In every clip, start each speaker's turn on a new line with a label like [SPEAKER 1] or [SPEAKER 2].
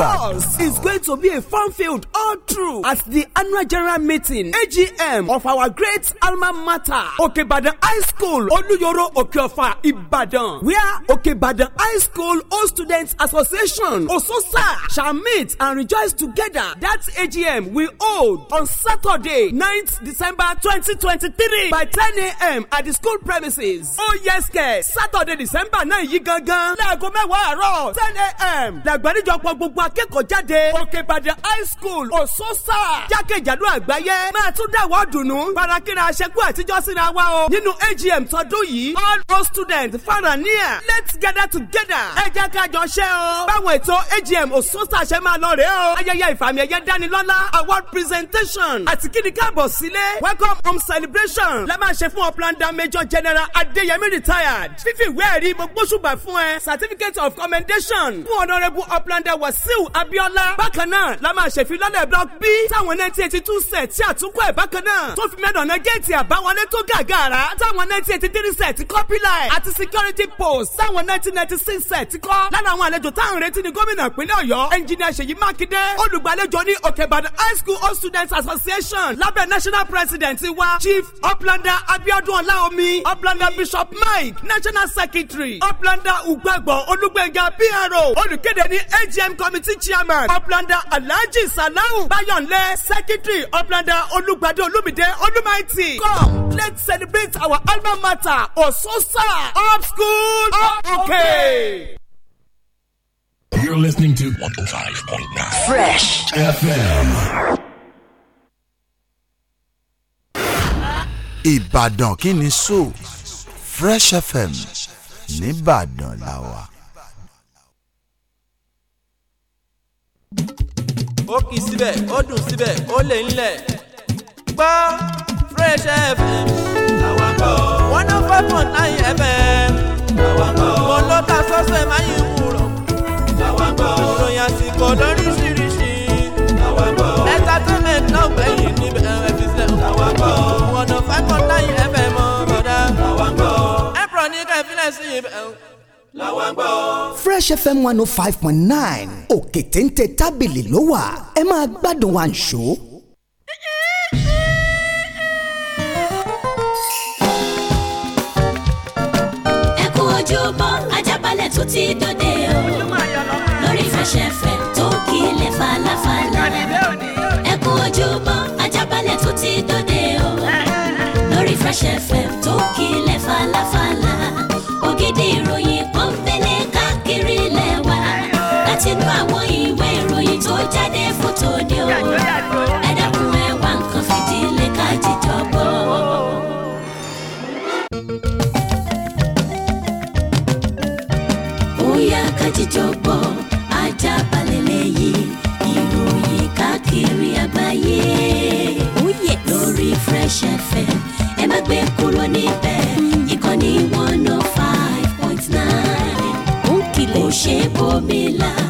[SPEAKER 1] course, it's going to be a fun field all through at the annual general meeting AGM of our great alma mater, Okebadan High School, Oluyoro Okeofa, Ibadan, where Okebadan High School All Students Association, OSOSA, shall meet and rejoice together. That AGM we hold on Saturday, 9th December 2023 by 10 a.m. at the school premises. Oh yes, kẹ̀ Saturday December 9 yìí gangan láago mẹ́wàá àárọ̀ 10 a.m. làgbàdìjọpọ̀ gbogbo akẹ́kọ̀ọ́ jáde òkè ìbàdàn high school òṣòṣà jákèjádò àgbáyé máa tún dáwọ́ dùnú parakíra aṣẹ́kù àtijọ́ síra wa o nínú agm tọdún yìí all o students faraniya let's gather together ẹ jẹ́ ká jọ ṣe o báwọn ètò agm òṣòṣà ṣe máa lọ rèé o ayẹyẹ ìfàmì ẹ̀yẹ dánilọ́lá award presentation àti kíni káàbọ̀ sílé welcome home celebration la máa ṣe fún ọ̀planda major general adéyẹmí retired fífi ìwé ẹ̀rí mo gbóṣùbà fún ẹ certificate of commendation fún honourable ọ̀planda wasiu Taiwo Abiola bákan náà la máa ṣèfilọ́lẹ̀ block B táwọn nineteen eighty two set tí àtúnkọ́ ẹ̀ bákan náà tó fi mẹ́dọ̀nà géètì àbáwọlé tó gàgàrà táwọn nineteen eighty three set kọ́ pílà ẹ̀ àti security post táwọn nineteen ninety six set kọ́ lára àwọn àlejò táwọn retí ni gómìnà ìpínlẹ̀ Ọ̀yọ́ ẹnjìnìà Ṣèyí Mákindé olùgbàlejò ní Òkèbàdàn high school all students association lábẹ́ national president wa chief uplander Abiodun Ọláomi uplander bishop Mike national secretary uplander Ugbàgbọ́ Olúgbẹ̀ngà PRO olùkéde ní AGM committee committee chairman ọ̀planda alhaji salahu bayonle secretary ọ̀planda olùgbàdé olùmìdé olùmáìtì come let's celebrate our alma mater ososa up
[SPEAKER 2] school up
[SPEAKER 1] okay.
[SPEAKER 3] You're listening to 105.9
[SPEAKER 2] Fresh
[SPEAKER 4] FM. Ìbàdàn kini so Fresh FM
[SPEAKER 5] ni la lawa.
[SPEAKER 1] ó kì í síbẹ̀ ó dùn síbẹ̀ ó lè ńlẹ̀. gbọ́ fresh fm làwọn kọ́ one oh five point nine fm làwọn kọ́ mo ló ta sọ́sẹ̀ máa yín wúrọ̀ làwọn kọ́ ìròyìn àsìkò lóríṣiríṣi làwọn kọ́ entertainment náà gbẹ̀yìn níbẹ̀ ẹ̀ fi sẹ́ làwọn kọ́ one oh five point nine fm ọ̀ bọ̀dá làwọn kọ́ ẹ̀ pọ̀ ní ká ìfilẹ̀
[SPEAKER 2] sí ibẹ̀ làwọn gbọ́.
[SPEAKER 6] fresh fm one oh five point nine òkè téńté tábìlì ló wà ẹ máa gbádùn àǹṣó.
[SPEAKER 2] ẹ kú ojúbọ ajábalẹ̀ tó ti dòde o lórí fresh fm tó kílẹ̀ falafala ẹ kú ojúbọ ajábalẹ̀ tó ti dòde o lórí fresh fm tó kílẹ̀ falafala ògidì ìròyìn. jáde fótó ni o ẹ dákun ẹ wá nǹkan fìdílé ká jíjọ gbọ́. bóyá ká jíjọ gbọ́ ajá balẹ̀ lẹ́yìn ìròyìn káàkiri àgbáyé oh, lórí Fresh FM ẹ má gbé kúrò níbẹ̀ ìkànnì one oh five point nine kò ṣe bómi láà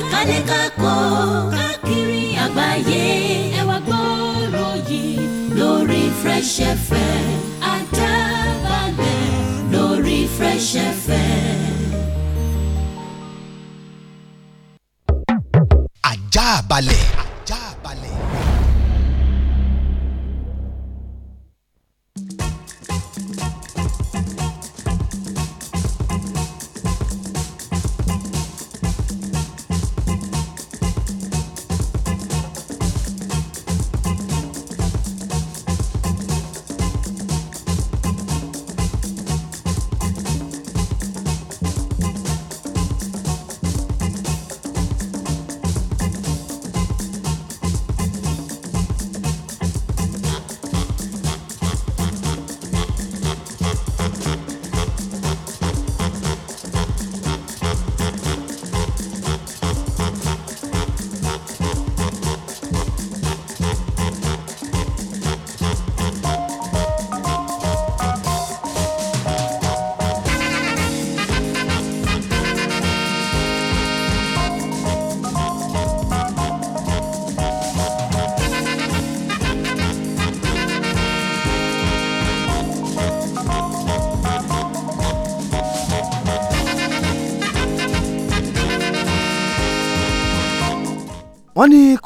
[SPEAKER 2] kálé kákó káàkiri àgbáyé ẹ wá gbọ́rọ̀ yìí lórí Fresh FM Àjààbálẹ̀ lórí Fresh FM.
[SPEAKER 6] Àjààbálẹ̀.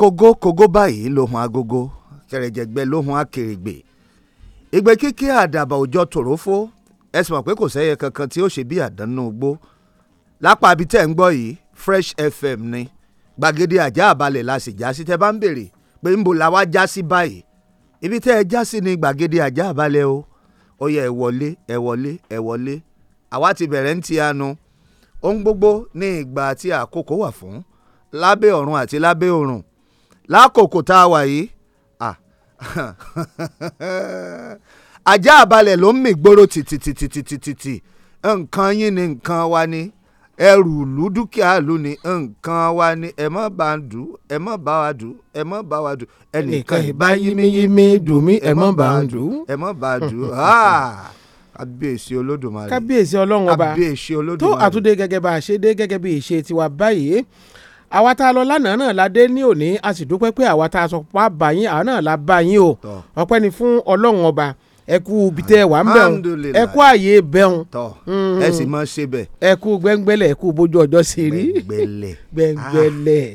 [SPEAKER 7] Kogo, kogo báyìí lohun agogo kẹrẹjẹgbẹ lohun akèrègbè ìgbé kíkí àdàbà òjọ tòrófó ẹ sì mọ̀ pé kò sẹ́yẹ kankan tí ó ṣe bí àdánù gbó lápá ibi tẹ́ ń gbọ́ yìí Fresh FM ni gbàgede àjà àbalẹ̀ la sì já sí tẹ́ bá ń béèrè pé ń bo la wá já sí báyìí ibi tẹ́ ẹ já sí ni gbàgede àjà àbalẹ̀ o ó yẹ ẹ wọlé ẹ wọlé ẹ wọlé àwa ti bẹ̀rẹ̀ ń ti anu ohun gbogbo ní ìgbà àti àkókò wà fún lábẹ́ ọ̀run àti lábẹ́ òrùn lákòókò tá a wà yìí ajá àbalẹ̀ ló ń mì gbòòrò tìtìtìtìtìtì nǹkan yín ni nǹkan wa ni ẹrù ìlú dúkìá ìlú ni nǹkan wa ni ẹ má bá a dù ẹ má bá wa dù ẹ má bá wa dù ẹnìkan ìbá yímíyímí dùn mí ẹ má bá a dù ẹ má bá a dù kábíyèsí olódùmarè kábíyèsí
[SPEAKER 8] ọlọ́run ọba kábíyèsí olódùmarè tó àtúndé gẹ́gẹ́ bá a ṣe dé gẹ́gẹ́ bí ìṣe tiwa báyìí àwa tá a lọ lánàá náà la dé ní òní a sì dúpẹ́ pé àwa tá a sọ pa bá yín àwa náà la bá yín o ọpẹ́ ni fún ọlọ́run ọba ẹ kú ibi tẹ wà ń bẹ̀rùn ẹ kú àyè bẹ̀rùn
[SPEAKER 7] mm-hmm. ẹ sì
[SPEAKER 8] máa ṣe bẹ̀. ẹ kú gbẹ́ngbẹ́lẹ̀ ẹ kú bójú ọjọ́ sí rí gbẹ́ngbẹ́lẹ̀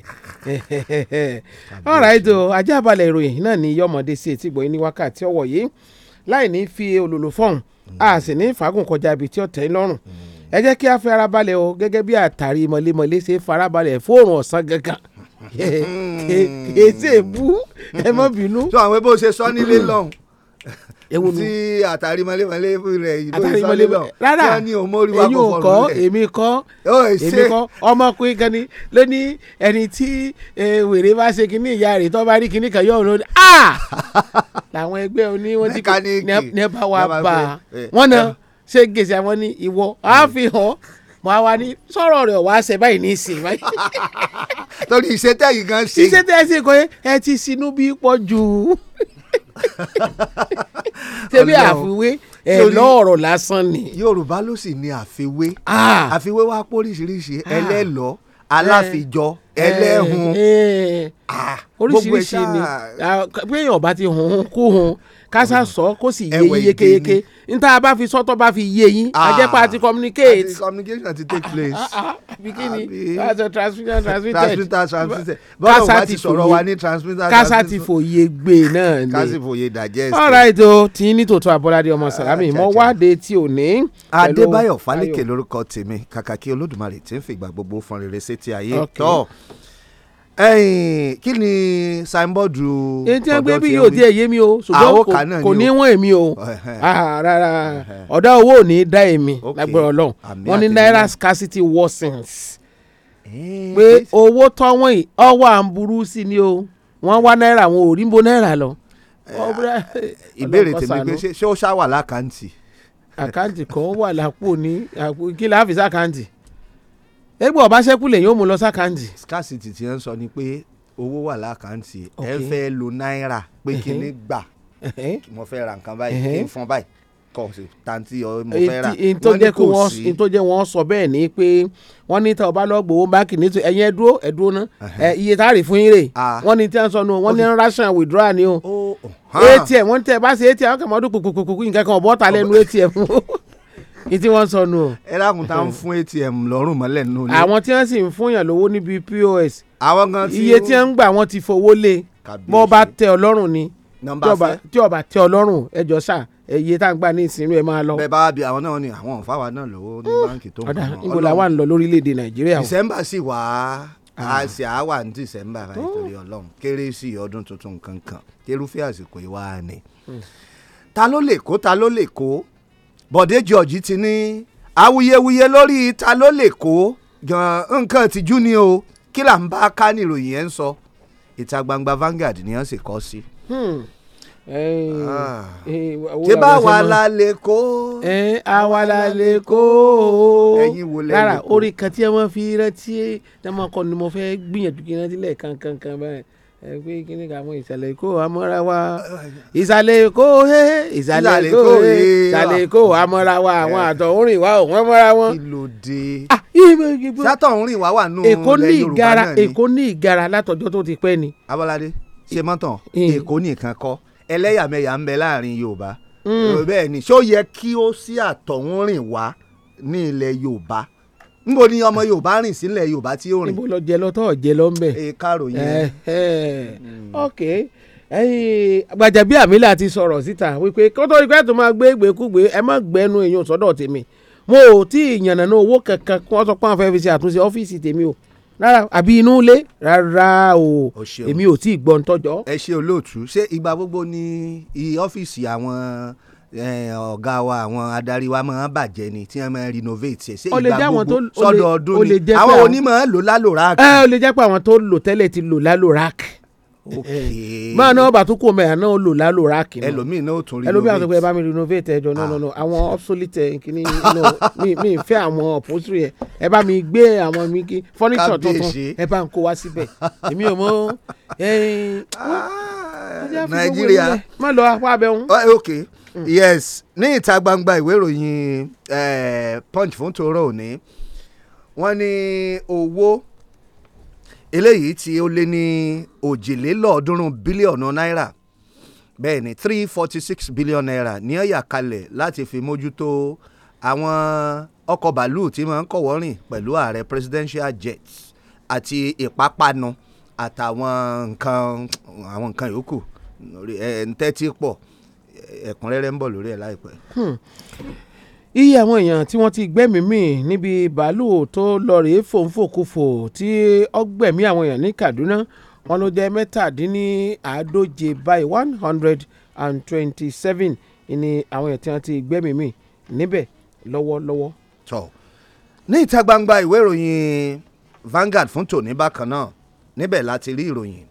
[SPEAKER 8] alright o ajá balẹ̀ ìròyìn náà ni yọmọdé sí etí gbọ̀yìn ní wákàtí ọ̀wọ̀ yìí láì ní fi olùlò fọ́ọ̀hún a sì ní fàágùn kọjá ibi tí ó tẹ́ lọ́rùn. Mm ẹ jẹ́ kí a fi ara balẹ̀ o gẹ́gẹ́ bí àtàrí mọ̀lẹ́mọ̀lẹ́ ṣe fara balẹ̀ fóòrùn ọ̀sán gangan
[SPEAKER 7] kì í ṣe bú ẹ má bínú. sọ àwọn bó ṣe sọ nílé lọ́hùn ewu nu ti atari mọlẹmọlẹ rẹ ìlú ìsọlẹlọ rárá ẹyin ò kọ
[SPEAKER 8] Emi kọ emi kọ ọmọkùnrin kan ni ló ní ẹni tí wèrè bá ṣe kínní ìyá rẹ̀ tó bá rí kínní kan yóò lóde a ah! làwọn ẹgbẹ́ oní wọ́n ti kí ní ẹ bá wa bá wọ́n náà ṣé gèsè àwọn ní ìwọ á hmm. fi hàn mo wá ní sọ̀rọ̀ rẹ̀ wá ṣe báyìí ní ìsìn báyìí. torí iṣẹ́ tẹ́ yìí gan ṣe. iṣẹ́ tẹ́ ṣe kọ́ ẹ ti sinú bí pọ̀ jù. tẹ́bí àfiwé ẹ lọ́ọ̀rọ̀
[SPEAKER 7] lásán ni. yorùbá ló sì ní àfiwé àfiwé wa póríṣiríṣi ẹlẹ́lọ́ aláfijọ́ ẹlẹ́hun.
[SPEAKER 8] oríṣiríṣi ni
[SPEAKER 7] pé èèyàn bá ti hun kú hun
[SPEAKER 8] kásá sọ kó sì yé yín yékéyéké níta bá fi sọ́tọ̀ bá fi yé yín àjẹpá àti ah, communicate.
[SPEAKER 7] communication ti take place. bí kí ni aṣọ transmitter transmitter. transmitter transmitter bọ́lá wa ti sọ̀rọ̀ wa ní transmitter transmitter. kásá
[SPEAKER 8] ti fòye gbé náà ni. kásá ti
[SPEAKER 7] fòye digest. all right
[SPEAKER 8] o tí ní tòótọ́ abọ́ládé ọmọ ah, sàlámì mo wáde tí ò ní. adébáyọ̀ fálékè
[SPEAKER 7] lórúkọ tèmi kàkà kí olódùmarè tí ń fìgbà gbogbo fọn rere sétí ayé tọ́ ẹyìn kí ni signboard o. èyí tí wọn gbé bí yóò di èyí mi o ṣùgbọ́n
[SPEAKER 8] kò ní wọ́n èmi o ah, rárá ọ̀dá owó ò ní dá èmi lágbára ọlọ́run wọ́n ní naira scarcity worsens eh, pé owó tọ́wọ́n yìí ọwọ́ à ń burú sí ni o wọ́n wá náírà wọn ò rí bó náírà lọ. Eh, eh, ìbéèrè tèmi pé ṣé ó ṣá wà lákàntì. àkáǹtì kan wà lápò ní kí láàfin sákàǹtì egbò ọbaṣẹ́kù lè yóò mú lọ sákàǹtì. scarcity ti ń sọ ni
[SPEAKER 7] pé owó wà lákàǹtì ẹ fẹ́ lo náírà pé kí ni gbà mo fẹ́ ra nǹkan báyìí kí n fún báyìí kọ̀ọ̀sì tàǹtì mo fẹ́ ra wọ́n ní kò sí. n tó
[SPEAKER 8] jẹ́ wọ́n sọ bẹ́ẹ̀ ni pé wọ́n ní tá ọba lọ́ọ́ gbowó báńkì nítorí ẹ̀yin ẹ̀dúró ẹ̀dúró ná iye tá a rè fún yín rè ah. wọ́n ní tí wọ́n sọ nù wọ́n ní ration withdrawal ni o oh, oh, atm wọ́n tẹ̀ bá ṣe atm wọ́n kàn mọ́ dún pòpòpòpò nǹkan kan ọ̀bọ̀ ta lẹ́nu atm. ìtí wọ́n sọnù o. ẹ dákun tá à ń fún
[SPEAKER 7] atm lọ́rùn mọ́lẹ̀ nù. àwọn
[SPEAKER 8] tí wọ́n sì ń fún yàn lówó níbi pos. àwọn kan ti iye tí wọ́n ń gbà wọ́n ti fowó lé mọ́ bá tẹ ọlọ́run ni tí ọba tẹ ọlọ́run ẹjọ́ sà iye tá à ń gbà ní ìsinmi ẹ máa lọ. bẹ́ẹ̀ bá bí àwọn náà ni àwọn
[SPEAKER 7] òǹfà wa náà lówó ní báńkì tó ń bọ̀. ọ̀dà ìgbòlá wà ń lọ lórílẹ̀‐èdè nàìjíríà. december sì wà á ah. sì á wà ní december báyìí torí ọlọ́run kérésì ọdún tuntun kankan kérúfé àsìkò ìwà ni. Hmm. ta ló lè kó ta ló lè kó Bọ̀dé George ti ní awuyewuye lórí ta ló lè kó nǹkan tìjú ni o kí là ń bá ká níròyìn yẹn ń sọ ìta gbangba Vanguard ni wọ́n sì kọ́ sí. Hmm. Ah. Eh, eh, ṣé báwa la lè kó. Eh, àwa la lè kó.
[SPEAKER 8] ẹ̀yin wo lẹ́yìn kó. rárá orí kan tí wọ́n fi rántí ẹ̀ tí wọ́n kọ́ ni mo fẹ́ gbìyànjú kí n rántí lẹ́ẹ̀kan kan báyìí ẹ pé kíní ká mọ ìsàlẹ̀ èkó amọ́ra wa ìsàlẹ̀ èkó he ìsàlẹ̀ èkó he ìsàlẹ̀ èkó amọ́ra wa àwọn eh. àtọ̀húnrìn wa ò wọ́n mọ́ra wọn.
[SPEAKER 7] ìlòdè sátọ̀húnrìn wa wà nù ilẹ̀ yorùbá náà ni èkó ní ìgara látọjọ́ tó ti pẹ́ ni. abọ́ládé ṣe mọ́tàn èkó nìkan kọ́ ẹlẹ́yàmẹ̀yà ń bẹ láàrin yorùbá mm. bẹ́ẹ̀ ni ṣó yẹ kí ó sí àtọ̀húnrìn wa ní ilẹ̀ yorùbá nbo ni ọmọ yorùbá rìn sílẹ̀ yorùbá tí ó rìn. níbo lọ jẹ lọ tọ́ jẹ lọ ń bẹ̀. ẹ
[SPEAKER 8] káàrò yẹn. ok Gbajabiamila ti sọ̀rọ̀ síta wípé kó tó rí pé tó máa gbé ìgbékúgbé ẹ má gbẹnu èèyàn sọ́dọ̀ tèmi mo ò tí ì yànnàná owó kankan kí wọ́n sọ pé àwọn fẹ́ẹ́ fi ṣe àtúnṣe ọ́fíìsì tèmi o rárá àbí inú ilé rárá o èmi
[SPEAKER 7] ò tí ì gbọ́ ń tọ́jọ́. ẹ ṣe olóòtú ṣé ìgbà gbogbo ni ọ́fíìsì àwọn Eh, ọ̀gá wa àwọn adarí wa máa bàjẹ́ ni tí wọ́n máa renovate ṣe ìgbà gbogbo sọ́dọọdún ni àwọn onímọ̀
[SPEAKER 8] lò lálòráàkì. ẹ eh, ò lè jẹ́ pé àwọn tó lò tẹ́lẹ̀ ti lò lálòráàkì máa náà bàtú kò mẹ́ra náà lò lálò ráàkì náà ẹlòmíì tún renovate ẹlòmíì àtọ́gbẹ́ bá mi renovate ẹjọ́ náà náà ah. àwọn obsolete nkíní mi fẹ́ àwọn upholstery ẹ ẹ bá mi gbé àwọn mi kí furniture tuntun ẹ bá ń kó wá
[SPEAKER 7] Mm. yes ní ìta gbangba ìwé ìròyìn punch fún tòró òní wọ́n ní owó eléyìí tí ó lé ní òjìlélọ́ọ̀ọ́dúnrún bílíọ̀nù náírà bẹ́ẹ̀ ni three forty six billion naira ní ọ̀yà kalẹ̀ láti fi mójútó àwọn ọkọ̀ bàálù tí máa ń kọ̀wọ́ rìn pẹ̀lú ààrẹ presidential jet àti ìpápánu àtàwọn nǹkan àwọn nǹkan yòókù ẹ̀ ń tẹ́tí pọ̀ ẹ̀kúnrẹ́rẹ́ ń bọ̀ lórí ẹ̀ láìpẹ́.
[SPEAKER 8] Hmm. iye àwọn èèyàn tí wọ́n ti gbẹ́mìí mì níbi bàálù tó lọ rèé fòǹfòkúfò tí ọgbẹ̀mí àwọn èèyàn ní Kaduna wọn ló jẹ́ mẹ́tàdínníàádóje báyìí one hundred and twenty-seven
[SPEAKER 7] ni àwọn èèyàn tí wọ́n ti gbẹ́mìí mì níbẹ̀ lọ́wọ́lọ́wọ́. tọ́ ní ìta gbangba ìwé ìròyìn Vanguard fún tòní bákan náà níbẹ̀ láti rí ìròyìn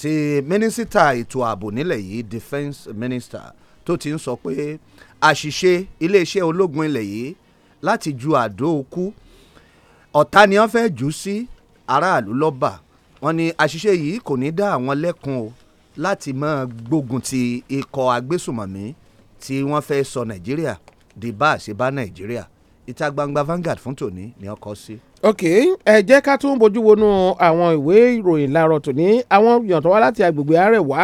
[SPEAKER 7] tí mínísítà ètò ààbò nílẹ̀ yìí defence minister tó ti ń sọ pé àṣìṣe iléeṣẹ́ ológun ilẹ̀ yìí láti ju àdó okú ọ̀tá ni wọ́n fẹ́ jù ú sí aráàlú lọ́ba wọ́n ní àṣìṣe yìí kò ní dá àwọn lẹ́kun o láti máa gbógun ti ikọ̀ agbésùmọ̀mí tí wọ́n fẹ́ sọ nàìjíríà di bá àṣebá nàìjíríà ìta gbangba Vanguard fún tòní ni ọkọ sí.
[SPEAKER 8] ok ẹ jẹ́ ká tún bójú wonú àwọn ìwé ìròyìn láàárọ̀ tòní àwọn èèyàn tó wá láti agbègbè àárẹ̀wá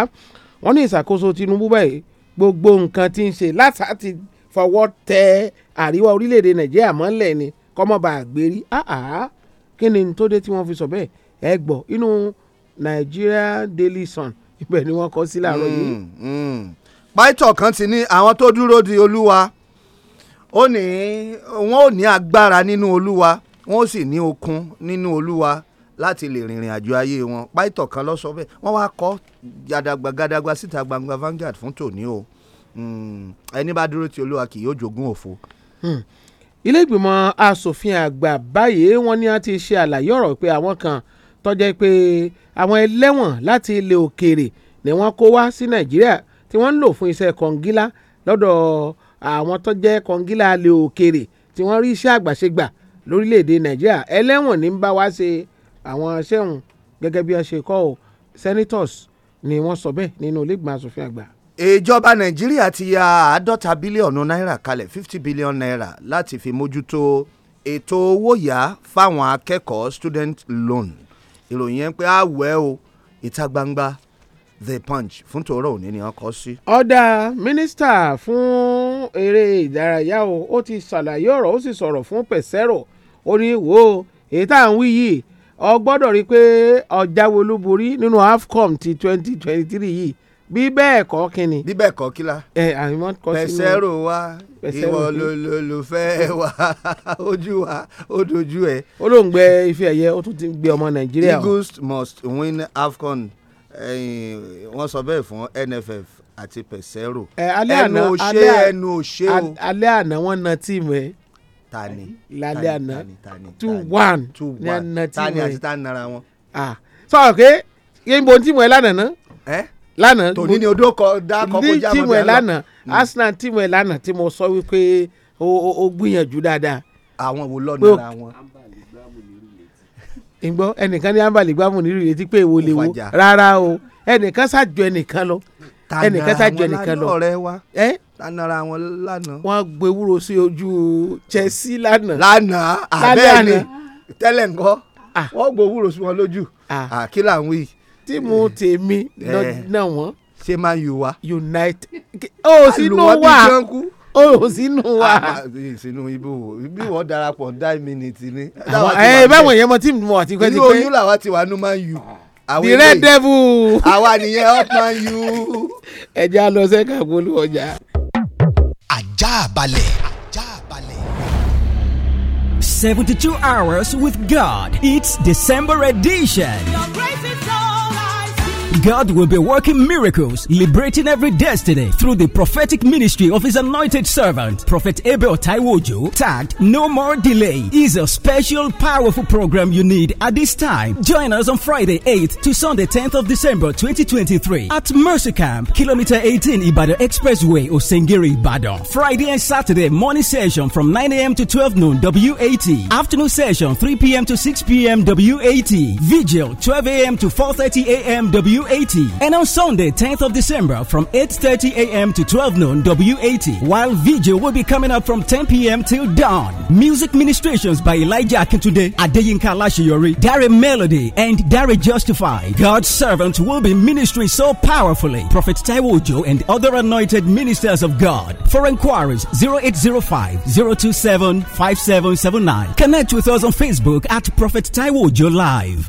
[SPEAKER 8] wọ́n ní ìṣàkóso Tinubu báyìí gbogbo nǹkan tí ń ṣe látà ti fọwọ́ tẹ àríwá orílẹ̀-èdè nàìjíríà mọ́lẹ̀ ni kọ́mọba àgbérí kí ni tó dé tí wọ́n fi sọ bẹ́ẹ̀ ẹ gbọ́ inú Nigeria Daily Sun ibẹ̀ ni wọ́n kọ́ sí láàárọ̀ yìí. pító mm, mm. kan
[SPEAKER 7] ti ní àwọn tó dúró di olúwa ó ní wọn ò ní agbára nínú olúwa wọn ò sì ní okun nínú olúwa láti lè rìnrìn àjò ayé wọn páìtọ̀ kan ló sọ bẹ́ẹ̀ wọ́n wá kọ́ gàdàgbà gàdàgbà síta gbangba Vanguard fún tòní o hmm, ẹni bá dúró ti olúwa kì yóò jogún òfo.
[SPEAKER 8] Hmm. ilé ìgbìmọ̀ asòfin àgbà báyìí wọ́n ní a ti ṣe àlàyé ọ̀rọ̀ pé àwọn kan tó jẹ́ pé àwọn ẹlẹ́wọ̀n láti ilẹ̀ òkèèrè ni wọ́n kó wá sí Nàìjíríà tí wọ́n ń lò fún iṣẹ́ kọ̀ǹgílá lọ́dọ̀ àwọn tó jẹ́ kọ̀ǹgílá ilẹ̀ òkèèrè tí wọ́n rí iṣẹ́ àgbàṣegbà lórílẹ̀‐èdè Nàìjíríà ẹlẹ́wọ̀n ní ń bá wá ṣe àwọn iṣẹ́ òun gẹ́gẹ́ bí a ṣe kọ́ ọ senators ni wọ́n sọ bẹ́ẹ̀ nínú ilé ìgbìmọ̀ asòfin
[SPEAKER 7] àgbà ìjọba nàìjíríà ti ya àádọ́ta bílíọ̀nù náírà kalẹ̀ fifty billion naira láti fi mójútó ètò owó yá fáwọn akẹ́kọ̀ọ́ student loan ìròyìn yẹn pé àwẹ̀ o ìta gbangba the punch fún tòórọ́ òní ni wọ́n kọ́ sí. ọ̀dà
[SPEAKER 8] mínísítà fún eré ìdárayá o ó ti ṣàlàyé ọ̀rọ̀ ó sì sọ̀rọ̀ fún pẹ̀sẹ́rọ̀ ó ní wo èyí tá à ń wí yìí ọ gbọ́dọ̀ rí i pé ọjà wo ló borí nínú AFCON ti twenty twenty three yìí bí bẹ́ẹ̀ kọ́ kí ni. bí bẹ́ẹ̀ kọ́ kí la. ẹ àyìnbó kọ́ sínú. pẹ̀sẹ́rò wa
[SPEAKER 7] ìwọ lólùfẹ́ wa ojú wa ó dojú ẹ.
[SPEAKER 8] olóńgbẹ ife ẹ̀yẹ ó tún ti gbé ọmọ nàìjíríà. Eagles
[SPEAKER 7] must win AFCON wọ́n sọ bẹ́ẹ̀ fún NFF àti pẹ̀sẹ́rò. ẹ alẹ́ àná ẹnu òṣè ẹnu òṣè o.
[SPEAKER 8] alẹ́ àná wọ́n na tíìmù ẹ tani lálẹ́ àná two one ní àná tí mo tani àti tani nara wọn. sọ̀rọ̀ pé yébo tí mo ẹ lánàá ná lánàá tòní ni odó kọ dá kọkọ jábọ ní àná tí mo ẹ lánàá hmm. Arsenal tí mo ẹ lánàá tí mo sọ wípé ó gbìyànjú dáadáa. àwọn wo lọ nara wọn ìgbọ́ ẹnìkan ní ambali gbámù nírú yìí ti pé èwo lè wo rárá o ẹnìkan ṣàjọ ẹnìkan lọ
[SPEAKER 7] ẹnìkan ṣàjọ ẹnìkan lọ
[SPEAKER 8] ẹ tanara wọn lánàá. wọ́n gbé ewúro sí ojú Chelsea lánàá. lánàá ah, àbẹ́ẹ̀ ni tẹ́lẹ̀ ńkọ́ ah. wọ́n gbé ewúro sí wọn lójú ah. kí là ń wí. tíìmù tèmi eh. náà wọ́n. ṣé máa ń yù wá. unite o sínú wa o sínú wa.
[SPEAKER 7] sínú ibo ibi wọn darapọ̀ nine minutes ni. ẹ báwọn
[SPEAKER 8] èèyàn mọ tíìmù wọn àti pẹ́ ti pẹ́. inú oyún
[SPEAKER 7] làwa ti wà ní man u the red
[SPEAKER 8] devil. àwa nìyẹn up man u. ẹ já lọ sẹ́ka gbólú ọjà.
[SPEAKER 9] 72 hours with God. It's December edition. God will be working miracles, liberating every destiny through the prophetic ministry of His anointed servant, Prophet Abel Taiwojo. Tagged No More Delay is a special, powerful program you need at this time. Join us on Friday 8th to Sunday 10th of December 2023 at Mercy Camp, Kilometer 18 Ibadan Expressway, Osengiri, Ibadan. Friday and Saturday morning session from 9 a.m. to 12 noon WAT. Afternoon session 3 p.m. to 6 p.m. WAT. Vigil 12 a.m. to 4:30 a.m. WAT eighty and on Sunday 10th of December from 8.30 a.m. to 12 noon W80 while video will be coming up from 10 p.m. till dawn. Music ministrations by Elijah Akintunde, Adeyinka Lashiyori, Dare Melody and Dare Justify. God's servants will be ministering so powerfully. Prophet Taiwo Ojo and other anointed ministers of God. For inquiries 0805 027 5779. Connect with us on Facebook at Prophet Taiwo Ojo Live.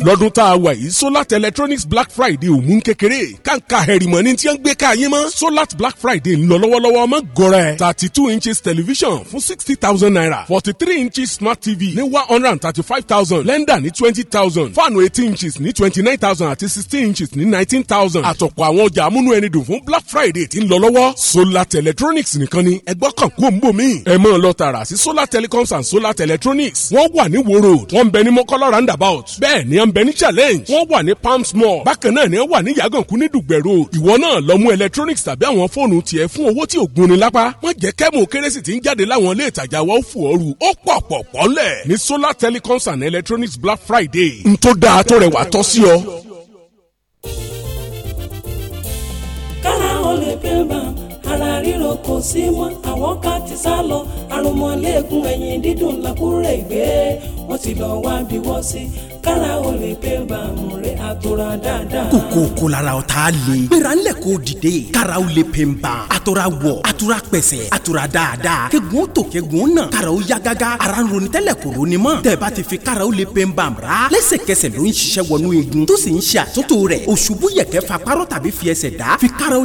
[SPEAKER 6] lọ́dún tá a wà yìí solat electronics black friday ò mú kékeré kàńkà hẹ̀rìmọ̀ ni tí wọ́n gbé ká yín mọ́ solat black friday ń lọ lọ́wọ́lọ́wọ́ ọmọ gọ́rẹ́ thirty two inches television fún sixty thousand
[SPEAKER 3] naira forty three inches smart tv ní one hundred and thirty five thousand blender ní twenty thousand fáànù eighteen inches ní twenty nine thousand àti sixteen inches ní nineteen thousand àtọ̀pọ̀ àwọn ọjà amúnú ẹni dùn fún black
[SPEAKER 6] friday tí ń lọ lọ́wọ́ solat electronics nìkan ni ẹgbọ́ kan kú òǹbò míì ẹ máa lọ tààrà sí solar telecoms and solar electronics wọ́n wà ní wo road wọ́n ń bẹ ní mọ́kọ́lá roundabout bẹ́ẹ̀ ni ń ní challenge wọ́n wà ní palms mall bákan náà ni wọ́n wà ní yàgànkú ní dùgbẹ̀ ìwọ náà lọ mú electronics tàbí àwọn fóònù tiẹ̀ fún owó tí ò gún ni lápá wọ́n jẹ́ kẹ́mù kérésì tí ń jáde láwọn ilé ìtajà wa ó fò ooru ó pọ̀ pọ̀ pọ́lẹ̀ ní solar telecoms and electronics black friday n tó dáa tó rẹwà tọ́ sí ọ.
[SPEAKER 2] kára ó lè ríro kò sí mọ́ àwọn ká ti sá lọ àrùnmọ́lẹ́gùn ẹ̀yìn dídùn làkúrẹ́ ìgbé wọ́n ti lọ wá bí wọ́n sí kára o lè pé bàmù rẹ̀ àtọ́ra dáadáa.
[SPEAKER 6] kòkó kò lára ọ̀tá le. gbéra ńlẹ̀ kò dìde. kára o lè pè ń ban. àtọ́ra wọ̀ àtọ́ra pẹ̀sẹ̀ àtọ́ra dáadáa. kẹ́gun tó kẹ́gun náà. kára o ya gágá. ara ń roni tẹ́lẹ̀ kò roni mọ́. tẹ̀bá ti fi kára o lè pè ń ra. lẹ́sẹ̀kẹsẹ̀ ló ń ṣiṣẹ́ wọnú igun. tó sì ń ṣe àtúntò rẹ̀. òṣùbù yẹ̀kẹ́ fa párọ̀ tàbí fi ẹsẹ̀ dá. fi kára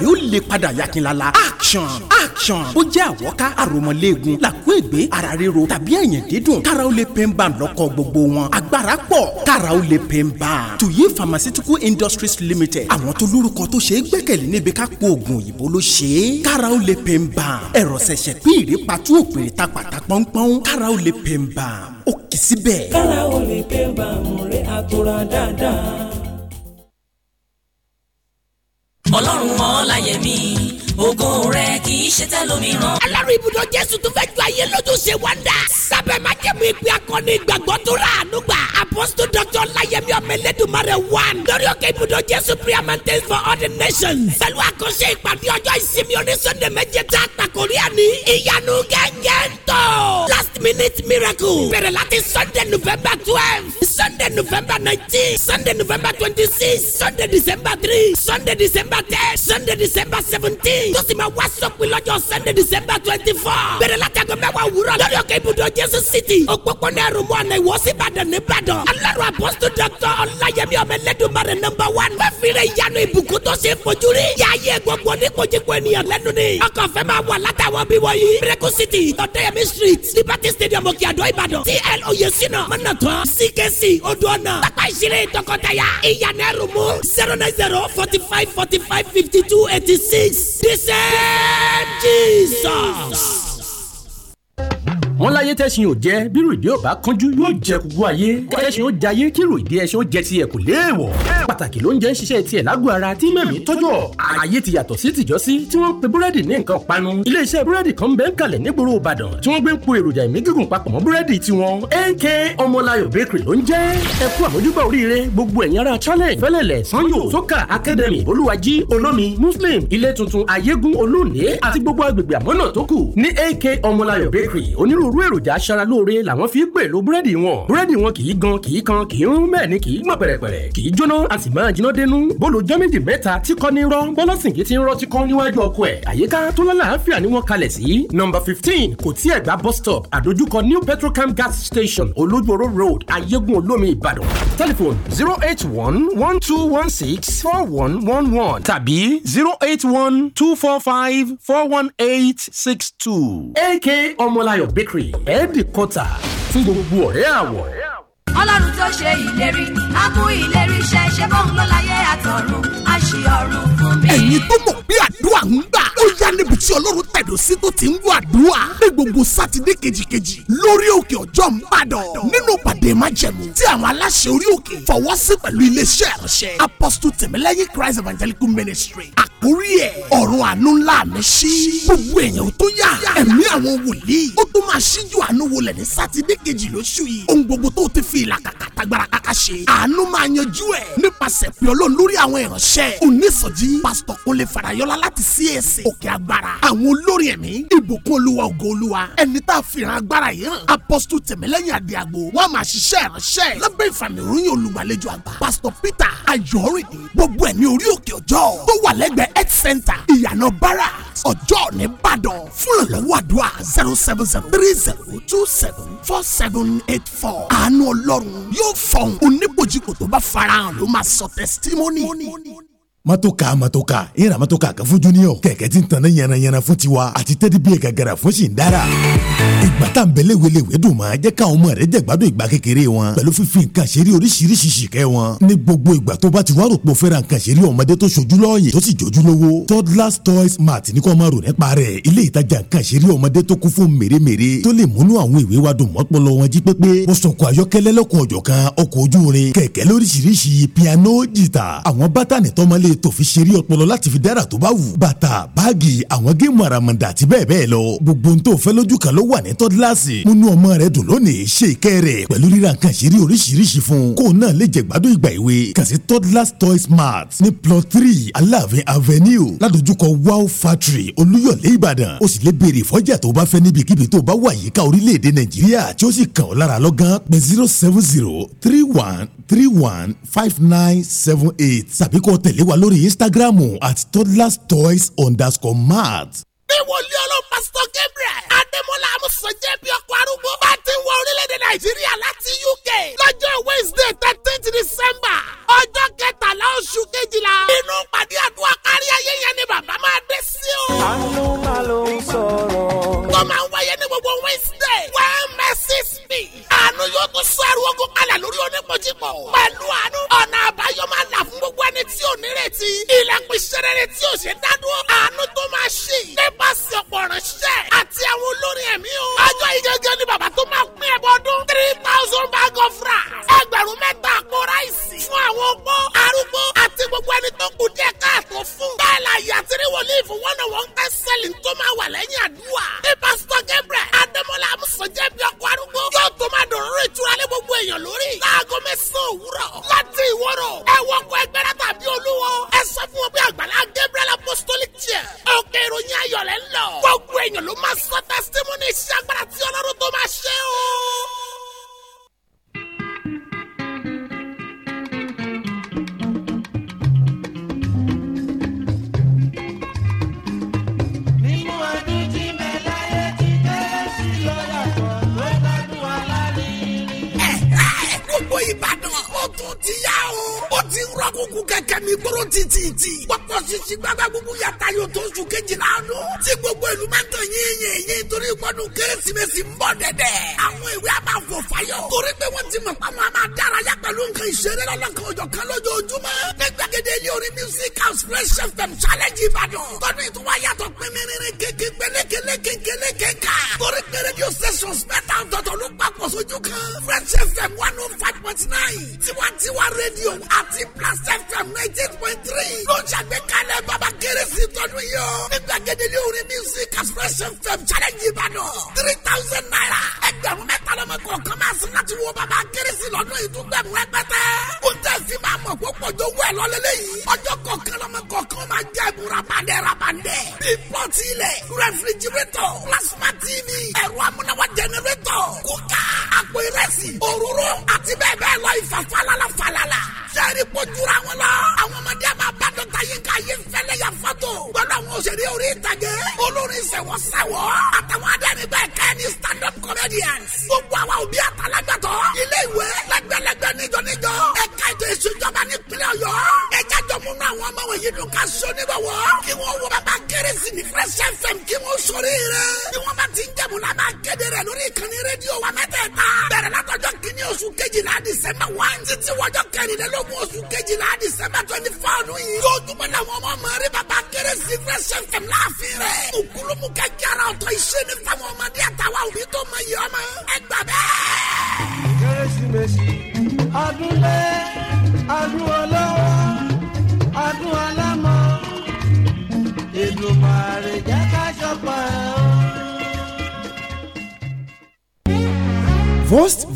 [SPEAKER 6] rẹ ó lè padà yakinlala action action ó jẹ́ àwọ́ká àròmọléegun làkúègbé ara ríro tàbí ẹ̀yìn dídùn kára ó lè pain ban lọ́kọ̀ gbogbo wọn agbára pọ̀ kára ó lè pain ban tuyi pharmaceutical industries limited àwọn tó lórúkọ tó ṣe é gbẹ́kẹ̀lé níbi ká po oògùn òyìnbó ló ṣe é kára ó lè pain ban ẹ̀rọ ṣẹ̀ṣẹ̀ pín ìrèpàtú òpèrè ta pàtà pọ́npọ́n kára ó lè pain ban ó
[SPEAKER 2] kì í síbẹ̀. kára ó lè pain ban mú rẹ̀ àtúrà dáadáa ọlọ́run ọláyẹmí ògo rẹ̀ kì í ṣe tẹlòmíràn. alárò ibùdó jésù tó fẹ́ ju ayé lójú ṣe wọ́ndà. sábẹ́ máa jẹ́ mi ìpè akọni ìgbàgbọ́ tó rà àánú
[SPEAKER 6] gbà. apọ́sítò dọ́tọ̀ láyẹ̀mí ọmọ ẹlẹ́dùnmarè one. lórí òkè ibùdó jésù prayer for all the nations. pẹ̀lú àkọsí ìpàdé ọjọ́ ìsinmi onísọ̀ndẹ̀ méje tá a tàkórí àní. ìyanu gẹ́gẹ́ ń tọ̀. last minute miracle. bẹ̀rẹ̀ láti sunday november twelve sunday november nineteen sunday november twenty six sunday december three sunday december ten sunday december seventeen yìí tó sì máa wá sọ́pin lọ́jọ́ sunday december twenty four bẹ̀rẹ̀ láti aago mẹ́wàá òwúrọ̀ lórí òkè ibùdó jésù city òpópónà ẹrùmọ ọ̀nà ìwọ̀sí ìbàdàn nìbàdàn alárò apọ́sítò dr ọláyẹmí ọmọ ẹlẹ́dùnmarè nọmba one wọ́n fi rẹ̀ ìyanu ìbùkún tó ṣe fojú rí yà á yẹ gbogbo oníkojúkọ ènìyàn lẹ́nu ni ọkọ̀ fẹ́ máa wà látàwọn bí wọ̀nyí miracle city ọ̀dẹ́yẹmí street liberty stadium òkè àdó ìbàdàn tl oyesina mọ́nàtọ́ ckc odò ọ̀nà pápá ìṣeré tọkọtaya ìyànà zero nine zero forty five forty five fifty two eighty six said Jesus. Jesus wọ́n láyé tẹ́sìn ò jẹ́ bírò ìdí ò bá kánjú yóò jẹ gbogbo ayé kẹ́sìn ó jayé kírò ìdí ẹṣin ó jẹ tiẹ̀ kò léèwọ̀ pàtàkì ló ń jẹ́ ń ṣiṣẹ́ tiẹ̀ lágbo ara tí mẹ́mí tọ́jọ́ ayé ti yàtọ̀ sí tìjọ́sí tí wọ́n ń pe búrẹ́dì ní nǹkan panu iléeṣẹ́ búrẹ́dì kan bẹ́ẹ̀ kalẹ̀ nígboro Ìbàdàn tí wọ́n gbé ń po èròjà ìmí gígùn papọ̀ mọ́ búrẹ́dì tiwọn AK Ọmọláyọ̀ bakery ló ń jẹ́ ẹ kú àmójúbà oríire challenge fẹ́lẹ̀lẹ̀ sanyo soka academy olúwají olómi muslim ilé tuntun ayégún olóòní àti gbogbo agbègbè àmọ́nà tó kù ní AK Ọmọláyọ̀ bakery onírú onírúurú èròjà aṣara lóore làwọn fi gbèlò búrẹ́dì wọn búrẹ́dì wọn kì í gan kì í kan kì í rún bẹ́ẹ̀ ni kì í gbọ̀n pẹ̀rẹ̀pẹ̀rẹ̀ kì í jóná a sì máa jiná dénú bólú jọ́ mẹ́ta tí kọ́ ní rọ́ bọ́lọ́sìnkì ti ń rọ́ ti kọ́ níwájú ọkọ ẹ̀ àyíká tó lọ́la àáfíà ni wọ́n kalẹ̀ sí. nọ́mbà fifteen kò tí ẹ̀ gba bus stop àdójúkọ new petrocam gas station olójoro road ayégun olómi ìbàdàn telephone zero eight one one two one six four one one one tàbí zero eight one two four five four one eight six two. ak ọmọláyọ̀ bakery Bakery Ẹ̀ẹ́dì kọ́tà fún gbogbo ọ̀rẹ́ àwọ̀
[SPEAKER 2] ọlọ́run tó ṣe ìlérí á mú ìlérí ṣẹ ṣe bóun ló láyé àtọ̀run á ṣe ọ̀run
[SPEAKER 6] fún mi. ẹ̀yin tó mọ̀ pé àdúrà ń gbà ó yá níbi tí ọlọ́run tẹ̀dọ̀ sí tó ti ń gbọ́ àdúrà ní gbogbo sátidé kejìkejì lórí òkè ọjọ́ ń bàdàn nínú pàdé májẹ̀mú tí àwọn aláṣẹ orí òkè fọwọ́ sí pẹ̀lú iléeṣẹ́ ìránṣẹ́ apostle tẹ̀mẹ́lẹ́yìn christ evangelical ministry àkórí ẹ̀ ọ̀run àánú ńlá mi ṣí gbogbo èèyàn tó yà ẹ̀mí àwọn wòlíì ó tó máa ṣíjú àánú wọlé ní sátidé kejì lóṣù yìí fi ìlàkàkà tagbára kàkà ṣe àánú máa yanjú ẹ̀ nípasẹ̀ pé ọlọ́run lórí àwọn ìránṣẹ́ onísọjí pásítọ̀ kúnlé farayọlá láti CAC òkè agbára àwọn olórí ẹ̀mí ìbùkún olúwa ògo olúwa ẹni tá a fi ìran agbára yìí hàn apọ́sítù tẹ̀mẹ́lẹ́yìn àdìàgbò wọ́n máa ṣiṣẹ́ ìránṣẹ́ lábẹ́ ìfàmì olùgbàlejò àgbà pásítọ̀ Peter ayọ̀rìndì gbogbo ẹ̀ orí òkè ọjọ́ tó wà lẹ́gbẹ̀ẹ́ health center ìyànà bára ọjọ́ nìbàdàn fún ìrànlọ́wọ́ àdúrà zero seven zero three zero two seven four seven eight four àánú ọlọ́ ọlọ́run yóò fọ̀hún oníbòjìkò tó bá farahàn ló máa sọ tẹsítímọ́nì matoka matoka e ra matoka kan fún junior kẹ̀kẹ́ tí ń tanná yànnayànna fún tiwa àti tẹ́tí bíi gàgàrà fún sì ń dára. ìgbà tá n bẹ̀lẹ̀ wele ìwé dùn máa jẹ́ káwọn ọmọ rẹ̀ jẹ̀gbádùn ìgbà kékeré wọn pẹ̀lú fífi nǹkan ṣeré oríṣiríṣi ṣìkẹ́ wọn. ní gbogbo ìgbà tó bá ti wá rò pé nǹkan ṣeré ọmọdé tó ṣojú lọ́ọ̀yìn tó sì jójú lówó toddlers toys mart ní kò máa rò nípa rẹ̀ ilé ìtajà nǹkan ṣeré ọmọdé wa dùn mọ́pọlọ wọn jí pépé ó sọkọ ayọ́kẹ́lẹ́ lọ́kùn ọ̀jọ̀kan ọkọ̀ ojú irin kẹ̀kẹ́ lóríṣiríṣi piano jìtà àwọn bátànì tọ́mọlé lè tò fi ṣeré ọpọlọ láti fi dára tó bá wù. bàtà báàgì àwọn géèmù àràmàǹdà àti bẹ́ẹ̀ bẹ́ẹ̀ lọ. gbogbo n tó fẹ́ lójú kan ló wà ní tọ́dílàsì. múnú ọmọ rẹ dùn lónìí ṣe ìkẹ́ rẹ̀ pẹ̀lú ríra nǹkan ṣeré oríṣiríṣi fún. kó náà lè jẹ gbádùn ìgbà ìwé kàn sí tọ́dílàsì toy smart ní plot three aláàfin avenue ládojúkọ wow factory olúyọ̀lé ìbàdàn. ó sì lè béèrè ìfọ́jà tó bá fẹ́ níbikíbi tó bá wà yíká orílẹ̀-èdè nàìjíríà tí zero seven zero three one three one five nine seven eight tàbí kó tẹ̀lé wa lórí Instagram at Toys toddlerstoys_mart. bí wòlíì ọlọ́run pásítọ̀ Gabriel Adémọ́lá Amúsàn jẹ́ bí ọkọ̀ arúgbó bá ti ń wọ orílẹ̀-èdè Nàìjíríà láti UK lọ́jọ́ Wednesday thirteenth December ọjọ́ kẹtàlá oṣù kejìlá inú pàdé àdúrà kárí ayé yẹn ni bàbá máa dé sí o. àánú
[SPEAKER 2] máa
[SPEAKER 9] ló ń sọ̀rọ̀.
[SPEAKER 2] tó
[SPEAKER 6] máa ń wáyé ní gbogbo Wednesday wẹ́ẹ́ mẹ́sì speech àánú yóò tún sọ ogun kalẹ̀ lórí onípojìpọ̀. pẹ̀lú àánú ọ̀nà àbáyọ máa là fún gbogbo ẹni tí ò nírètí. ìlẹ̀kùn ìṣẹ̀rẹ̀rẹ̀ tí ò ṣe dádúró. àánú tó máa ṣe nípasẹ̀ ọ̀pọ̀ ránṣẹ́ àti àwọn olórin ẹ̀mí o. ọjọ́ ìgẹ́gẹ́ ni bàbá tó máa pín ẹbọ ọdún. three thousand bag of rice. ẹgbẹ̀rún mẹ́ta àpò ráìsì. fún àwọn opó arúgbó àti gbogbo ẹni tó kù díẹ̀ káàtó fún. bẹ́ẹ̀ la yàtìrí wòlíì fún wọ́n ń tẹ́sẹ̀lì tó máa wà lẹ́yìn àdúrà. ní pásítọ̀ Gabriel Adémọ́lá amusanje bí ọkọ̀ arúgbó yóò tó máa dọ̀rọ̀ ìtura lé gbogbo èèyàn lórí. láago mẹ́sàn-án òwúrọ̀ láti ìwọ́rọ̀ ẹ wọ́kọ̀ ẹgbẹ́rẹ́ tàbí olúwo ẹ sọ fún wọn pé àgbàlá Gabriel apostolic chair òkè ìròyìn ayọ̀lẹ̀ ń gbogbo èèyàn ló máa sọ testimony iṣẹ́ agbára tí ọlọ́run tó máa ṣe o. Everybody tún ti yá o. ó ti rọ́kùnkùn kẹ̀kẹ́ mi gbóró títìtì. pọ̀pọ̀ ṣíṣí gbàgbà gbogbo yàtá yóò tó oṣù kejìlá ọdún. tí gbogbo ìlú máa ń tàn yín yín yín torí ìpọ́dún kérésìmesì ń bọ̀ dẹ̀dẹ̀. àwọn ìwé a máa fò fayọ. torí pé wọ́n ti mọ̀ pàmò àmà dárayá pẹ̀lú nǹkan ìṣeré lọ́lọ́kan ọjọ́ kan lójoojúmọ́. gbẹgbẹgẹdẹ ilé orin music house fresh fm challenge ìbàdàn. tọ́dún ìtura yàtọ̀ pínpínrin kéke pélékele kékeré kéka. torí pé radio stations mẹ́ta ọ̀tọ̀ọ̀tọ̀ ló papọ̀ sójú kan. fresh fm one oh five point nine tiwa Tiwa rédíò àti Plus FM ninety point three ló ń ṣàgbékalẹ̀ bàbá kérésì tọdún yìí o. ní gbàgede orin music expression fm challenge Ìbàdàn three thousand naira ẹgbẹ̀rún mẹ́ta lọ́mọ kọ̀ọ̀kan máa sin láti wo bàbá kérésì lọ́dún ìdúgbẹ̀rún rẹpẹtẹ. ó tẹ̀ sí máa mọ̀ púpọ̀ tó wẹ̀ lọ́lẹ́lẹ́ yìí. ọjọ́ kọ̀ọ̀kan lọ́mọ kọ̀ọ̀kan máa jẹ́ ẹ̀bùn rabandẹ̀ rabandẹ̀. bíi pọ́ọ̀tì ilẹ̀ rẹfrigirétọ̀ plasma tv ẹ̀rọ amúnáwá jẹnẹrétọ̀ kúkà àpò ìrẹsì òróró àti bẹ́ẹ̀ ìtàgé olórin sẹ̀wọ̀sẹ̀wọ̀ àtàwọn adẹ́rìn bẹ́ẹ̀ kẹ́ ni stand up comedians gbogbo àwa òbí àtàlágbàtọ́ ilé ìwé lẹ́gbẹ̀lẹ́gbẹ̀ níjọ níjọ ẹ̀ka ètò ìṣèjọba nípínlẹ̀ ọ̀yọ́ ẹ̀já jọ múnú àwọn ọmọ wọ̀nyí dùn ká so níbọ̀wọ̀ kí wọ́n wọ bàbá kérésì ní fresh fm kí wọ́n sọ̀rọ̀ rẹ̀ bí wọ́n bá ti ń jẹ̀mú la máa kéde rẹ̀ lórí ìkànnì rédíò wa mẹ́tẹ̀ẹ̀ta bẹ̀rẹ̀ látọjọ́ kìíní oṣù kejìlá dísẹ́mbà one títí wọjọ́ kẹrìnlélógún oṣù kejìlá dísẹ́mbà twenty four ọdún yìí yóò dúpẹ́ làwọn ọmọ mẹ́rin Fifre sɛn fɛn n'a feere. U kulo mu ka jara o tɔ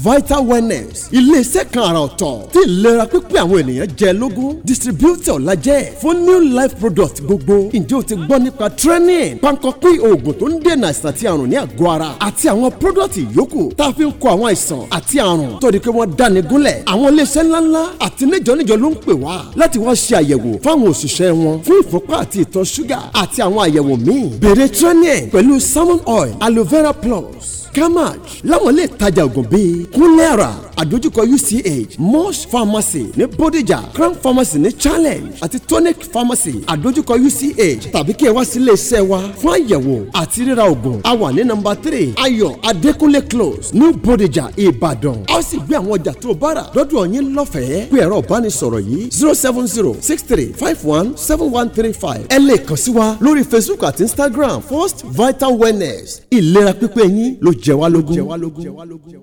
[SPEAKER 6] vital wellness iléeṣẹ́ kan àrà ọ̀tọ̀ tí ìlera pípé àwọn ènìyàn jẹ lógún distributor la jẹ́ fún new life product gbogbo ǹjẹ́ o ti gbọ́ nípa training pankọ́pì oògùn tó ń dènà àìsàn àti àrùn ní àgọ́ ara àti àwọn product yòókù tá a fi ń kọ àwọn àìsàn àti àrùn tó di pé wọ́n dáni gúnlẹ̀ àwọn iléeṣẹ́ ńláńlá àti níjọ́níjọ́ ló ń pè wá láti wá ṣe àyẹ̀wò fáwọn òṣìṣẹ́ wọn fún ìfúnpá àti ìtọ̀ ṣúgà àti àwọn àyẹ̀wò míì bèrè training pẹ̀lú salmon oil aloe vera plus Kamaj láwọn ilé ìtajà ògùn bíi Kúnlẹ́ra àdójúkọ UCH Mosh Pharmacy ní Bódìjà Crown Pharmacy ní Challenge àti Tonic Pharmacy àdójúkọ UCH tàbí kí ẹ wá sí ilé iṣẹ́ wa fún àyẹ̀wò àti ríra ògùn. A wà ní nọ́mbà three Ayọ̀ Adékúnlé Close ní bodija Ìbàdàn. A ó sì gbé àwọn ọjà tó o bá rà lọ́fẹ̀ẹ́ pé ẹ̀rọ ìbánisọ̀rọ̀ yìí zero seven zero six three five one seven one three five. Ẹ lè kàn sí wa lórí Facebook àti Instagram First Vital Wellness ìlera pípé yín ló jẹ wá
[SPEAKER 3] lógún.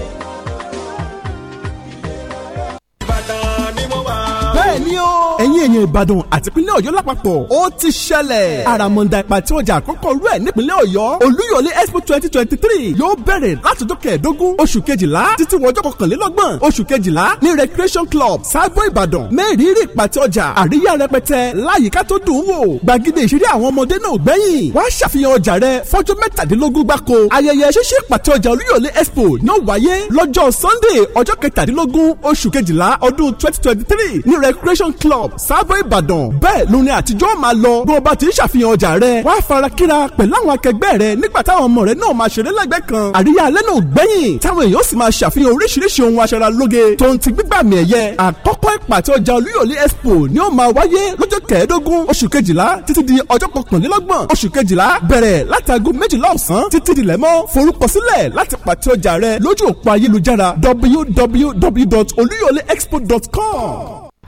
[SPEAKER 6] bẹ́ẹ̀
[SPEAKER 3] ẹ̀yin èèyàn ìbàdàn àti ìpínlẹ̀ ọ̀yọ́ lápapọ̀ ó ti ṣẹlẹ̀ àràmọ̀ǹdà ìpàtí ọjà àkọ́kọ́ rú ẹ̀ nípínlẹ̀ ọ̀yọ́ olúyọ̀lé expo twenty twenty three yóò bẹ̀rẹ̀ látọjọ́ kẹẹ̀ẹ́dógún oṣù kejìlá títí wọjọ́ kọkànlélọ́gbọ̀n oṣù kejìlá ní recreation club cyber ìbàdàn mẹ́rìírí ìpàtí ọjà àríyá rẹpẹtẹ láyìíká tó dùn wò gbàgede ìṣeré àwọn ọmọdé náà gbẹ̀yìn wá ṣàfihàn ọjà rẹ fọ́jọ́ mẹ́tàdínlógún gbáko ayẹyẹ ṣíṣe ìpàtí ọjà olúyọ̀lé expo yóò wáyé lọ́jọ́ sunday ọjọ́ kẹtàdínlógún oṣù kejìlá ọdún twenty twenty three ní recreation club shop sábò ìbàdàn bẹ́ẹ̀ lóni àtijọ́ máa lọ bí wọ́n bá ti ń ṣàfihàn ọjà rẹ̀ wá fara kíra pẹ̀lú àwọn akẹgbẹ́ rẹ̀ nígbà táwọn ọmọ rẹ̀ náà máa ṣeré lẹ́gbẹ̀ẹ́ kan àríyá alẹ́ náà gbẹ̀yìn táwọn èèyàn sì máa ṣàfihàn oríṣiríṣi ohun aṣara lóge tó ń ti gbígbà mí ẹ̀yẹ àkọ́kọ́ ìpàtẹ ọjà olúyọ̀lé expo ni ó máa wáyé lọ́jọ́ kẹẹ̀ẹ́dógún oṣù kejìlá títí di ọjọ́ kọkànlélọ́gbọ̀n oṣù kejìlá bẹ̀rẹ̀ látago méjìlá ọ̀sán títí dilẹ̀ mọ́ forúkọsílẹ̀ láti pàtẹ ọjà rẹ lójú òpó ayélujára
[SPEAKER 5] www.oluyọleexpo.com.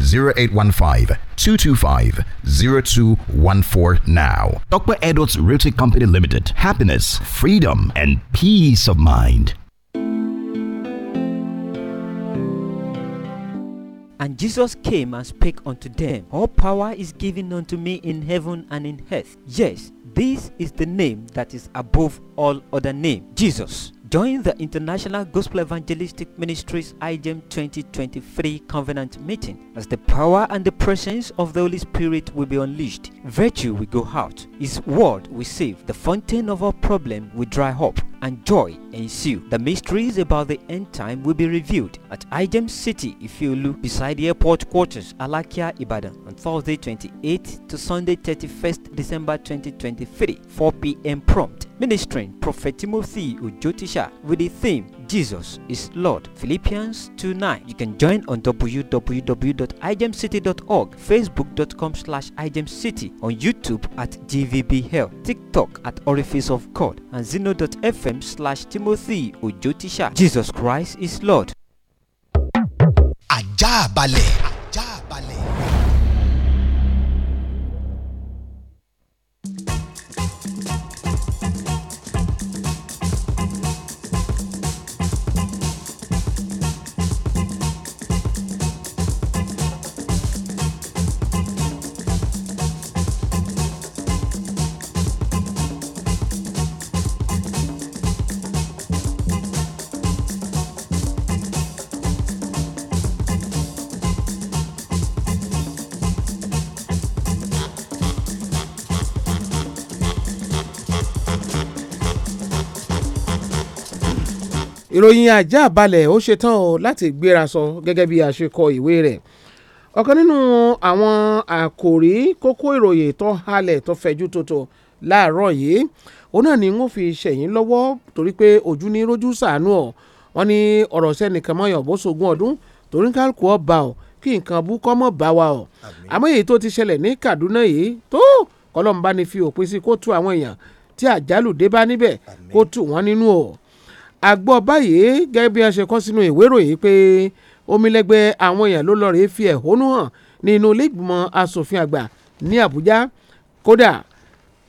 [SPEAKER 5] 0815 225 0214 now. Dr. Edwards Realty Company Limited. Happiness, freedom, and peace of mind.
[SPEAKER 10] And Jesus came and spake unto them, All power is given unto me in heaven and in earth. Yes, this is the name that is above all other name, Jesus. Join the International Gospel Evangelistic Ministries IGEM 2023 Covenant Meeting as the power and the presence of the Holy Spirit will be unleashed. Virtue will go out, His word will save, the fountain of our problem will dry up, and joy ensue. The mysteries about the end time will be revealed at Idem City, look beside the airport quarters, Alakia, Ibadan, on Thursday 28th to Sunday 31st December 2023, 4 p.m. prompt. Ministering Prophet Timothy Ujotisha with the theme Jesus is Lord. Philippians 2 9. You can join on www.igemcity.org, facebook.com slash igemcity, on YouTube at GVB Health, TikTok at Orifice of God, and zeno.fm slash Timothy Timothy Ojo Tíṣà Jesus Christ is Lord. Àjààbalẹ̀.
[SPEAKER 8] ìròyìn ajá balẹ̀ ó ṣe tán o láti gbéra sọ gẹ́gẹ́ bí a ṣe kọ ìwé rẹ̀ ọ̀kan nínú àwọn àkòrí kókó ìròyìn tó halẹ̀ tó fẹ̀jú tótó láàárọ̀ yìí òun náà ni wọ́n fi ṣẹ̀yìn lọ́wọ́ torí pé ojú ní rojú sàánú ọ̀ wọ́n ní ọ̀rọ̀ sẹ́nìkan mọ́yàn bó sogún ọdún torí kálukú ọba ọ̀ kí nǹkan bú kọ́ mọ́ bá wa ọ̀ àmọ́ èyí tó ti ṣẹlẹ̀ ní Kaduna yìí tó kọlọ́mbá ni fi òpin sí kó tú àwọn èèyàn tí àjálù dé bá níbẹ̀ kó tú wọn nínú ọ̀ a gbọ́ báyìí gẹ́gẹ́ bí a ṣe kọ sínú ìwé ìròyìn pé omilẹ́gbẹ́ àwọn èèyàn ló lọ́ọ́ rèé fi ẹ̀hónú hàn nínú ilé ìgbìmọ̀ asòfin àgbà ní Àbújá kódà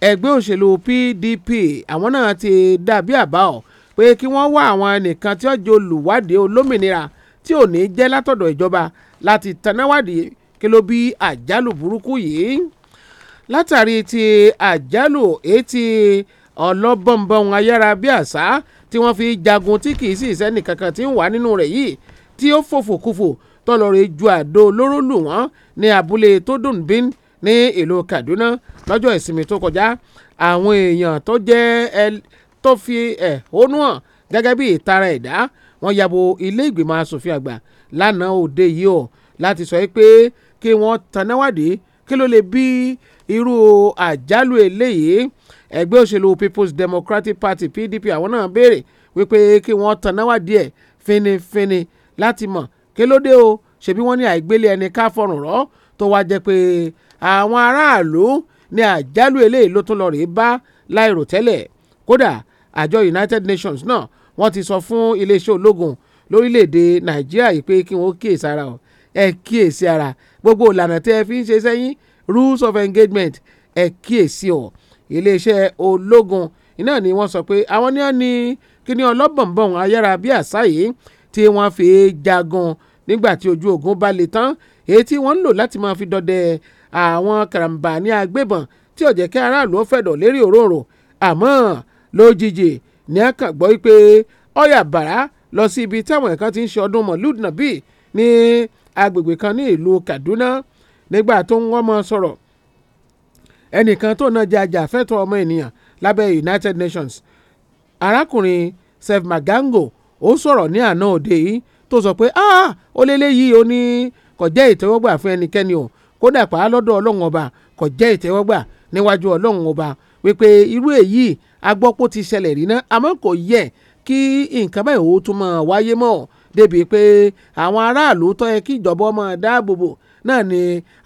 [SPEAKER 8] ẹgbẹ́ òṣèlú PDP àwọn náà ti dàbí àbá ọ̀ pé kí wọ́n wá àwọn ẹnìkan tí ó jẹ́ olùwádìí olómìnira tí ò ní jẹ́ látọ̀dọ̀ ìjọba láti tanáwádìí kí ló bí àjálù burúkú yìí látàrí ti àjálù èyí tí ọlọ́bọ̀nbọ̀n ayára bíi àṣá tí wọ́n fi jagun tí kì í sì sẹ́nì kankan tí ń wà nínú rẹ̀ yìí tí ó fòfòkúfò tọ́lọ́rẹ́ ju àdó olóró lù wọ́n ní abúlé Todunbin ní ìlú Kaduna lọ́jọ́ ìsinmi tó kọjá àwọn èèyàn tó jẹ́ ẹ tó fi ẹ̀hónú hàn gẹ́gẹ́ bí ìtara ẹ̀dá wọ́n yabo ilé ìgbìmọ̀ asòfin àgbà lánàá òde yìí ọ̀ láti sọ pé kí wọ́n tanáwádìí kí ló lè bí irú àjálù eléyìí ẹgbẹ́ òṣèlú People's Democratic Party PDP àwọn náà béèrè wípé kí wọ́n tanáwá díẹ̀ finifini láti mọ̀ kí ló dé o ṣebí wọ́n ní àìgbélé ẹni ká fọrùn rọ́ tó wá jẹ́ pé àwọn aráàlú ní àjálù eléyìí ló tún lọ rèé bá láìrò tẹ́lẹ̀ kódà àjọ United Nations náà wọ́n ti sọ fún iléeṣẹ́ ológun lórílẹ̀‐èdè Nàìjíríà yìí pé kí wọ́n kíyèsára ẹ̀ kíyèsára gbogbo ìlànà tẹ́ ẹ fi ń ṣe sẹ́yìn rules of engagement ẹ kíyèsí o iléeṣẹ́ ológun iná ni wọ́n sọ pé àwọn ní wọ́n ní kíní ọlọ́bọ̀nbọ̀n ayára bíi àṣà yìí tí wọ́n fi jagun nígbà tí ojú ogun bá le tán èyí tí wọ́n ń lò láti máa fi dọdẹ àwọn karambà ní agbébọn tí ó jẹ́ kí aráàlú ó fẹ̀dọ̀ lérí òróǹro àmọ́ lójijì ní ẹ̀kan gbọ́ pé ọ̀yà bàrá lọ sí ibi táwọn ẹ̀kan ti ń ṣe ọdún mọ̀lúùdì nàbí ní agbègbè kan ní ìlú Kaduna nígbà tó ń wọ́n mọ́ sọ̀rọ̀ ẹnìkan tó náà jẹ́ ajàfẹ́tọ̀ọ́ ọmọ ènìyàn lábẹ́ United Nations arákùnrin Sef Magango ó sọ̀rọ̀ ní àná òde yìí tó sọ pé ah ó lélẹ́ yìí ó ní kò jẹ́ ìtẹ́wọ́gbà fún ẹnikẹ́ni o kódà pa á lọ́dọ̀ ọlọ́run ọba kò jẹ́ ìtẹ́wọ́gbà níwájú ọlọ́run ọba wípé irú èyí agbọ́pọ̀ ti ṣẹlẹ̀ rí náà àmọ́ kò yẹ kí nǹkan báyìí ó tún máa wáyé mọ́ débi pé àwọn aráàlú tó yẹ kí ìjọba ọmọ dáàbò bò náà ni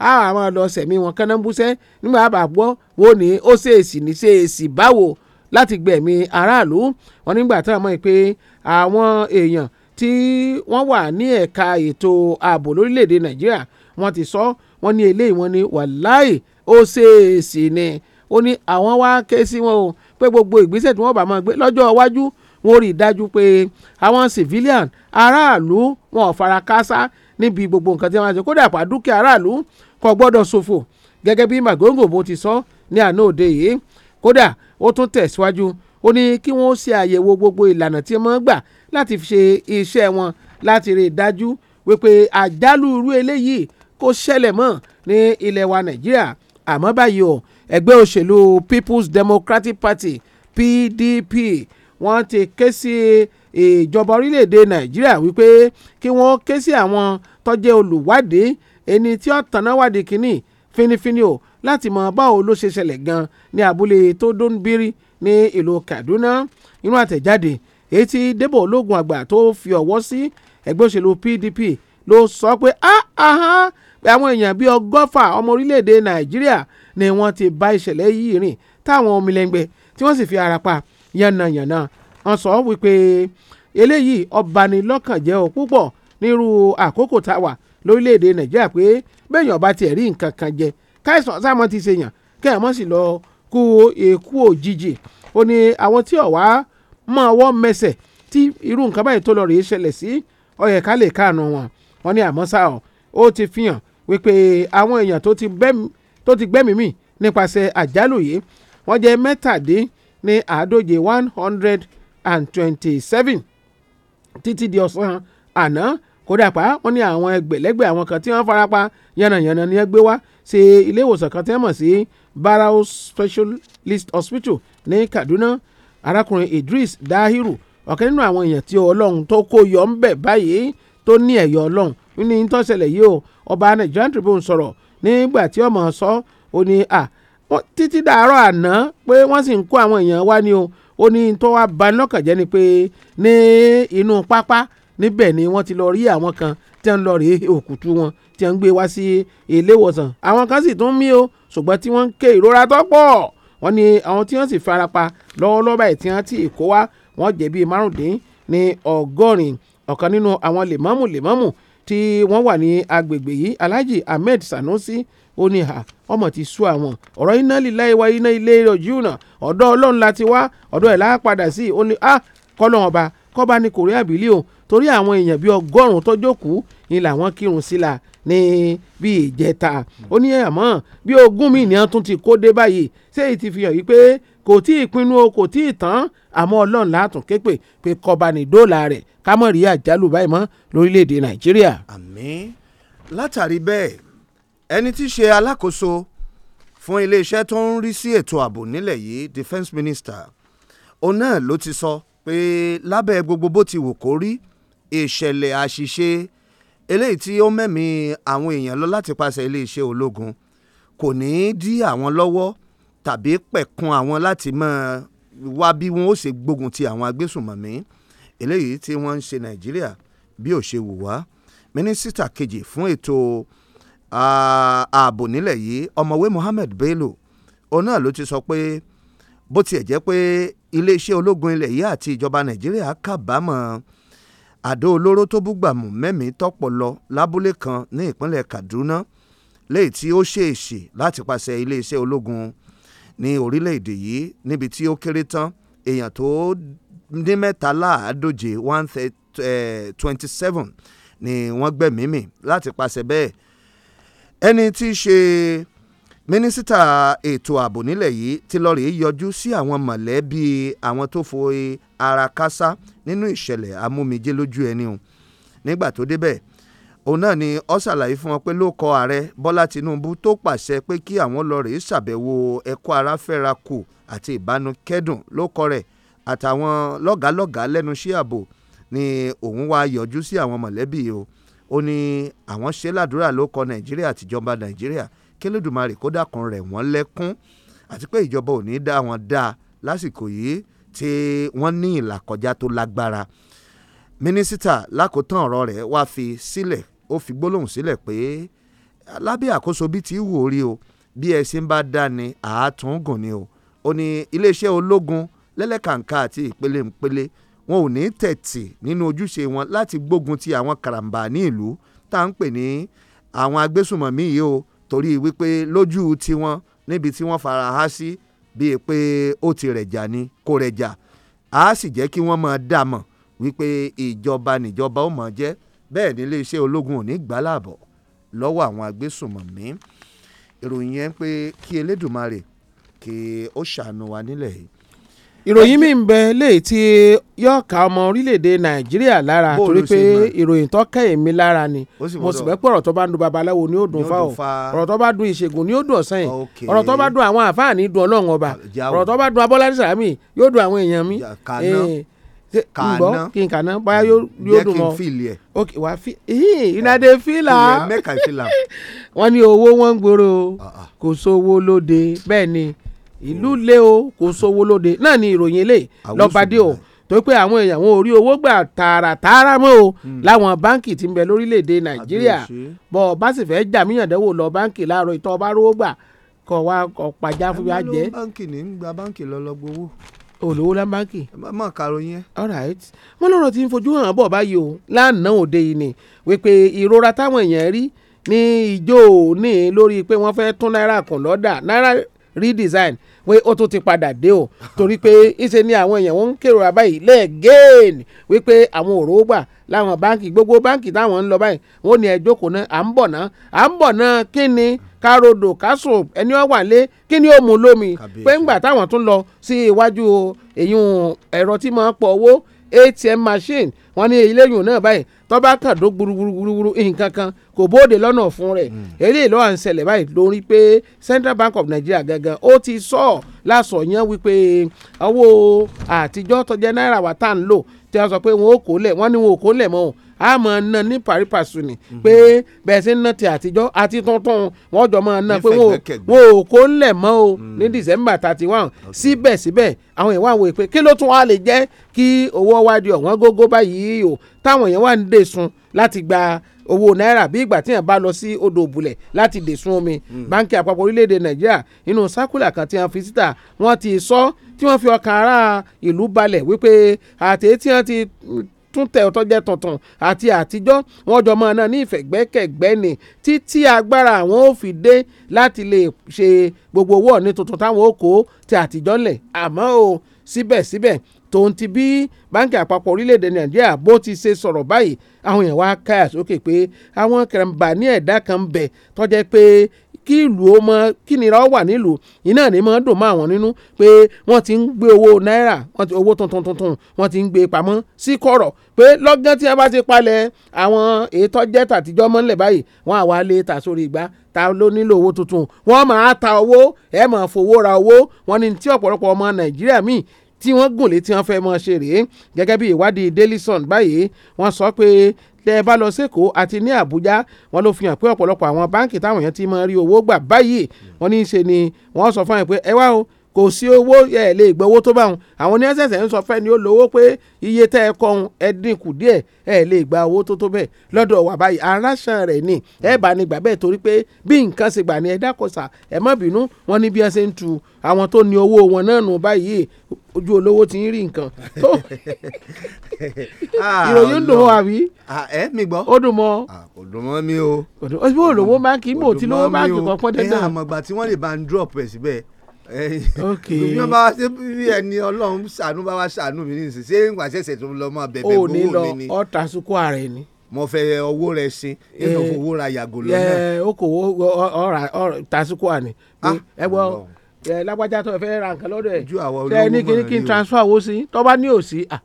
[SPEAKER 8] àwọn àwọn lọ sẹ̀mí wọn kánná ń búṣẹ́ nígbà bá gbọ́ wo ni ó ṣèèsì ní ṣèèsì báwo láti gbẹ̀mí aráàlú wọn nígbà tí wọ́n mọ̀ pé àwọn èèyàn tí wọ́n wà ní ẹ̀ka ètò ààbò lórílẹ̀‐èdè nàìjíríà wọ́n ti sọ wọ́n ní eléyìí wọ́n ní wàláì ó ṣèèsì ni ó ní àwọn wá ké sí wọn o pé gbogbo ìgbésẹ̀ tí wọ́n bá máa gbé lọ́jọ́ iwájú wọ́n rí i dájú pé àwọn civilian aráàlú wọn ò fara káásá níbi gbogbo nǹkan tí wọ́n ṣe kódà pa dúkìá aráàlú kò gbọ́dọ̀ ṣòfò gẹ́gẹ́ bí Magongo bó ti sọ ní àná òde yìí kódà ó tún tẹ̀síwájú ó ní kí wọ́n ṣe àyẹ̀wò gbogbo ìlànà tí wọ́n gbà láti ṣe iṣẹ́ wọn láti rí i dájú wípé àjálù irú eléyìí kò ṣẹlẹ̀ mọ́ ní ilẹ̀ wa Nàìjíríà àmọ́ báyìí ẹgbẹ́ òṣèlú People's Democratic Party PDP wọ́n ti ké sí ìjọba orílẹ̀-èdè nàìjíríà wípé kí wọ́n ké sí àwọn tó jẹ́ olùwádìí ẹni tí ó tanná wádìí kínní finifini o láti mọ báwo ló ṣe ṣẹlẹ̀ gan ní abúlé tó dóńbírí ní ìlú kaduna inú àtẹ̀jáde èyí tí débò ológun àgbà tó fi ọwọ́ sí ẹgbẹ́ òṣèlú pdp ló sọ pé pé àwọn èèyàn bíi ọgọ́fà ọmọ orílẹ̀-èdè nàìjíríà ni wọ́n ti bá ìṣẹ̀lẹ̀ yìí rìn táwọn omilẹ́ngbẹ tí wọ́n sì fi ara pa yànnàyànnà wọ́n sọ wípé eléyìí ọbanilọ́kànjẹ́ ò púpọ̀ nírú àkókò tá a wà lórílẹ̀‐èdè nàìjíríà pé bẹ́ẹ̀yàn bá tiẹ̀ rí nǹkan kan jẹ káìsàn sáàmọ́ ti ṣèyàn kẹ́ẹ̀ mọ́ sí lọ kú ikú òjijì ó ní àwọn tí ọ̀wá mọ̀ ọwọ́ mẹsẹ̀ tí irú nǹkan báyìí tó lọ rèé ṣẹlẹ̀ sí ọyẹ̀ ká lè káànú wọn wọn ní àmọ́ ṣá o ó ti fi hàn wípé àwọn èèyàn tó ti gbẹ́mìí mì nípasẹ̀ àjálù yìí wọ́n jẹ́ mẹ́tàdínlẹ́ ní àádóje one hundred and twenty-seven títí di ọ̀sán àná kódà pa wọ́n ní àwọn ẹgbẹ̀lẹ́gbẹ̀ àwọn kan tí wọ́n farapa yànnàyànnà ni ẹ gbé wá sí ilé ìwòsàn kan tí wọ́n mọ̀ sí Barrow Specialist Hospital ní Kaduna arákùnrin Idris Dahiru ọ̀kan nínú àwọn èèyàn tí Ọlọ́run tó kó yọ ń bẹ̀ báyìí tó ní ẹ̀yọ́ Ọlọ́run ní tó ṣẹlẹ̀ yìí o ọba Nigerian Tribune sọ̀rọ̀ nígbà tí ọmọ sọ ó ní à títí dàárọ̀ àná pé wọ́n sì ń kó àwọn èèyàn wá ni o ó ní tó wá bani lọ́kàn jẹ́ ni pé ní inú pápá níbẹ̀ ni wọ́n ti lọ rí àwọn kan tí wọ́n lọ rí òkùtù wọn tí wọ́n gbé wá sí ilé ìwòsàn àwọn kan sì tún mí o ṣùgbọ́n tí wọ́n ń ké ìrora tó pọ̀ wọ́n ní àwọn tí wọ́n sì farapa lọ́wọ́lọ́wọ́ báyìí tí wọ́n ti kó wá wọ́n jẹ́ bíi márùndín ní ọgọ́rin ọ̀kan nínú àwọn lèmọ́mù lèmọ́mù tí wọ́n wà ní agbègbè yìí Alhaji Ahmed Sanusi ó ní ha ọmọ ti sú àwọn ọ̀rọ̀ iná lílá ìwà iná ilé ìrọ̀jú náà ọ̀dọ̀ ọlọ́run la ti wá ọ̀dọ̀ ẹ̀ láà padà sí ó ní ah kọ́lọ́n ọba kọ́ba ni kòrí àbílí o torí àwọn èèyàn bíi ọgọ́rùn-ún tọ́jọ́ kú ni làwọn kírun sí la ní bíi ìjẹta ó ní àmọ́ bí ogún mi ni wọ́n tún ti kó dé báyìí ṣé èyí ti fi hàn yìí pé kò tí ì pinnu o kò tí ì tán àmọ́ ọlọ́run látún képè pé kọ́ba ní dóòlà rẹ̀ kámọ́ rí àjálù báyìí mọ́ lórílẹ̀‐èdè nàìjíríà.
[SPEAKER 7] àmín látàrí bẹ́ẹ̀ ẹni tí í ṣe alákòóso fún iléeṣẹ́ tó ń rí sí ètò ààbò nílẹ̀ yìí defence minister òun náà ló ti sọ pé lábẹ́ gbogbo bó ti wù kó rí ìṣẹ̀lẹ̀ àṣìṣe eléyìí tí ó mẹ́mí àwọn èèyàn lọ láti pàṣẹ iléeṣẹ́ ológun kò ní í dí àwọn lọ́wọ́ tàbí pẹ̀kun àwọn láti máa wá bí wọn ó ṣe gbógun ti àwọn agbésùnmọ̀mí eléyìí tí wọ́n ń ṣe Nàìjíríà bí ò ṣe wù wá mínísítà kejì fún ètò ààbò nílẹ̀ yìí ọ̀mọ̀wé Mohammed Bello òun náà ló ti sọ pé bó tiẹ̀ jẹ́ pé iléeṣẹ́ ológun ilẹ̀ yìí àti ìjọba Nàìjíríà kábàámọ̀ àdó olóró tó búgbàmù mẹ́mìí tọ́pọ̀ lọ lábúlé kan ní ìpínlẹ̀ Kaduna léyìí tí ó ṣèèṣì láti pàṣẹ iléeṣẹ́ ológun ní orílẹ̀-èdè yìí níbi tí ó kéré tán èèyàn tó dín mẹ́ta láàádóje one eh, twenty seven ni wọ́n gbẹ̀mí mì láti pàṣẹ bẹ́ẹ̀ ẹni tí í ṣe mínísítà ètò ààbò nílẹ̀ yìí ti lọ rèé yọjú sí àwọn mọ̀lẹ́bí àwọn tó fo ara kásá nínú ìṣẹ̀lẹ̀ amúmijé lójú ẹni o nígbà tó débẹ̀ òun náà ni ó ṣàlàyé fún wọn pé ló kọ ààrẹ bọ́lá tinubu tó pàṣẹ pé kí àwọn lọ ṣàbẹ̀wò ẹ̀kọ́ ara fẹ́ra kù àti ìbánukẹ́dùn ló kọ rẹ̀ àtàwọn lọ́gàálọ́gàá lẹ́nu sí ààbò ni òun wá yọjú sí àwọn mọ̀lẹ́bí o ó ní àwọn ṣe ládùúrà ló kọ nàìjíríà àtijọba nàìjíríà kélédùmarè kó dákun rẹ̀ wọ́n lẹ́kún àti pé ìjọba ò ní dá wọn dá lásìkò yìí tí wọ́n ní ìlàkọjá tó lágbára mínísítà lákòótán ọ̀rọ̀ rẹ̀ wá fi sílẹ̀ ó fi gbólóhùn sílẹ̀ pé lábẹ́ àkóso bíi ti wò rí o bí ẹṣin bá dá ni àátún gùn ni o ó ní iléeṣẹ́ ológun lẹ́lẹ́kàǹkà àti ìpele ìpele wọn ò ní tẹ̀tì nínú ojúṣe wọn láti gbógun ti àwọn karambà ní ìlú tá à ń pè ní àwọn agbésùmọ̀mí yìí o torí wípé lójú tiwọn níbi tí wọ́n fara há sí bíi pé ó ti rẹ̀jà ni kò rẹ̀jà á sì jẹ́ kí wọ́n máa dà mọ̀ wípé ìjọba níjọba ó mọ̀ jẹ́ bẹ́ẹ̀ ni iléeṣẹ́ ológun ò ní gbàláàbọ̀ lọ́wọ́ àwọn agbésùmọ̀mí ìròyìn yẹn pé kí Elédùmarè kí ó ṣàánú wa nílẹ̀ yìí ìròyìn mi ń bẹ léyìí
[SPEAKER 8] tí yóò ká ọmọ orílẹ̀-èdè nàìjíríà lára torí pé ìròyìn tó kẹ́ èmi lára ni mo sì bẹ́ pé ọ̀rọ̀ tó bá ń dùn babaláwo ni ó dùn fa o ọ̀rọ̀ tó bá dùn ìṣègùn ni ó dùn ọ̀sán yìí ọ̀rọ̀ tó bá dùn àwọn àfáà ni dùn ọlọ́run ọba ah, ọ̀rọ̀ tó bá dùn abọ́ládé sàmì yóò dùn àwọn èèyàn mi ǹbọ eh, kí n kàná báyà yóò dùn mọ́ ok wà á fi ìnàdé fìlà wọ́n ní owó wọn ń gbòòrò ah, ah. kò sówó lóde bẹ́ẹ̀ ni ìlú lé o kò sówó lóde náà ni ìròyìn eléyìí lọ́pàdé o tó pé àwọn èèyàn wọn ò rí owó gbà tààràtààrà mọ́ o hmm. láwọn báǹkì tí ń bẹ lórílẹ̀‐èdè nàìjíríà bọ́ ọ bá sì fẹ́ jàmíyàndẹ́wò lọ báǹkì láàárọ̀ ìtọ́ ọba rówó gbà kọ̀ wá kọ̀ pàjá fún wa jẹ́.
[SPEAKER 7] báǹkì ní gba báǹkì lọ lọ gbowó. olówó lá báǹkì.
[SPEAKER 8] má kàròyìn ẹ. alright wọn lọ́rọ̀ tí ń fojú hàn bọ̀ báyìí o lánàá òde yìí ni wípé ìrora táwọn èèyàn rí ní ìjó òní lórí pé wọ́n fẹ́ tún náírà kàn lọ́dà náírà redesign wí ó tún ti padà dé o torí pé ìṣe ni àwọn èèyàn wọn ń kérora báyìí lẹ́ẹ̀gẹ́ẹ̀n wípé àwọn òró gbà láwọn báǹkì gbogbo báǹkì táwọn ń lọ báyìí wọn ò ní ẹjọ́ kò náà à ń bọ̀ náà à ń bọ̀ náà kí ni károdò kásùn ẹni wọn wà lé kí ni ó mú lómi pé ńgbà táwọn tún lọ sí iwájú èyí ẹ̀rọ tí máa ń pọ̀ owó ATM machine wọn ní eléyìí náà báyìí tọ́ba kàn dó gburugburu nǹkan kan kò bóde lọ́nà fún rẹ̀ hmm. eléyìí ló wà ń ṣẹlẹ̀ báyìí lórí pé Central Bank of Nigeria gangan ó ti sọ ọ́ lásọ̀ yẹn wípé owó àtijọ́ tó jẹ́ náírà wa tá à ń lò tí wọ́n sọ pé wọn ò kó lẹ̀ wọ́n ní wọn ò kó lẹ̀ mọ́ a máa ná ní pàrípàṣù ni mhm. pé bẹ́ẹ̀ sí ná ti àtijọ́ àti tuntun wọ́n jọ máa ná pé wọn ò kó ńlẹ̀ mọ́ o mhm. ní december thirty one síbẹ̀síbẹ̀ àwọn èèyàn wà wò pé kí ló tún wá lè jẹ́ kí owó wá di ọ̀wọ́n gógó báyìí o táwọn èèyàn wà ń dé sun láti gba owó náírà bí ìgbà tí yẹn bá lọ sí odò òbúlẹ̀ láti dèsùn omi mm. báńkì àpapọ̀ orílẹ̀-èdè nàìjíríà nínú sákúlà kan tí wọ́n fi síta wọ́n ti sọ tí wọ́n fi ọkàn ara ìlú balẹ̀ wípé àtẹ̀tí wọ́n ti tún tẹ̀ ọ̀tọ́ jẹ́ tuntun àti àtijọ́ wọn jọ máa náà ní ìfẹ̀gbẹ́kẹ̀gbẹ́ ni títí agbára àwọn ò fi dé láti lè ṣe gbogbo owó ọ̀ní tuntun táwọn ò kó ti àtijọ́ lẹ̀ àmọ́ o síbẹ̀síbẹ̀ tòun ti bí báńkì àpapọ̀ orílẹ̀-èdè nàìjíríà bó ti ṣe sọ̀rọ̀ báyìí àwọn èèyàn wá káyà sókè pé àwọn kẹrànbà ní ẹ̀dá kan ń bẹ tó pé kí ìlú ó mọ kí nira ó wà nílùú iná ní mọ́ dùn mọ́ àwọn nínú pé wọ́n ti ń gbé owó náírà owó tuntun tuntun wọ́n ti ń gbé pamọ́ sí kọ̀rọ̀ pé lọ́gán tí wọ́n bá ti palẹ̀ àwọn ètò jẹ́ tàtijọ́ mọ́lẹ̀ báyìí wọ́n àwa lè tà sórí ìgbà ta ló nílò owó tuntun wọ́n máa ta owó ẹ̀ máa fowó ra owó wọ́n ní tí ọ̀pọ̀lọpọ̀ ọmọ Nàìjíríà míì tí wọ́n gùn létí wọ́n fẹ́ mọ́ ṣe rèé gẹ́gẹ́ bí ìwádìí Daily Sun báyìí wọ́n sọ pé tẹ́ ẹ bá lọ sékòó àti ní àbújá wọn ló fi hàn pé ọ̀pọ̀lọpọ̀ àwọn báǹkì táwọn èèyàn ti máa rí owó gbà báyìí wọn ní í ṣe ni wọ́n sọ fún yín pé ẹ wá o kò sí owó ẹ̀ lè gbọ́ owó tó bá wọn àwọn ní ẹ̀sẹ̀sẹ̀ ń sọ fẹ́ ni ó lówó pé iye tẹ́ ẹ kọ́hun ẹ dínkù díẹ̀ ẹ lè gba owó tó tó bẹ́ẹ̀ lọ́dọ̀ wà báyìí aráṣàn rẹ̀ ni ẹ bá ní gbà bẹ́ẹ̀ torí pé bí nǹkan ṣe gbà ní ẹ dákọ̀sà ẹ má bínú wọn ní bí ẹ ṣe ń tu àwọn tó ní owó wọn náà nù báyìí ojú olówó ti ń rí nǹkan tó ah, ìròyìn ń dùn mọ́ àbí. Ah, ẹ mi gbọ́. ó dùn mọ́.
[SPEAKER 7] kò dùn mọ́ mi o. ó sì bó olówó
[SPEAKER 8] báńkì ìmọ̀ òtí lówó báńkì kan pọ́n dandan. ẹ àmọ̀gbà
[SPEAKER 7] tí wọ́n lè bá ń drop ẹ̀ síbẹ̀ ok bí wọ́n bá wá ṣe bí ẹni ọlọ́run ṣàánú bá wá ṣàánú mi ní ṣé ìwà ṣẹ̀ṣẹ̀ tó lọ́ mọ́ bẹ̀bẹ̀ gbowó mi ni. o ní lọ ọ̀tà sunkú ara ẹ̀ ni mo fẹ́ owó rẹ
[SPEAKER 8] ṣe nínú eh, owó ra yàgò lọ́nà. ẹ eh, o kò wo ọ̀rà tasuku ẹ gbọ́ eh, lágbájá tó fẹ́ ra nǹkan lọ́dọ̀ ẹ̀. ju àwa olówó mọ̀ ni kí n transfer owó sí tó bá ní òsì ah,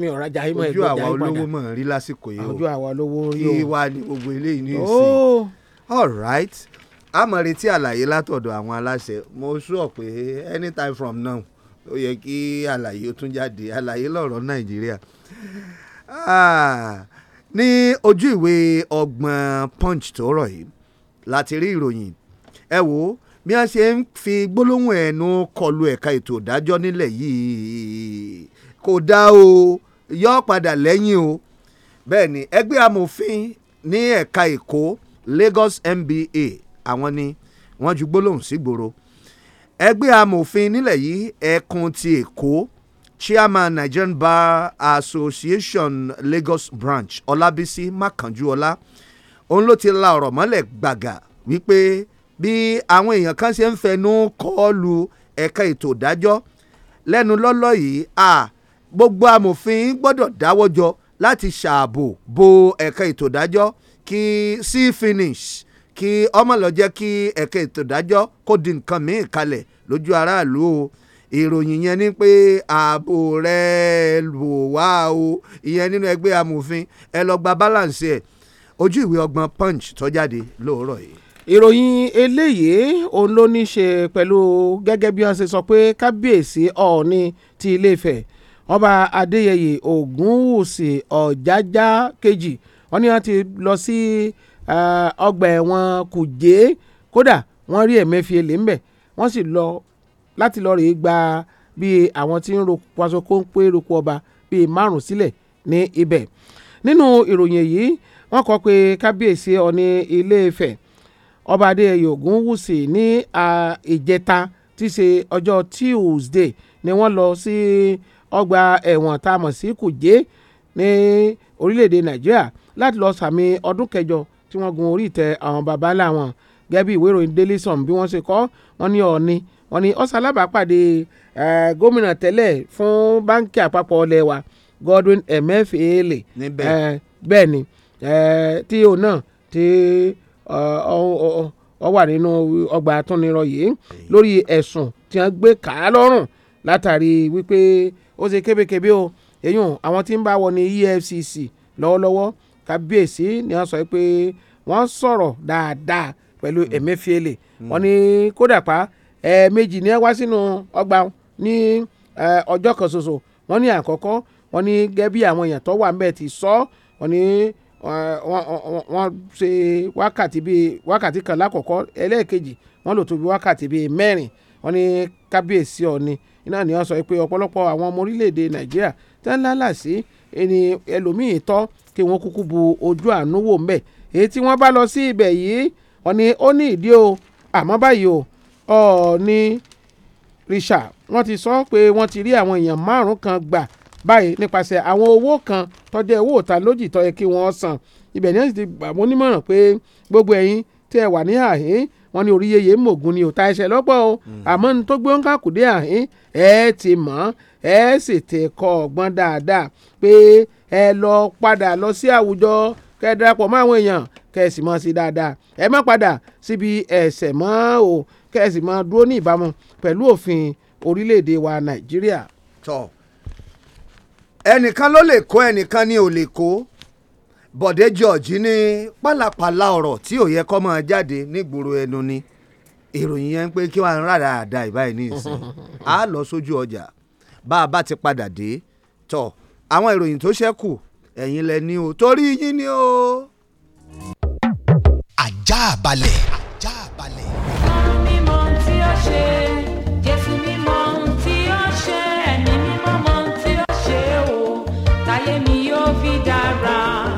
[SPEAKER 8] mi ò rajà ìmọ̀ ẹ̀gbọ́n jà ìpadà. ojú àwa olówó
[SPEAKER 7] mọ̀ rí lásìkò yìí ah, o. ojú àwa olówó rí o. kí wàá ní gbogbo eléyìí ní oh. ìsìn. all right a máa retí àlàyé látọ̀dọ̀ àwọn aláṣẹ mo sọ pé anytime from now ó yẹ kí àlàyé ó tún jáde àlàyé lọ̀rọ̀ nàìjíríà ah, ní ojú ìwé ọgbọ̀n punch tó rọ̀ yìí láti rí ìròyìn ẹ wò ó bí wọ́n ṣe ń fi gbólóhùn ẹ̀nu kọlu ẹ̀ka ètò ìdájọ́ nílẹ̀ yìí kò dá o yọ padà lẹ́yìn o bẹ́ẹ̀ ni ẹgbẹ́ amòfin ní ẹ̀ka èkó Lagos MBA àwọn ni wọ́n ju gbólóhùn sígboro ẹgbẹ́ amòfin nílẹ̀ yìí ẹkùn ti èkó chairman Nigerian Bar Association Lagos branch Ọlábísí Mákànjúọlá òun ló ti la ọ̀rọ̀ mọ́lẹ̀ gbàgà wípé bí àwọn èèyàn kan ṣe ń fẹnu kọ́ọ̀lù ẹ̀ka ètò ìdájọ́ lẹ́nu lọ́lọ́ yìí à gbogbo amòfin gbọ́dọ̀ dáwọ́jọ láti ṣààbò bo ẹ̀ka ètò ìdájọ́ kí sí finish kí ọmọ lọ jẹ́ kí ẹ̀ka ètò ìdájọ́ kó di nǹkan míì kalẹ̀ lójú aráàlú o ìròyìn yẹn ni pé ààbò rẹ̀ lò wá o ìyẹn nínú ẹgbẹ́ amòfin ẹ lọ gba balance ẹ̀ ojú ìwé ọgbọ̀n punch tó jáde lóòrọ̀ yìí. ìròyìn eléyìí òun ló
[SPEAKER 8] ní í ṣe pẹ̀lú gẹ́gẹ́ bí wọ́n ṣe sọ pé kábíyèsí ọ̀ọ́ni ti ilé Ifẹ̀ ọba adéyẹyè ògúnwùsì ọ̀jájá kejì wọ́n ní wọ́n ti lọ sí si, Eh, ọgbà ẹ̀wọ̀n Kùjé kódà wọ́n rí Emefiele ń bẹ̀ wọ́n sì lọ láti lọ́ọ́ rèé gba bí àwọn tí ń ro paṣọ kóńpé roko ọba bíi márùn sílẹ̀ ní ibẹ̀ nínú ìròyìn èyí wọ́n kọ pé kábíyèsí ọ̀ní Ilé-Ifẹ̀ ọba Adéyẹyè Ògúnwùsì ní ìjẹta tí í ṣe ọjọ́ Tuesday ni wọ́n lọ sí ọgbà ẹ̀wọ̀n tá a mọ̀ sí Kùjé ní orílẹ̀-èdè Nàìjíríà láti lọ sàmì ọdún kẹjọ tí wọ́n gun orí ìtẹ́ àwọn baba láwọn gẹ́gẹ́ bí ìwé ìròyìn Daily Sun bí wọ́n ṣe kọ wọ́n ní ọ̀ọ́ni wọ́n ní ọ̀sálàbàpàdé gómìnà tẹ́lẹ̀ fún báńkì àpapọ̀ ilẹ̀ wa Godwin Emefiele bẹ́ẹ̀ ni tí òun náà tí ọ wà nínú ọgbà àtúnirọ yìí lórí ẹ̀sùn tí wọ́n gbé kà á lọ́rùn látàrí wípé ó ṣe kébékébé o èyàn àwọn tí ń bá wọ ní EFCC lọ́wọ́lọ́wọ́ kábíyèsí ni wọ́n sọ pé wọ́n sọ̀rọ̀ dáadáa pẹ̀lú hmm. Emefiele hmm. wọ́n ní kódà pa ẹ̀ẹ̀mejì ni ẹ wá sínú ọgbà ní ọjọ́ kan ṣoṣo wọ́n ní àkọ́kọ́ wọ́n ní gẹ́gẹ́ bí àwọn èèyàn tó wà ńbẹ̀ ti sọ wọ́n ní wọ́n ṣe wákàtí bíi wákàtí kan lákọ̀ọ́kọ́ ẹlẹ́ẹ̀kejì wọ́n lò tó bíi wákàtí bíi mẹ́rin wọ́n ní kábíyèsí ọ̀ni iná ni wọ́n sọ pé ọ̀pọ̀lọpọ̀ àwọn ọmọ orílẹ̀-èdè Nàìjíríà tẹ́ńlá làásì ẹni ẹlòmíì tọ́ kí wọ́n kúkú bu ojú àánú wò mbẹ̀ èyí tí wọ́n bá lọ sí ibẹ̀ yìí wọ́n ní ó ní ìdí o àmọ́ báyìí o ọ̀ọ́ni rìṣà wọ́n ti sọ pé wọ́n ti rí àwọn èèyàn márùn-ún kan gbà báyìí nípasẹ̀ àwọn owó kan tó jẹ́ owó òta lójì tó yẹ kí wọ́n san ibẹ̀ ni wọ́n sì ti gbà wọ́n nímọ̀ràn pé gbogbo ẹ̀yin tí ẹ wà ní àhín wọ́n ní orí yeye mògùn ni ò ta ẹsẹ̀ lọ́pọ̀ o hmm. àmọ́ ní tó gbé ń kàkúdé àhín ẹ ti mọ̀ ẹ sì ti kọ́ ọgbọ́n dáadáa pé ẹ lọ padà lọ sí àwùjọ kẹ́ ẹ darapọ̀ mọ́ àwọn èèyàn kẹ́ ẹ sì mọ̀ sí dáadáa ẹ má padà síbi ẹ̀ṣẹ̀ mọ́ o kẹ́ ẹ sì mọ̀ dúró ní ìbámu pẹ̀lú òfin orílẹ̀-èdè wa nàìjíríà. tọ́
[SPEAKER 7] ẹnìkan ló lè kó ẹnìkan ni ò lè kó Bọ̀dé George ní pálapàla ọ̀rọ̀ tí ò yẹ kọ́ máa jáde nígboro ẹnu ni ìròyìn yẹn ń pé kí wọ́n rárá àdá ìbáyìí ní ìsìn á lọ sójú ọjà bá a bá ti padà dé tọ̀ àwọn ìròyìn tó ṣẹ́kù ẹ̀yin lẹ ní o torí yín ni o. ajá balẹ̀. ajá balẹ̀.
[SPEAKER 11] mímọ́ tí ó ṣe jésù mímọ́.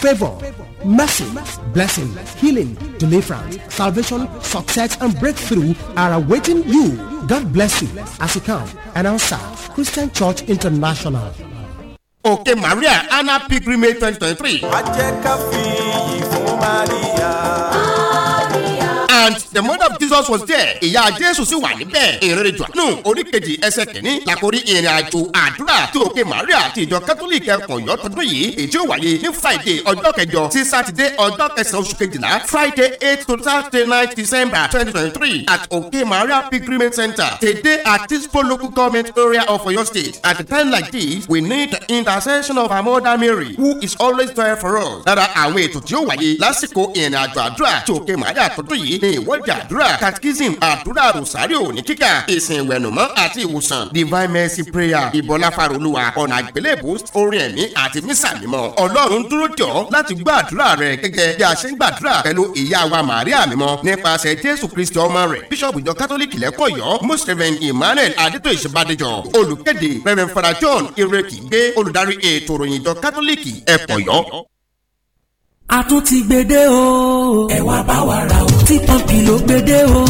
[SPEAKER 6] favor, mercy, blessing, healing, deliverance, salvation, success, and breakthrough are awaiting you. God bless you as you come and answer Christian Church International.
[SPEAKER 12] Okay, Maria Anna Pilgrimage 2023. and the mother of Jesus was there ìyá Jésù sì wà níbẹ̀ ìrere Jòhánù oríkejì ẹsẹ̀ kìíní làkórí ìrìn àjò àdúrà tí òkè Màríà ti ìjọ kátólíìkì ẹkùn Ọ̀yọ́ tọdún yìí èyí ó wáyé ní Friday ọjọ́ kẹjọ sí Saturday ọjọ́ kẹsàn-án oṣù kejìlá Friday eight to Saturday nine December twenty twenty three at òkè Màríà pilgrimage center today at Tispo local government area of Oyo state at a time like this we need the intercession of our mother Mary who is always there for us. lára àwọn ètò tí ó wáyé lásìkò ìrìn àjò àdúrà tí òkè Màríà tọdún yìí ní ìwọ́jà àdúrà catechism àdúrà rosario ní kíkà ìsìn ìwẹ̀nùmọ́ àti ìwòsàn divine mercy prayer ìbọlá farolúwa ọ̀nà àgbélébù orin ẹ̀mí àti mísà mímọ́ ọlọ́run dúró tọ̀ láti gbọ́ àdúrà rẹ̀ gẹ́gẹ́ bí a ṣe ń gbàdúrà pẹ̀lú ìyá wa Maria mímọ́ nípasẹ̀ jésù kristi ọmọ rẹ̀ bíṣọ̀pù ìjọ kátólíkì lẹ́kọ̀ọ́yọ́ mọ́sẹ̀rẹ̀n emmanuel adétòyèsè bàdéjọ olùkéde reverend father john ireki gbé olùdarí ètò ìròyìn ìjọ kátólíkì ẹ̀kọ́yọ́.
[SPEAKER 6] a tún ti gbede o. ra twenty pọ́ǹpì ló gbédè o.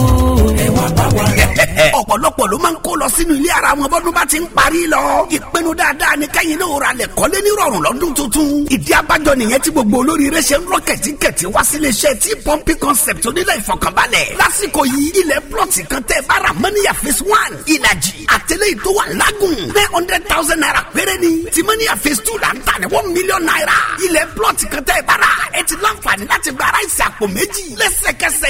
[SPEAKER 6] ẹ wá
[SPEAKER 12] bá wa rẹ̀.
[SPEAKER 6] ọ̀pọ̀lọpọ̀ ló máa ń kó lọ sínú ilé ara wọn bọ́dún bá ti ń parí lọ. ìpinnu dáadáa ni kẹ́yìn náà ra lẹ̀ kọ́lé ní rọ̀rùn lọ́dún tuntun. ìdí abájọ nìyẹn tí gbogbo olóríire ṣe ń rọ kẹ̀tíkẹ̀tí wá sílé iṣẹ́ tí pọ́ǹpì concept onílẹ̀ ìfọkànbalẹ̀. lásìkò yìí ilẹ̀ plọ̀tì kan tẹ bára mọ́níyà phase one ìlàjì àtẹlẹ́ ìtò wà lágùn nine hundred thousand naira péré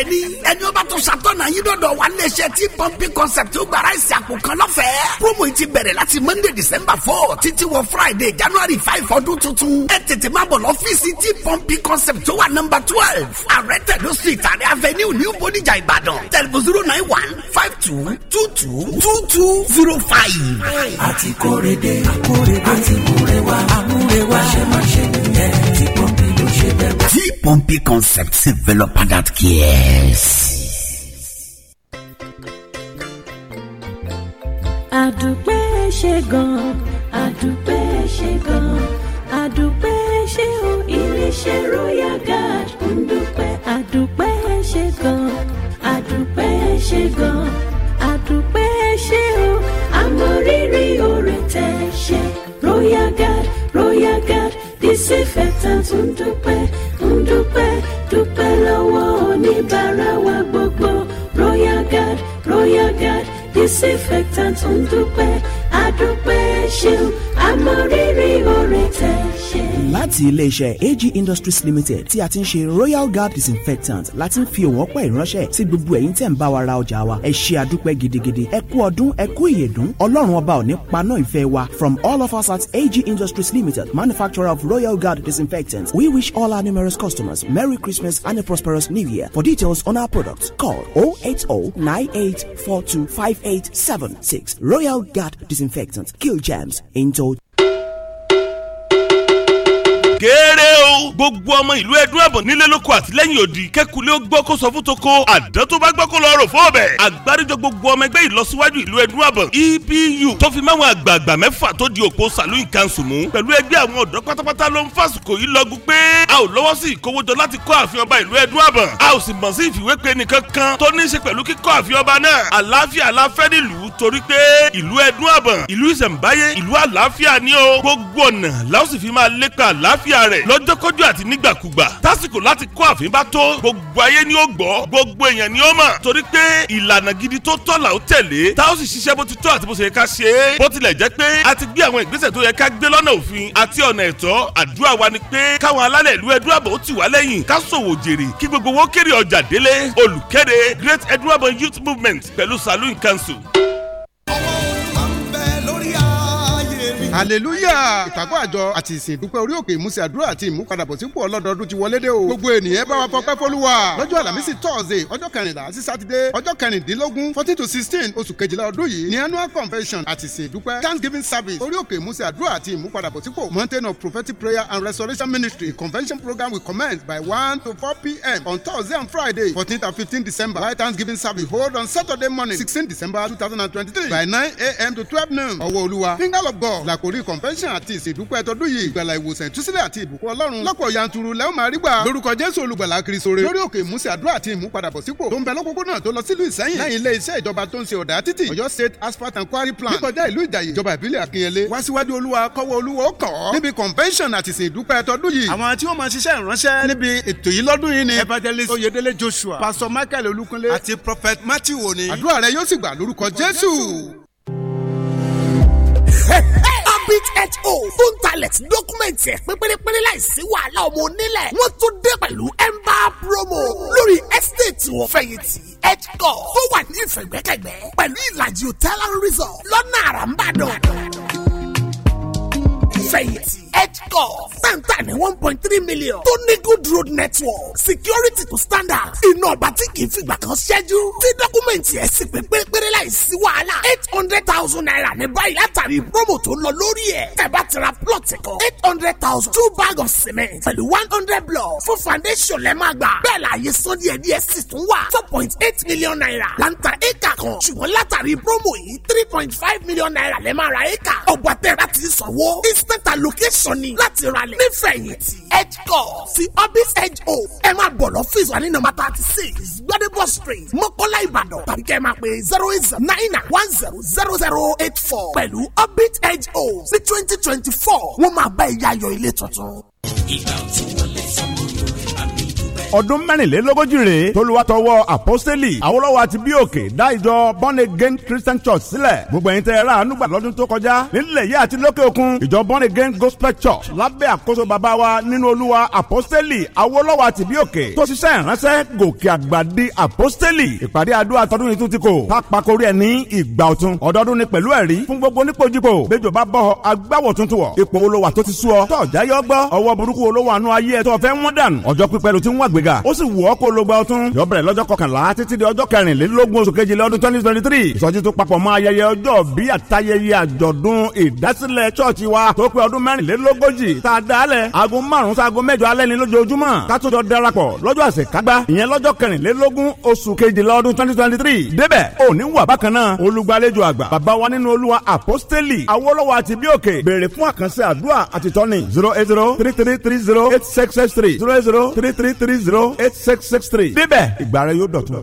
[SPEAKER 6] rẹ̀ ni. ẹni ó bá tó ṣàtọ̀nà yín dọ̀dọ̀ wà níléeṣẹ́ tí pọ́ńpì concept ó gbàrà ìsìn àpò kan lọ́fẹ̀ẹ́. promo yìí ti bẹ̀rẹ̀ láti monday december four títí wọ friday january five ọdún tuntun. ẹ tètè máa bọ̀ lọ́fíìsì tí pọ́ńpì concept tó wà nọ́mbà twelve àrẹ tẹ̀lé street àrẹ avenue new bonija ìbàdàn tẹlifu zero nine one five two two two
[SPEAKER 2] two two zero five. àti kórede àkórede àti múrewa àmúrewa àṣemáṣe nìyẹn. The pompey Concept Developer that cares. Adupe ṣe gan Adupe àdùpẹ́ ṣe gan-an àdùpẹ́ ṣe o iléeṣẹ́ royal guard ń dúpẹ́ àdùpẹ́ ṣe gan Adupe àdùpẹ́ ṣe gan-an àdùpẹ́ ṣe o àmọ́ rírì oore tẹ̀ royal guard royal guard disinfectant ń dúpẹ́ ń dúpẹ́ dúpẹ́ lọ́wọ́ oníbàárà wa gbogbo royal guard royal guard disinfectant ń dúpẹ́ a dúpẹ́ ṣeun a mọ rírì oore
[SPEAKER 1] láti iléeṣẹ́ AG Industries Limited tí a ti ń ṣe Royal Guard disinfectant láti ń fi òun ọpẹ́ ìránṣẹ́ sí gbogbo ẹ̀yin tẹ̀ ń bá wa ra ọjà wa ẹ ṣe àdúpẹ́ gidigidi ẹ kú ọdún ẹ kú ìyèdún ọlọ́run ọba ò ní paná ìfẹ́ wa from all of us at AG Industries Limited manufacturer of Royal Guard disinfectant we wish all our numerous customers Merry Christmas and a prosperous New Year for details on our products call
[SPEAKER 9] 08098425876
[SPEAKER 1] Royal Guard disinfectant kill germs in into
[SPEAKER 13] kéré o. gbogbo ọmọ ìlú ẹdún ẹ̀bùn nílé lóko àtìlẹ́yìn òdì kẹ́kulé ó gbọ́ kó sọ fún toko àdán tó bá gbọ́ kó lọ rò fún ọbẹ̀. àgbáríjọ gbogbo ọmọ ẹgbẹ́ ìlọsíwájú ìlú ẹdún ẹ̀bùn ebu tó fi máwọn àgbààgbà mẹ́fà tó di òpó saloon council mú pẹ̀lú ẹgbẹ́ àwọn ọ̀dọ́ pátápátá ló ń fàsìkò yìí lọ́gùn pé a ò lọ́wọ́ sí ìkówójọ láti kọ́ ààfin ọba ìlú ẹdún ẹ̀bùn a ò sì mọ̀ sí ìfìwépè nìkan kan tó ní í ṣe pẹ̀lú kíkọ́ ààfin ọba náà àlàáfíà aláfẹ́ nílùú torí pé ìlú ẹdún ẹ̀bùn ìlú ìṣẹ̀ǹbáyé ìlú àlàáfíà ni ó gbogbo ọ̀nà la ó sì fi àlàáfíà rẹ̀ lọ́jọ́kọ́jọ́ àti nígbàkúgbà tásìkò láti kó ààfin bá tó gbogbo ayé ni ó gbọ́ gbogbo èèyàn ni ó mọ̀ torí pé ìlànà gidi tó tọ́ là ó tẹ̀lé tá ó sì ṣiṣẹ́ bó ti tọ́ àti bó ṣe yẹ ká ṣe é bó tilẹ̀ jẹ́ pé a ti gbé àwọn ìgbésẹ̀ tó yẹ ká gbé lọ́nà òfin àti ọ̀nà ẹ̀tọ́ àdúrà wa ni pé káwọn alálẹ̀ ìlú ẹ̀dúràbọ̀ ó ti wá lẹ́yìn ká ṣòwò jèrè kí gbogbo wọn kéré ọjà délé olùkéde Great Ẹ̀dúràbọ̀ Youth Movement pẹ̀lú Saloon Council.
[SPEAKER 14] hallelujah ìpàgọ́ àjọ àti ìsìn ìdúpẹ́ orí òkè ìmúsí àdúrà àti ìmúpadàbọ̀sípò ọlọ́dọọdún ti wọlé dé o gbogbo ènìyàn bá wa fọpẹ́ fọlúwa lọ́jọ́ àlàmísì tọ́ọ̀sì ọjọ́ kẹrìnlá sí sátidé ọjọ́ kẹrìndínlógún fourteen to sixteen oṣù kejìlá ọdún yìí ni annual convention àti ìsìn ìdúpẹ́ thanksgiving service orí òkè ìmúsí àdúrà àti ìmúpadàbọ̀sípò mountain of prophetic prayer and restoration ministry convention program will commence by one to four pm on thursday and friday fourteen and fifteen december while thanksgiving service hold on saturday morning sixteen december two thousand and twenty-three by nine am to twelve noon ọwọ́ olúwa finger of god la àkórí convention àti ìsìndúpẹ́ tọdún yìí ìgbàlà ìwòsàn ìtúsílẹ̀ àti ìbùkún ọlọ́run lọ́pọ̀ yanturu lẹ́wọ̀n máa rí gbà lórúkọ jésù olùgbàlà kirisore lórí òkè ìmúsẹ̀ àdúrà àti ìmúpadàbọ̀sípò tó ń bẹ lọ́pọ̀pọ̀nà tó lọ sílùú ìsẹ́yìn lẹ́yìn ilé iṣẹ́ ìjọba tó ń ṣe ọ̀dà títì ọ̀yọ́ state asphalt and quarry plan níkọjá ìlú ìjàyè ìjọba ìbílẹ̀ akínyẹlé wá síwájú olúwa kọ́wọ́ olúwa ó kọ́ níbi convention àti ìsìndúpẹ́ tọdún yìí àwọn tí wọ́n máa ṣiṣẹ́ ìránṣẹ́ níbi ètò yìí lọ́dún yìí ni evangelist oyedele joshua pastor michael olúkunlé àti prophet matthew oni àdúrà rẹ yóò sì gbà lórúkọ jésù. PHO fún talent
[SPEAKER 6] dọ́kúmẹ̀ntì ẹ̀ pínpínlẹ́pínlẹ́ láìsí wàhálà ọmọ onílẹ̀ wọ́n tún dé pẹ̀lú ẹ̀mbà promo lórí estate wọn fẹ̀yìntì edgecore tó wà ní ìfẹ̀gbẹ́kẹ̀gbẹ́ pẹ̀lú ìlàjì hotel and resort lọ́nà àràmbàdàn ìfẹ̀yìntì edgecorp pẹ́ńtà ní one point three million tó ní good road network security to standard iná ọba tí kì í fìgbà kan ṣẹ́jú tí dọ́kúmẹ̀ntì ẹ̀ sì pé pérépéré láì wàhálà eight hundred thousand naira ní báyìí látàrí promo tó lọ lórí ẹ̀ tẹ̀ bá plot kan eight hundred thousand two bag of cement pẹ̀lú one hundred block fún foundation lẹ́ máa gbà bẹ́ẹ̀ la àyè san díẹ̀ díẹ̀ sì tún wà four point eight million naira láǹtà éka kan ṣùgbọ́n látàrí promo yìí three point five million naira lẹ́ máa ra éka ọ̀gbọ̀n tẹ̀ bá ti sanwó instant mẹ́ta location ni láti ralẹ̀ nífẹ̀yìntì edgecore ti orbis edge o ẹ máa bọ̀ lọ́fíìsì wa ní nọ́mbà thirty six gbadebo street mọ́kọ́lá ìbàdàn tàbí kẹ́ ẹ máa pè zero eight zero nine nine one zero zero zero eight four pẹ̀lú orbit edge o ní twenty twenty four wọ́n máa bá ẹ̀yà ayọ̀ ilé tuntun.
[SPEAKER 4] ìgbà tí wọ́n ọdún mẹ́rìnlélógójì rèé tolúwatọwọ́ àpọ́sítélì Awólọ́wọ̀ àti bíòkè dá ìjọ born again christian church sílẹ̀ gbogbo ẹ̀yin tẹ́ ẹ ra àánú gbà lọ́dún tó kọjá nílẹ̀ yìí àti lókè òkun ìjọ born again gospel church lábẹ́ àkóso bàbá wa nínú olúwa àpọ́sítélì Awólọ́wọ̀ àti bíòkè tó ṣiṣẹ́ ìránṣẹ́ gòkè àgbà di àpọ́sítélì ìpàdé àdúrà tọdún ìtún ti kò pápákórí ẹ̀ ni pẹ̀lú ẹ̀rí fún gbogbo nípojúpò bẹ́jọ bá bọ̀ agbáwọ̀ tuntun wọ̀ ipò olówà tó ti sú ọ tọ̀jáyọ́ gbọ́ ọwọ́ burúkú olówó àánú ayé ẹ̀ tó fẹ́ wọ́n ìgbéga ó sì wù ọ́ kó lo gba ọtún yóò bẹ̀rẹ̀ lọ́jọ́ kọkànlá títí di ọjọ́ kẹrìnlélógún oṣù kejìlá ọdún twenty twenty three ìsọjí tó papọ̀ mọ́ ayẹyẹ ọjọ́ bí àtayẹyẹ àjọ̀dún ìdásílẹ̀ chọ́ọ̀chì wa tó pé ọdún mẹ́rìnlélógójì tá a dálẹ̀ aago márùn-ún sí aago mẹ́jọ alẹ́ ni lójoojúmọ́ ká tó jọ darapọ̀ lọ́jọ́ àṣekágbá ìyẹn lọ́jọ́ kẹrìnlélógún oṣù kejìlá ọdún twenty twenty three débẹ̀ òní wà bákan náà olùgbàlejò àgbà bàbá wa nínú olúwa àpọ́stélì awólọ́wọ̀ àti bí òkè béèrè fún àkànṣe àdúrà àti tọ́ni zero eight zero three three three zero eight six three zero zero three three three zero eight six six three. níbẹ̀ ìgbà rẹ yóò dọ̀tun.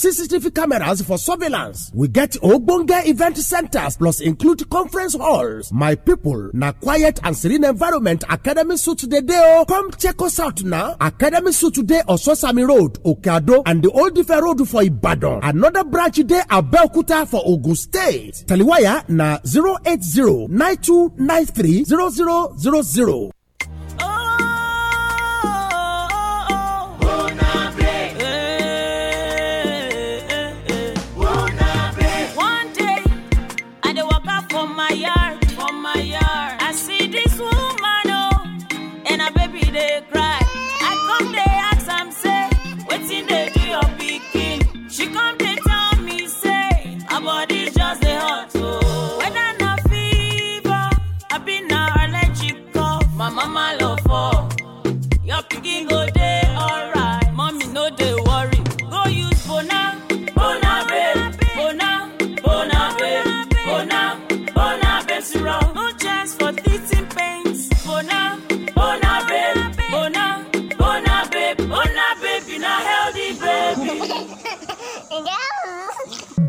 [SPEAKER 6] CCTV cameras for surveillance. We get ogbonge event centers plus include conference halls. My people, na quiet and serene environment Academy Suit today. Oh, Come check us out now. Academy Suit dey Ososami Road, Okeado and the Old Ife Road for Ibadan. Another branch dey Abeokuta for Ogun State. Taliwaya na 080 9293 0000.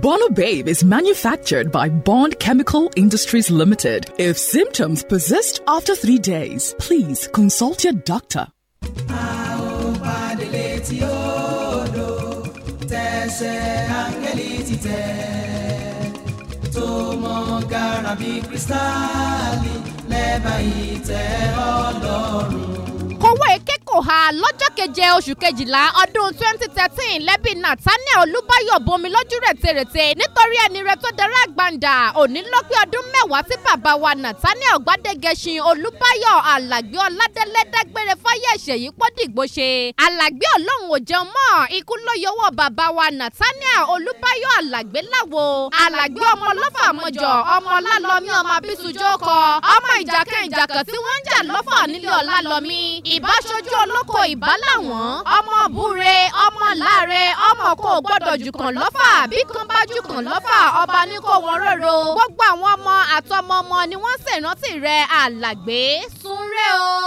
[SPEAKER 9] Bono Babe is manufactured by Bond Chemical Industries Limited. If symptoms persist after three days, please consult your doctor.
[SPEAKER 11] kòwé kékòó ha lọ́jọ́. keje oṣù kejìlá ọdún twenty thirteen lẹ́bí Nathaniel Olúbáyọ̀ bomi lójú rètèrètè nítorí ẹni rẹ̀ tó darí àgbàǹdà òní ló pé ọdún mẹ́wàá tí bàbá wa Nathaniel Gbádégẹṣin Olúbáyọ̀ Alàgbé Ọládélé dágbére fáyé ìṣèyí pọ́dìgbò ṣe Alàgbé Ọlọ́run ò jẹun mọ́ ikú ló yọwọ́ bàbá wa Nathaniel Olúbáyọ̀ Alàgbé láwo Alàgbé ọmọ lọ́fà láwọn. ọmọ búre ọmọ láre ọmọ kò gbọ́dọ̀ jùkàn lọ́fà bí kan bá jùkàn lọ́fà ọba ní kò wọ́n rorò. gbogbo àwọn ọmọ àtọmọ ọmọ ni wọ́n ṣèrántí rẹ̀ alàgbé súnrẹ́ o.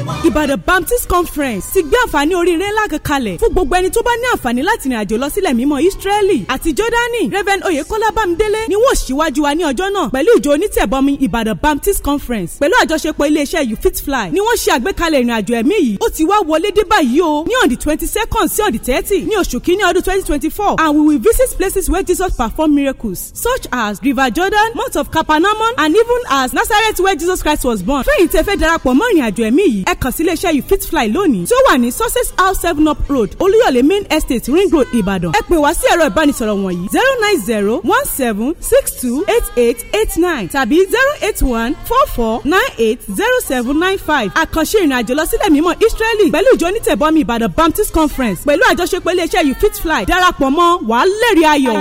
[SPEAKER 11] Ìbàdàn Baptist Conference ti gbé àǹfààní oríire ńlá kan kalẹ̀ fún gbogbo ẹni tó bá ní àǹfààní láti rìn àjò lọ sílẹ̀ mímọ́ Ísírẹ́lì àti Jọ́dánì Reverend Oyekola Bamidele. ni wọ́n ṣíwájú wa ní ọjọ́ náà pẹ̀lú ìjọ onítẹ̀bọmi Ìbàdàn Baptist Conference pẹ̀lú àjọṣepọ̀ iléeṣẹ́ you fit fly ni wọ́n ṣe àgbékalẹ̀ ìrìn àjò ẹ̀mí yìí ó ti wá wọlé dé báyìí o ní on the twenty second sí on the thirty ní oṣù kínní ọdún twenty twenty four and we will visit places where Jesus performed miracles such as River Jordan Mount of Capernaum and even as Nazareth where Jesus Christ was born fẹ́yìntì ẹ fẹ́ darapọ̀ mọ́ ìrìn àjò ẹ̀mí yìí ẹ kàn sí iléeṣẹ́ yìí fitfly lónìí tí ó wà ní success house seven up road olúyọ̀lé main estate ring road ìbàdàn ẹ pè wá sí ẹ̀rọ ìbánisọ̀rọ̀ wọ̀nyí zero nine zero one seven six two eight eight eight nine tàbí zero eight one four four nine eight zero seven nine five àkànṣe ìrìnàjò lọ sílẹ̀ mímọ́ israeli pẹ̀lú ìjọ onítẹ̀bọmi ìbàdàn baptist conference pẹ̀lú àjọṣepọ̀ iléeṣẹ́ yìí fitfly darapọ̀ mọ́ wàá lẹ́rìí ayọ̀.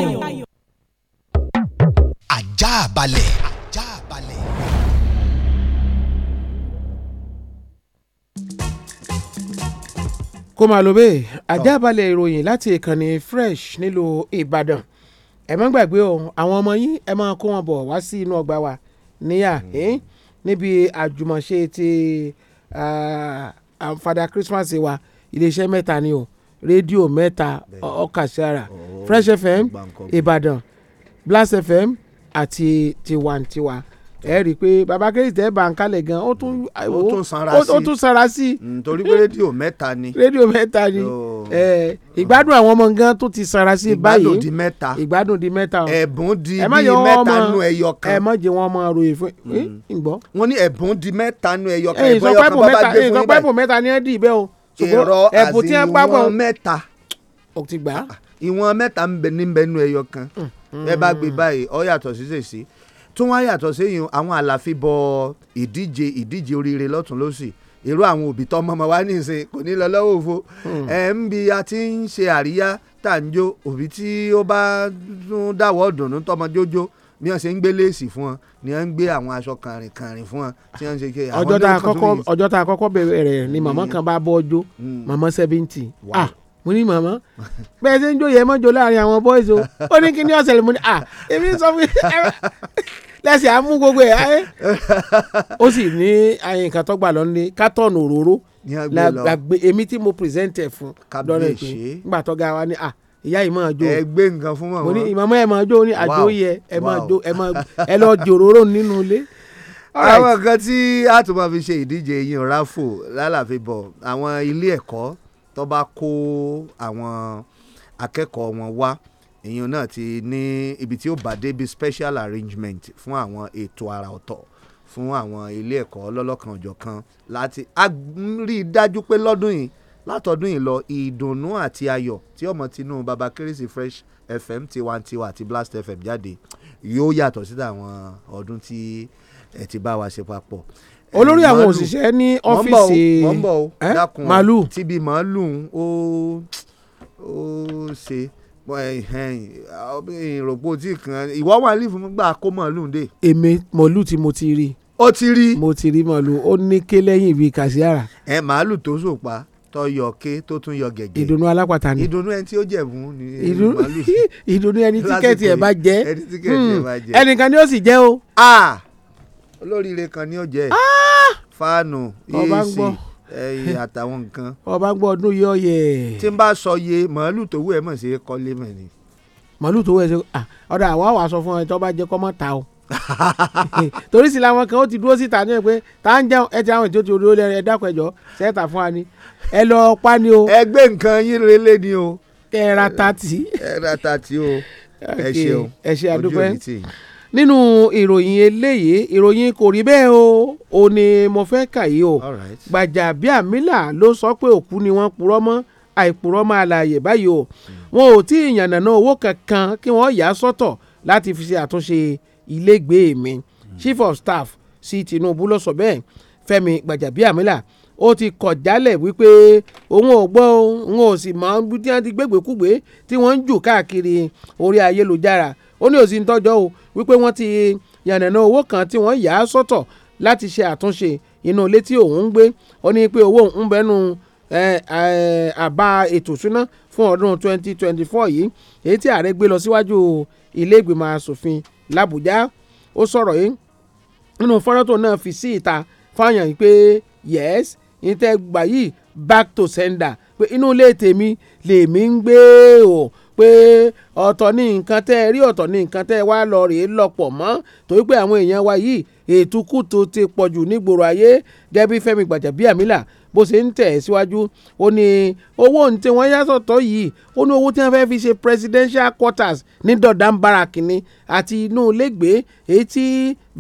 [SPEAKER 11] ajá balẹ̀.
[SPEAKER 8] kó máa lọ bẹ́ẹ̀ àjábálẹ̀ ìròyìn láti ìkànnì fresh nílùú ìbàdàn ẹ má gbàgbé o àwọn ọmọ yín ẹ máa kó wọn bọ̀ wá sí inú ọgbà wa níyà hmm. níbi àjùmọ̀ṣe ti àǹfààdà christmas wa iléeṣẹ́ mẹ́ta ni o rédíò mẹ́ta ọkàṣára oh, fresh fm ìbàdàn blast fm àti tiwantiwa ẹ rí i pé baba kérésì tẹ bá ń kalẹ̀ gan ó tún ó tún sanra sí ó mm, tún
[SPEAKER 7] sanra sí. nítorí pé rédíò mẹ́ta ni. rédíò
[SPEAKER 8] mẹ́ta ni ẹ ìgbádùn àwọn ọmọ gan tó ti sanra sí báyìí ìgbádùn di mẹ́ta ìgbádùn di mẹ́ta. ẹ̀bùn di bíi mẹ́ta nu ẹyọ kan. ẹ má jẹ́ wọn ọmọ ròyìn fún ẹ mm. gbọ́. wọ́n ní ẹ̀bùn di mẹ́ta nu ẹyọ kan ẹ̀bùn ẹyọ kan bá bá gbé fún yín báyìí. ìsọpẹ́ ẹ̀bùn mẹ́ta ni ẹ dì bẹ́ẹ̀ o ṣùgbọ́n ẹ̀bùn tí ẹ bá
[SPEAKER 7] ìwọ̀n mẹ́ta ń bẹ tún wá yàtọ̀ séyìn àwọn àlàfi bọ ìdíje ìdíje oríire lọ́tún lọ́sì irú àwọn òbí tọmọ wa ní kò ní lọ lọ́wọ́ òfo hmm. ẹ̀ ń bi a ti ń ṣe àríyá tá à ń jó òbí tí ó bá tún dáwọ́ dùnú tọmọ jójó ni wọ́n ṣe ń gbé léèsì fún wọn ni wọ́n ń gbé àwọn aṣọ kàrìnkàrìn fún wọn tí wọ́n ń ṣe kí àwọn ọjọ́ tá a kọ́kọ́
[SPEAKER 8] ọjọ́ tá a kọ́kọ́ bẹ̀rẹ̀ ni hmm. màmá kan bá bọ́ ọjọ́ hmm. màmá seventy ah mo ní màmá bẹ́ẹ̀ ṣe ń jó yẹ mọ́jọ láàrin àwọn boys lẹ́sẹ̀ á mú gbogbo ẹ̀ ayé ó sì ní àyè nǹkan tó gbà lọ́nlé kátọ́ọ̀nù òróró la gbé èmi tí mo present ẹ̀ fún lọ́rẹ́ pé nígbà tó ga wa ni ah ìyá
[SPEAKER 7] yìí máa jó ẹ gbé nǹkan fún màmá mo ní ìmọ̀mọ́ ẹ máa jó ní àjò yẹ ẹ máa jó ẹ máa ẹ lọ jòróró nínú ilé. àwọn kan tí a tún máa fi ṣe ìdíje yín ráfò lálàfin bọ̀ àwọn ilé ẹ̀kọ́ tó bá kó àwọn akẹ́kọ̀ọ́ wọn wá ìyẹn náà ti ní ibi tí ó bá dé special arrangement fún àwọn ètò àrà ọ̀tọ̀ fún àwọn ilé ẹ̀kọ́ lọ́lọ́kan ọ̀jọ̀kan láti rí i dájú pé lọ́dún yìí látọdún yìí lọ ìdùnnú àti ayọ̀ tí ọmọ tinú baba kérésì fresh fm tiwantiwa àti blast fm jáde yóò yàtọ̀ sí àwọn ọdún tí ẹ ti bá wa ṣe papọ̀ olórí àwọn òṣìṣẹ́ ní ọ́fíìsì màálù tíbi màálù ó ó ṣe ìròpò tí kan ìwọ wà ní ìfún gbà kó mọ̀ọ́lù dé.
[SPEAKER 8] èmi mọ̀ọ́lù tí mo ti rí. ó ti rí. mo ti rí mọ̀ọ́lù ó ní ké lẹ́yìn ibi kàṣíàrà.
[SPEAKER 7] ẹ màálù tó sòpa tó yọ ké tó tún yọ gẹ̀gẹ̀. ìdùnnú alápàtà ni. ìdùnnú ẹni tí ó jẹ̀bùn ni màálù.
[SPEAKER 8] ìdùnnú ẹni tíkẹ́ẹ̀tì ẹ̀ bá jẹ́.
[SPEAKER 7] Hmm. ẹnìkan ni ó sì jẹ́ o. Ah! olóríire kan ni ó jẹ́ ah! fáànù ec àtàwọn nǹkan. ọba ń yọ yẹ. tí n bá sọ iye màálù tó wù ẹ́ mọ̀ sí kọ́lé mọ̀ ni.
[SPEAKER 8] màálù tó wù ẹ́ sí ọ̀dà àwa wà sọ fún ẹ tó bá jẹ́ kọ́ mọ́ ta o torí sí làwọn kan ó ti dúró síta ní pé tá ń jẹun ẹ ti àwọn ètò ti olórí ẹ dákun ẹjọ sẹta fún wa ni ẹ lọ pa ni o. ẹ nǹkan yín lélẹ̀ ni o. ẹ ra tati. ẹ ra tati o ẹ ṣeun ẹ ṣe àdúpẹ́ nínú ìròyìn eléyìí ìròyìn kò rí bẹ́ẹ̀ o ò ní mo fẹ́ kà yìí o Gbajabiamila ló sọ pé òkú ni wọ́n purọ́ mọ́ àìpurọ́ máa láàyè báyìí o hmm. wọn ò tí ì yànnàná owó kankan kí wọ́n yà á sọ́tọ̀ láti fi ṣe àtúnṣe ilégbèé mi hmm. chief of staff sí Tinubu ló sọ bẹ́ẹ̀ Fẹ́mi Gbajabiamila ó ti kọ̀ jálẹ̀ wípé òun ò gbọ́ òun ò sì mọ bí wọ́n ti gbégbèkúgbé tí wọ́n ń jù káàkiri orí ayélujára ó ní òsì ń tọ́jọ́ o wípé wọ́n ti yànnàná owó kan tí wọ́n yà á sọ́tọ̀ láti ṣe àtúnṣe inú ilé tí òun ń gbé ó ní pé owó òun bẹ́nu àbá ètò ìṣúná fún ọdún 2024 yìí èyí tí ààrẹ gbé lọ síwájú ilé ìgbìmọ̀ asòfin làbújá ó sọ̀rọ̀ yìí nínú fọ́nrán tó náà fi sí ìta fáyàn yìí pé yes ìtẹ́gbà yìí back to sender pé inú ilé tèmi lèmi ń gbé o pé ọ̀tọ̀ ní nǹkan tẹ́ ẹ rí ọ̀tọ̀ ní nǹkan tẹ́ ẹ wá lọ rèé lọ́pọ̀ mọ́ torí pé àwọn èèyàn wa yìí ètùkùtù ti pọ̀jù nígboro ayé gẹ́bí Fẹ́mi Gbàjàbíàmílà bó ṣe ń tẹ̀ síwájú ó ní owó tí wọ́n yá sọ̀tọ̀ yìí ó ní owó tí wọ́n fẹ́ fi ṣe presidential quarters ní Dọ̀dán baraki ni àti inú ilégbèé èyí tí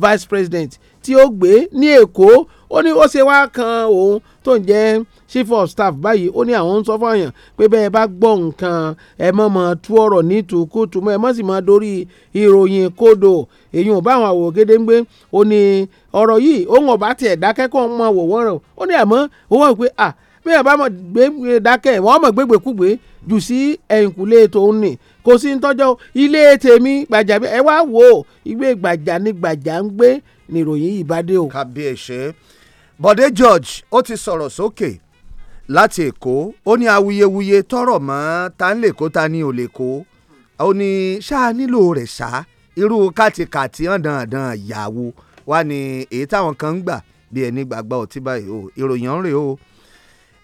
[SPEAKER 8] vice president tí ó gbé ní Èkó ó ní ó ṣe wá kan òun tó ń jẹ́ chief of staff báyìí ó ní àwọn ń sọ fáyàn pé bẹ́ẹ̀ bá gbọ́ nǹkan ẹ mọ̀ mọ̀ tú ọ̀rọ̀ ní tùkùtù mọ́ ẹ mọ̀ sì mọ́ dorí ìròyìn kódò èyí ò bá àwọn àwò gédéńgbé ó ní ọ̀rọ̀ yìí òun ọ̀bá tiẹ̀ dákẹ́kọ̀ọ́ mọ́ wò wọ́n rẹ̀ ó ní àmọ́ owó ìpè à bí ẹ bá mọ̀ gbé dákẹ́ wọ́n mọ̀ gbégbé kúgbé jù sí ẹ̀yìnkùlé tòun nì kò sí ntọ́jọ́ ilé tèmi gbàjà ẹ wá wò ó ìgbé gbàjà ni gbàjà
[SPEAKER 7] ń gbé níròyìn ìbádé o. kàbíyèsé Bọ̀dé George ó ti sọ̀rọ̀ sókè. Okay láti èkó ó ní awuyewuye tọ́rọ̀ mọ́ ta ń lè kó ta ni ò lè kó ó ní ṣáà nílò rẹ̀ ṣá irú kàtìkàtì ọ̀dàndàn ìyàwó wa ni èyí táwọn kan ń gbà bí ẹni gbàgbà ọtí báyìí o ìròyìn ọ̀rẹ́ o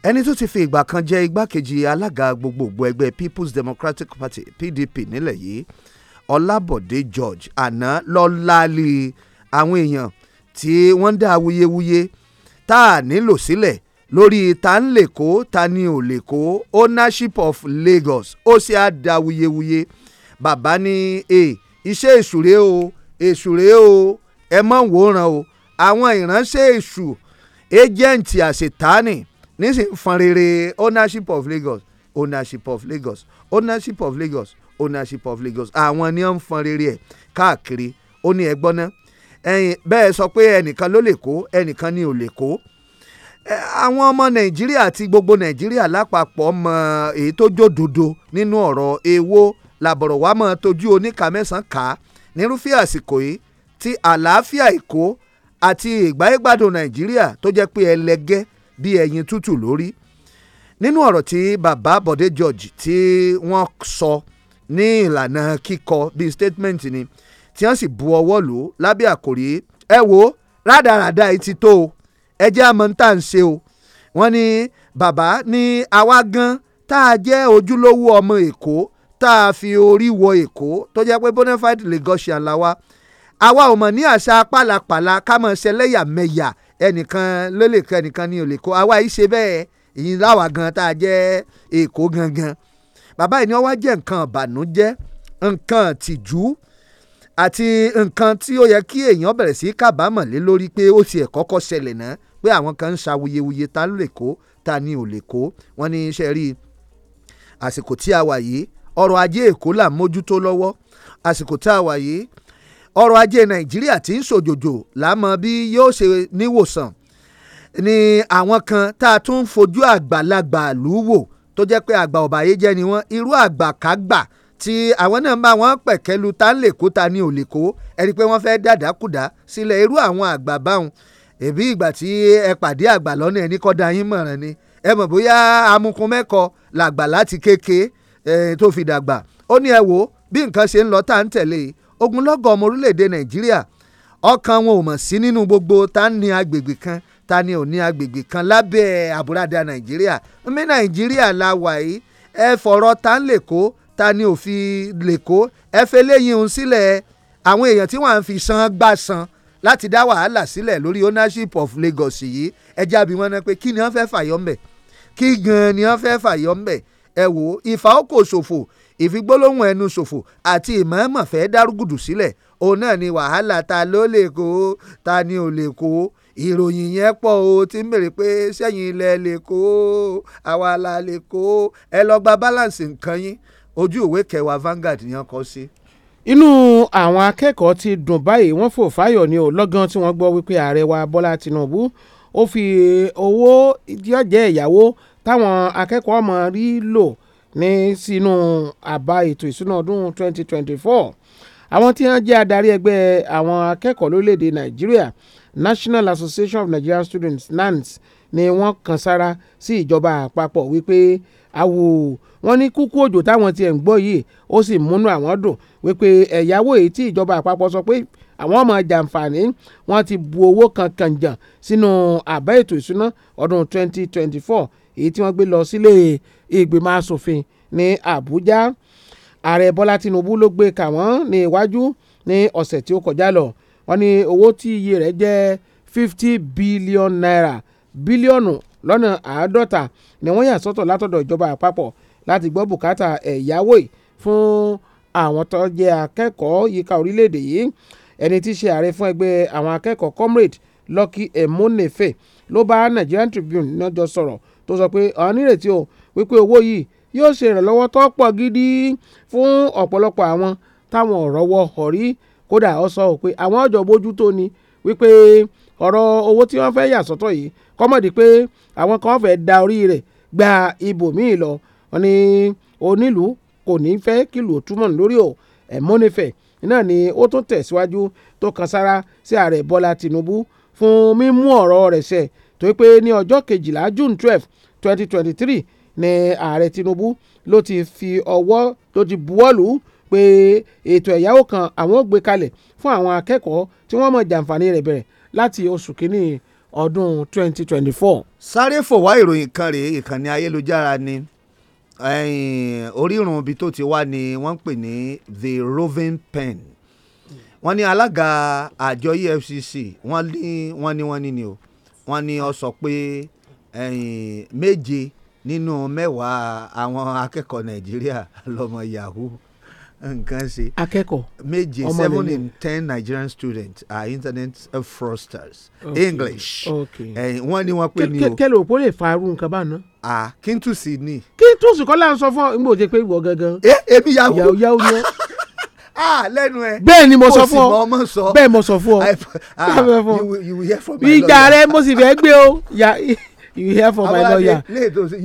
[SPEAKER 7] ẹni tó ti fi ìgbà kan jẹ́ igbákejì alága gbogbogbò ẹgbẹ́ People's Democratic Party PDP nílẹ̀ yìí Ọlábọ̀dé George àná lọ́láàlì àwọn èèyàn tí wọ́n ń dá awuyewuye tá a nílò sílẹ̀ lórí ta ń lè kó ta ni ò lè kó ownership of Lagos ó sì á da wuyewuye bàbá ní e iṣẹ́ èṣùrẹ́ o èṣùrẹ́ o ẹ mọ̀ wòran o àwọn ìránṣẹ́ èṣù ẹ́jẹ̀ǹtì àṣetánì nísìnyí fọn rere ownership of Lagos ownership of Lagos ownership of Lagos ownership of Lagos àwọn ni ó ń fọn rere ẹ̀ káàkiri ó ní ẹgbọ́n náà ẹ̀yìn bẹ́ẹ̀ sọ pé ẹnìkan ló lè kó ẹnìkan ni ò lè kó àwọn ọmọ nàìjíríà àti gbogbo nàìjíríà lápapọ̀ mọ èyí tó jó dodo nínú ọ̀rọ̀ èèwọ̀ làbọ̀rọ̀ wa mọ̀ tójú oníkà mẹ́sàn-án ká nírúfẹ́ àsìkò yìí ti àlàáfíà èkó àti ìgbáyégbádùn nàìjíríà tó jẹ́ pé ẹlẹ́gẹ́ bí ẹyin tútù lórí nínú ọ̀rọ̀ tí bàbá Bọ̀dé George tí wọ́n sọ ní ìlànà kíkọ bíi statement ni tí wọ́n sì bu ọwọ́ lù lábẹ́ àkòrí ẹ wo rádaràda yìí ti tó o ẹ jẹ́ àmọ́ tá à ń ṣe o wọ́n ní bàbá ní àwa gan tá a jẹ́ ojúlówó ọmọ èkó tá a fi orí wọ èkó tó jẹ́ pé bonafide Lagosian làwa àwa ò mọ̀ ní àṣà pàlàpàlà ká mọ̀ ṣẹlẹ́yàmẹ̀yà ẹnìkan ló ẹnìkan ní olè àwa yìí ṣe bẹ́ẹ̀ ìyìn láwa gan tá a jẹ́ èkó gangan bàbá yìí ni wọ́n wá jẹ́ nǹkan ìbànújẹ́ nǹkan tìjú àti nǹkan tí ó yẹ kí èèyàn bẹ̀rẹ̀ sí kábàámọ̀ lé lórí pé ó tiẹ̀ kọ́kọ́ ṣẹlẹ̀ ná pé àwọn kan ń ṣàwuyewuye ta ló lè kó ta ni ò lè kó wọ́n ní iṣẹ́ rí àsìkò tí a wà yìí ọrọ̀ ajé èkó là mójútó lọ́wọ́ àsìkò tá a wà yìí ọrọ̀ ajé nàìjíríà ti ń ṣòjòjò lámọ bí yóò ṣe níwòsàn ni àwọn kan tá a tún fojú àgbàlagbà lù wò tó jẹ́ pé àgbà ọ̀bàyéjẹ́ ni wọ́n irú àgbà kágbà tí àwọn náà bá wọn pẹ̀kẹ́lu tá ń lè kó ta ní òlè kó ẹ rí i pé wọ́n fẹ́ dàdákùdá sílẹ̀ irú àwọn àgbà báwọn èbí ìgbà tí ẹ pàdé àgbà lọ́nà ẹni kọ́ yín mọ̀ràn ni ẹ mọ̀ bóyá amukun mẹ́kọ làgbà láti kéke tó fi dàgbà ó ní ẹ wò bí nǹkan ṣe ń lọ tá à ń tẹ̀lé ogunlọ́gọ̀ ọmọ orílẹ̀-èdè nàìjíríà ọkàn wọn ò mọ̀ sí nínú gbogbo tá ń ní agbègbè kan ta ni ò ní agbègbè kan lábẹ́ àbúradà nàìjíríà mi nàìjíríà la wà yìí ẹ fọ̀rọ̀ tá ń lè kó ta ni òfin lẹ́kọ́ ẹ fẹ́ lẹ́yìn òun sílẹ̀ àwọn èèyàn tí wọ́n fi san gbà san láti dá wàhálà sílẹ̀ lórí ownership of Lagos yìí ẹ jábí wọn náà pé kí ni wọ́n fẹ́ fàyọ́ mbẹ̀ kí gan-an ni wọ́n fẹ́ fàyọ́ mbẹ̀ ẹ wò ó ìfà okò ṣòfò ìfigbólóhùn ẹnu ṣòfò àti ìmọ̀ọ́mọ̀ fẹ́ dárúgùdù sílẹ̀ òun náà ni wàhálà ta ló lè kó ta ni ò lè kó ìròyìn yẹn pọ̀ o ti ń bèrè pé sẹ́yìn ilẹ̀ lè kó àwa la lè kó ẹ lọ gba balance nǹkan yín ojú ìwé kẹwàá Vanguard ni wọ́n kọ sí.
[SPEAKER 8] inú àwọn akẹ́kọ̀ọ́ ti dùn báyìí wọ́n fò fáyọ̀ ní o lọ́gán tí wọ́n gbọ́ wípé ààrẹ wa Bọ́lá Tinubu ó fi owó díọ̀jẹ́ ìyàwó táwọn akẹ́kọ̀ọ́ ọmọ rí lò ní sínú àbá ètò ìsúná ọdún 2024 àwọn tí wọ́n jẹ́ adarí ẹgbẹ́ àwọn akẹ́kọ̀ọ́ lórílẹ̀‐èdè Nàìjíríà National Association of Nigerian Students NANS ni wọ́n kan sára sí ìjọba àpapọ̀ wípé àwò wọ́n ní kúkú òjò táwọn tiẹ̀ ń gbọ́ yìí ó sì múnú àwọn dùn wípé ẹ̀yáwó èyí tí ìjọba àpapọ̀ sọ pé àwọn ọmọ jàǹfààní wọ́n ti bu owó kankan jàn sínú àbá ètò ìsúná ọdún 2024 èyí tí wọ́n gbé lọ sílé ìgbìmọ̀ asòfin ní Àbújá ààrẹ Bọ́lá Tinubu ló gbé kà ní iwájú ní ọ̀sẹ̀ tí ó kọjá lọ wọ́n ní owó tí iye rẹ̀ jẹ́ fifty billion naira bílíọ̀nù lọ́nà àádọ́ta ni wọ́n yà sọ́tọ̀ látọ̀dọ̀ ìjọba àpapọ̀ láti gbọ́ bùkátà ẹ̀yáwó yìí fún àwọn tó jẹ́ akẹ́kọ̀ọ́ yíká orílẹ̀-èdè yìí ẹni tí í ṣe ààrẹ fún ẹgbẹ́ àwọn akẹ́kọ̀ọ́ comrade Lucky Emonefe ló bá Nigerian Tribune lọ́jọ́ sọ̀rọ̀ tó sọ pé àwọn nírètí o wípé owó yìí yóò ṣe ìrànlọ́wọ́ tó pọ̀ gidi fún ọ̀pọ̀lọpọ̀ àwọn táwọn ọ̀rọ̀ wọ ọ̀rí kódà ó sọ pé àwọn ọjọ́ bójú tó ni wípé ọ̀rọ̀ owó tí wọ́n fẹ́ yà sọ́tọ̀ yìí kọ́mọ̀dé pé àwọn kan fẹ́ da orí rẹ̀ gba ibòmíì lọ wọ́n ní onílùú kò ní fẹ́ kìlù túmọ̀ lórí o ẹ̀mọ́nifẹ̀ náà ni ó tún tẹ̀síwájú tó kan sára sí ààrẹ bọ́lá tìǹbù fún mímú ọ̀rọ̀ rẹ̀ ṣẹ tó pé ní ọjọ́ kejìlá june twelve twenty twenty three ni ààrẹ tìǹbù ló ti fi ọwọ́ ló ti buwọ́lù pé ètò ẹ̀yáwó kan àwọn ò gbé kalẹ̀ fún àwọn akẹ́kọ̀ọ́ tí wọ́n mọ̀
[SPEAKER 7] jàǹfààní rẹ̀ bẹ̀rẹ̀ láti oṣù kínní ọdún twenty twenty four. sáré fò wá ìròyìn kan rèé ìkànnì ayélujára ni orírun ibi tó ti wá ni wọ́n ń pè ní the roving pen wọ́n ní alága àjọ EFCC wọ́n ní wọ́n ní wọ́n ní ni o wọ́n ní ọ sọ pé méje nínú mẹ́wàá àwọn akẹ́kọ̀ọ́ Nàìjíríà lọ́mọ yahoo nǹkan ṣe. akẹ́kọ̀ọ́ méje seven in ten Nigerian students are internet fraudsters okay. English eh, wọ́n ní wọ́n pè ní o. kẹ́lẹ́
[SPEAKER 8] òpó lè fa irú nǹkan báyìí náà. kí n tún sí ni. kí n tún sí kọ́lá ń sọ fún ọ nígbà òde pé ìwọ gangan.
[SPEAKER 7] ẹ eh, èmi yahoo
[SPEAKER 8] yahoo yahoo yẹn
[SPEAKER 7] ah lẹ́nu ẹ. bẹ́ẹ̀ ni mo sọ fún ọ ah, bẹ́ẹ̀ mo sọ fún ọ. you will hear from my lawyer. ìjà rẹ mo sì
[SPEAKER 8] fẹ́ gbé o you hear from my lawyer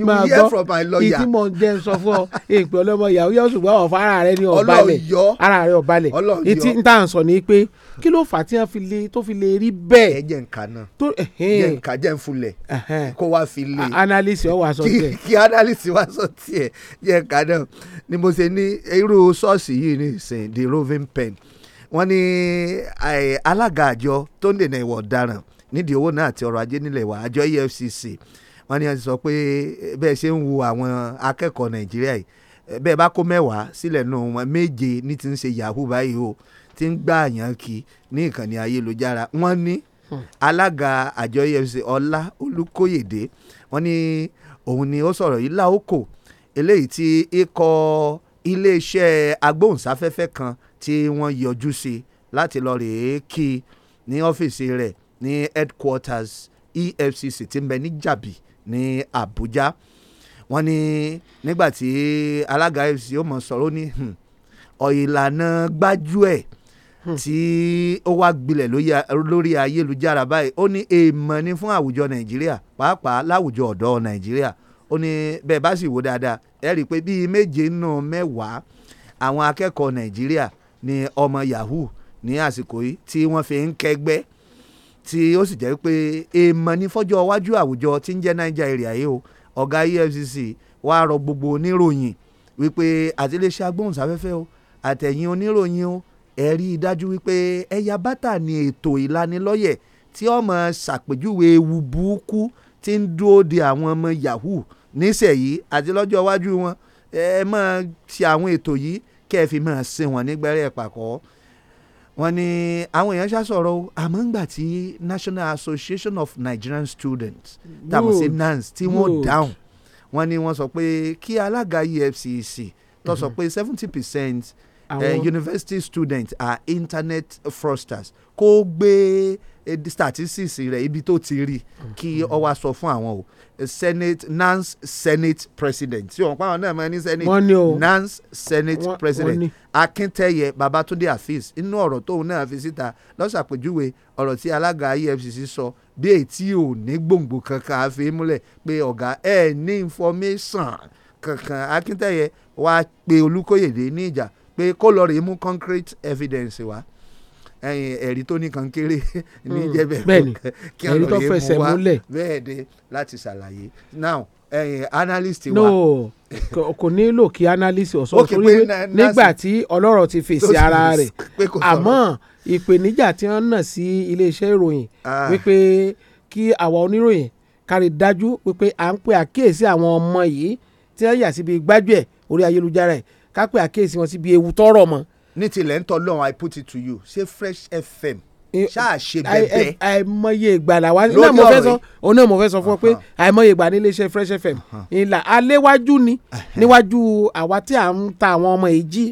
[SPEAKER 7] máa gbọ́ ìtí
[SPEAKER 8] mọ̀ ń jẹ́ sọ fún ọ èpè ọlọ́mọ ìyàwó yóò ṣùgbọ́n ọ̀fọ̀ ara rẹ ní ọ̀balẹ̀ ara rẹ ọ̀balẹ̀ ìtí ń tà ń sọ ni pé kí ló fà á tí wọ́n
[SPEAKER 7] tó fi lè rí bẹ́ẹ̀. ẹ jẹ́ nǹkan náà tó jẹ́ nǹkan jẹ́ nfulẹ̀ kó wá fi lè. analyst ọ wà sọ tiẹ̀. kí analyst wá sọ tiẹ̀ jẹ́ nǹkan náà ni mo ṣe ní irú ṣọ́ọ̀ṣì yìí ní ìsìn the roving pen wọ́n ní alága àjọ tó ń dènà ìwà ọ̀daràn nídìí owó náà àti ọrọ̀ ajé nílẹ̀ wa àjọ EFCC wọ́n ní wọ́n ti sọ pé bẹ́ẹ̀ ṣe ń wo àwọn akẹ́kọ̀ọ́ Nàìjíríà yìí bẹ́ẹ̀ bá kó mẹ́wàá sílẹ̀ nù wọn méje ní ti ń ṣe Yahoo báyìí o ti ń gbà yàn kí ní ìkànnì ayélujára wọ́n ní hmm. alága àjọ EFCC Ọlá Olúkóyèdé wọ́n ní òun ni ó sọ̀rọ̀ yìí láòkò eléyìí tí ikọ̀ iléeṣẹ́ agbóhùnsáfẹ́fẹ́ kan tí wọ́n yọjú sí láti lọ rèé kí ní ọ́fíìsì rẹ̀ ní headquarters EFCC ti ń bẹ ní Jàbí ní Àbújá wọ́n ní nígbà tí alága EFCC ó mọ̀ sọ̀rọ̀ ní hmm, ọ̀ìlànà gbájúẹ̀ hmm. tí ó wá gbilẹ̀ lórí ayélujára báyìí ó ní èèmọ̀ ni fún àwùjọ Nàìjíríà pàápàá láwùjọ ọ̀dọ́ Nàìjíríà ó ní bẹ́ẹ̀ bá sì wò dáadáa ẹ rí i pé bíi méje nù mẹ́wàá àwọn akẹ́kọ̀ọ́ Nàìjíríà ni ọmọ yahoo ní àsìkò yìí tí wọ́n fi ń kẹ́gbẹ́ tí ó sì jẹ́ pé èèmọ̀ ní fọ́jọ́ iwájú àwùjọ tí ń jẹ́ Niger area yìí o ọ̀gá EFCC wá rọ gbogbo oníròyìn wípé àtiléṣe agbóhùnsáfẹ́fẹ́ o àtẹ̀yìn oníròyìn o ẹ rí i dájú wípé ẹ̀yà bátà ni ètò ìlanilọ́yẹ̀ tí ọmọ ṣàpèjúwe ewu burúkú ti ń dúró de àwọn ọmọ yahoo nísẹ̀yìí àti lọ́jọ́ iwájú wọn ẹ máa ṣe àwọn ètò yìí kẹ́ ẹ fi máa sin wọn nígbẹ́rẹ́ pàkọ́ wọ́n ní àwọn èèyàn ṣá sọ̀rọ̀ o àmọ́ ńgbà tí National Association of Nigerian Students tàbí sí NANS tí wọ́n dáhùn wọ́n ní wọ́n sọ pé kí alága EFCC tó sọ mhm. pé seventy percent eh, university students are internet fraudsters kó gbé eh, statistics rẹ̀ ibi tó ti rí kí ó wá sọ fún àwọn o senate nance senate president tí òun pàwọn náà máa ní senate nance senate president akíntẹ́yẹ babatunde afeez inú ọ̀rọ̀ tóun náà fi síta lọ́sàpèjúwe ọ̀rọ̀ tí alága efcc sọ bí èyí tí ò ní gbòǹgbò kankan àfi múlẹ̀ pé ọ̀gá ẹ̀ ní information kankan akíntẹ́yẹ wàá pe olùkóyèdè ní ìjà pé kó lọ́ọ́ rí mú concrete evidence wa ẹ̀rí tó nìkan kéré ní hmm. jẹ́bẹ̀ kí ọ̀rọ̀ yẹn mú wá bẹ́ẹ̀ ni láti ṣàlàyé now eh, analyst wa. no
[SPEAKER 8] kò nílò kí analyst ọ̀sán torí nígbà tí ọlọ́rọ̀ ti fèsì ara rẹ̀ àmọ́ ìpèníjà tí wọ́n nà sí iléeṣẹ́ ìròyìn ah. wípé kí àwa oníròyìn kárí dájú wípé à ń pe àkíyèsí àwọn ọmọ yìí tí wọ́n yà síbi gbájú orí ayélujára ẹ̀ ká pe àkíyèsí wọn síbi ewu tọ́rọ̀ mọ́
[SPEAKER 7] ní tilẹ̀ ń tọ́lọ́run i put it to you Say fresh fm ṣáà
[SPEAKER 8] ṣe bẹ́ẹ̀ àìmọye ìgbà làwa náà mo fẹ́ sọ òun náà mo fẹ́ sọ fún ọ pé àìmọye ìgbà nílé fresh fm ìlà aléwájú ni níwájú àwa tí à ń ta àwọn ọmọ yìí jí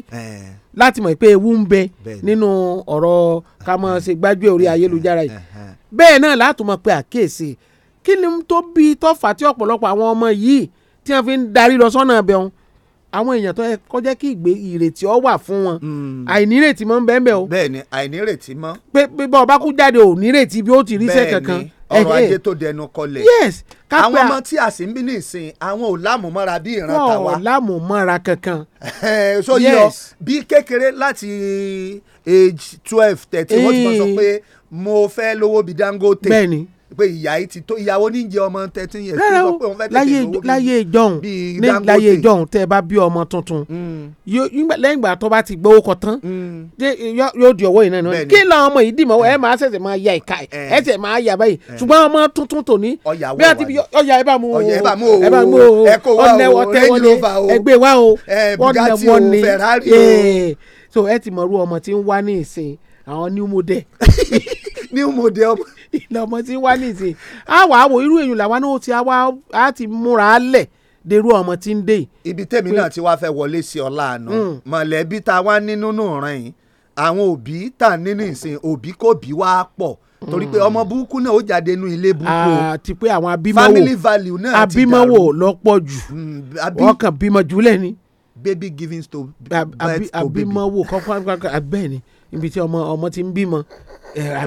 [SPEAKER 8] láti mọ̀ pé ewu ń bẹ nínú ọ̀rọ̀ ká mọ̀ ṣe gbájúẹ̀ orí ayélujára yìí bẹ́ẹ̀ náà láti mọ̀ pé àkíyèsí kí ni tó bí tọ́fà tí ọ̀pọ̀lọpọ̀ àwọn ọmọ yìí tí wọ́n fi ń darí lọ sọ́nà abẹ́hùn àwọn èèyàn tó yẹ kó jẹ́ kí ìgbé ìrètí ọ wà fún wọn hmm. àìnírètí mọ́ ń bẹ́ẹ̀ bẹ́ẹ̀ o. bẹ́ẹ̀ni àìnírètí mọ́. pé pé bọ́ ọba kú jáde ò nírètí bí ó ti ríṣẹ́ kankan. bẹ́ẹ̀ni ọrọ̀ ajé tó dẹnu kọlẹ̀. yes
[SPEAKER 7] kápẹ́ àwọn ọmọ tí a sì ń bí ní àwọn ò lámùmọ́ra bí ìran tàwa. wọn ò lámùmọ́ra kankan. so yíyọ bí kékeré láti age twelve thirteen wọ́n ti mọ̀ sọ eh. pé mo fẹ́ lówó bí Dangote. bẹ́ẹ̀ni pé ìyá yìí ti tó ìyàwó ní jẹ ọmọ thirteen years. rárá o láyé
[SPEAKER 8] ìjọhún ní láyé ìjọhún tẹ́ ẹ bá bí ọmọ tuntun mm. lẹ́yìn ìgbà tó bá ti gbowó kọ tán mm. yóò di ọwọ́ yìí náà ni kí lọ́ọ́ ọmọ yìí dìmọ̀ eh. ẹ máa ṣẹ̀ṣẹ̀ máa ya ìka eh. ẹ ṣẹ̀ máa ya báyìí eh. ṣùgbọ́n ọmọ tuntun tòní bí a ti bí ọya ẹ bá mu o ẹ bá mu o ọ̀nà ẹ̀wọ̀tẹ́ wọlé ẹgbẹ́ wa o ọ̀nà wọlé so ẹ ti mọ̀rú ọmọ tí ń wá ní ìsìn àwọn new model. new model ọmọ ìlọmọ tí wá nìsín àwa àwò irú èyàn làwa náà ti àwa á ti
[SPEAKER 7] múra lẹ̀ dèrú ọmọ tí ń dé yìí. ibi tèmi náà ti wá fẹ́ wọlé sí ọlá àná hmm. mọ̀lẹ́bí tá a wá nínú náà ràn yín àwọn òbí tá a nínú ìsìn òbí kò bí wá pọ̀ torí pé hmm. ọmọ burúkú náà ó jáde inú ilé burúkú o àti pé àwọn abímọ́wò family value náà ti dàrú
[SPEAKER 8] abímọ́wò lọ́pọ̀ jù hmm, wọ́n kàn bímọ jùlẹ̀ ni. baby giving to birth to baby. abímọ́wò kọ́kọ́ abẹ́ẹ̀ ni ibi tí ọmọ ọmọ ti ń bímọ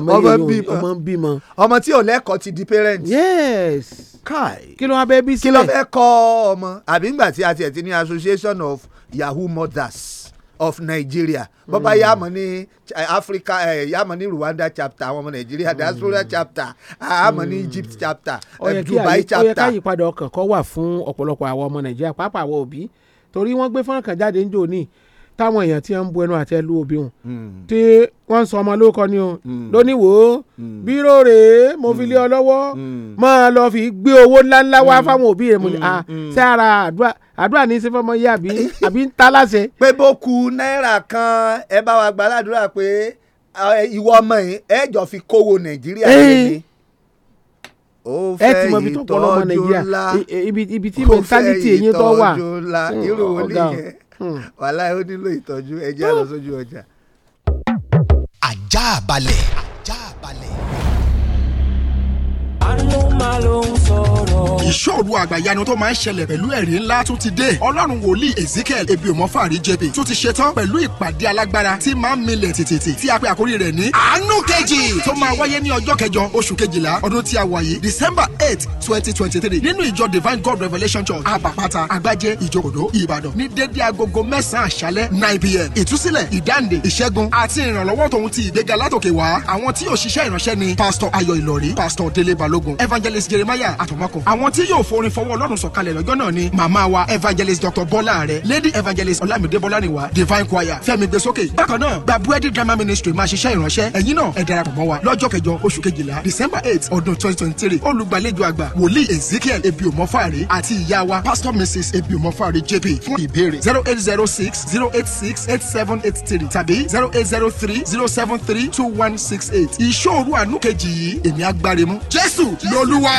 [SPEAKER 8] ọmọ ọmọ
[SPEAKER 7] ń bímọ. ọmọ tí ò lẹ́kọ̀ọ́ ti di parent. yes. kai kí ló wá bẹ́ẹ̀ bí sílẹ̀. kí ló fẹ́ kọ́ ọmọ àbí ńgbà tí a tiẹ̀ ti ní association of yahoo mothers of Nigeria bọ́bá hmm. yàmọ̀ ní Africa yàmọ̀ ní Rwanda chapter àwọn ọmọ Nàìjíríà hmm. diaspora chapter àmọ̀ ní Egypt chapter hmm. Dubai chapter. ó yẹ eh, ká
[SPEAKER 8] yípadà ọkàn kọ́ wà fún ọ̀pọ̀lọpọ̀ àwọn ọmọ Nàìjíríà pàápàá àwọn òbí torí wọ́n gbé fọ́nrán kan jáde ń jò ní táwọn èèyàn ti ń bu ẹnu àtẹ lu òbí wọn hmm. tí wọ́n ń sọ ọmọ lóko ni o hmm. lónìí wò ó hmm. bírò rèé mo fi lé ọ lọ́wọ́ máa lọ fi gbé owó ńláńlá wá fáwọn òbí rẹ̀ mo ní à ah, ṣé ara àdúrà àdúrà ní í ṣe fọmọ yé àbí àbí ń ta láṣẹ. pé bó ku
[SPEAKER 7] náírà kan ẹ bá wa gba aládùúrà pé ah, ìwọ ọmọ yìí ẹ jọ fi kówó nàìjíríà lẹ́ni ó fẹ́ ìtọ́jú ńlá kò fẹ́ ìtọ́jú ńlá irú olè yẹn wàhálà ó nílò ìtọ́jú ẹ jẹ́ á lọ sójú ọjà.
[SPEAKER 8] ajá balẹ̀
[SPEAKER 6] ìṣòro àgbàyanu tó máa ń ṣẹlẹ̀ pẹ̀lú ẹ̀rí ńlá tún ti dé ọlọ́run wòlíì ezekiel ebiomofari jebe tún ti ṣetán pẹ̀lú ìpàdé alágbára tí máa ń milẹ̀ tìtìtì tí a pè àkórí rẹ̀ ní àánú kejì tó máa wáyé ní ọjọ́ kẹjọ oṣù kejìlá ọdún tí a wà yìí december eight twenty twenty three nínú ìjọ divine god revelation church Abapata àgbájé ìjòkòdó ìbàdàn ní dédé agogo mẹ́sàn-án àṣálẹ́ nine pm ìtúsílẹ̀ ìdáǹdè ìṣẹ́gun àti ìrànlọ́wọ́ tòun ti ìgbéga látòkè wá àwọn tí yóò ṣiṣẹ́ ìránṣẹ́ ni pastor ayọ̀ ìlọrí pastor délé bal balógun evangelist jeremiah àtọmọkọ àwọn tí yóò forin fọwọ́ ọlọ́run sọ̀kalẹ̀ lọ́jọ́ náà ni màmá wa evangelist dr bọ́lá rẹ̀ lady evangelist ọlámídé bọ́lárìnwá divine choir fẹ́mi gbèsókè bákan náà gbabuẹ́dì drama ministry máa ṣiṣẹ́ ìránṣẹ́ ẹ̀yin náà ẹ darapọ̀ mọ́ wa lọ́jọ́ kẹjọ oṣù kejìlá december eight ọdún twenty twenty three olùgbàlejò àgbà wòlíì ezekiel ebiomofari àti ìyá wa pastor mrs ebiomofari jp fún ìbéèrè zero eight zero six zero eight six eight seven eight three tàbí zero eight zero three zero seven three two one six eight ìṣòro àánú kejì yìí èmi agbárimú jésù jésù lolúwa.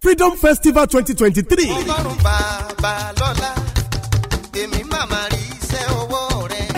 [SPEAKER 6] freedom festival twenty twenty three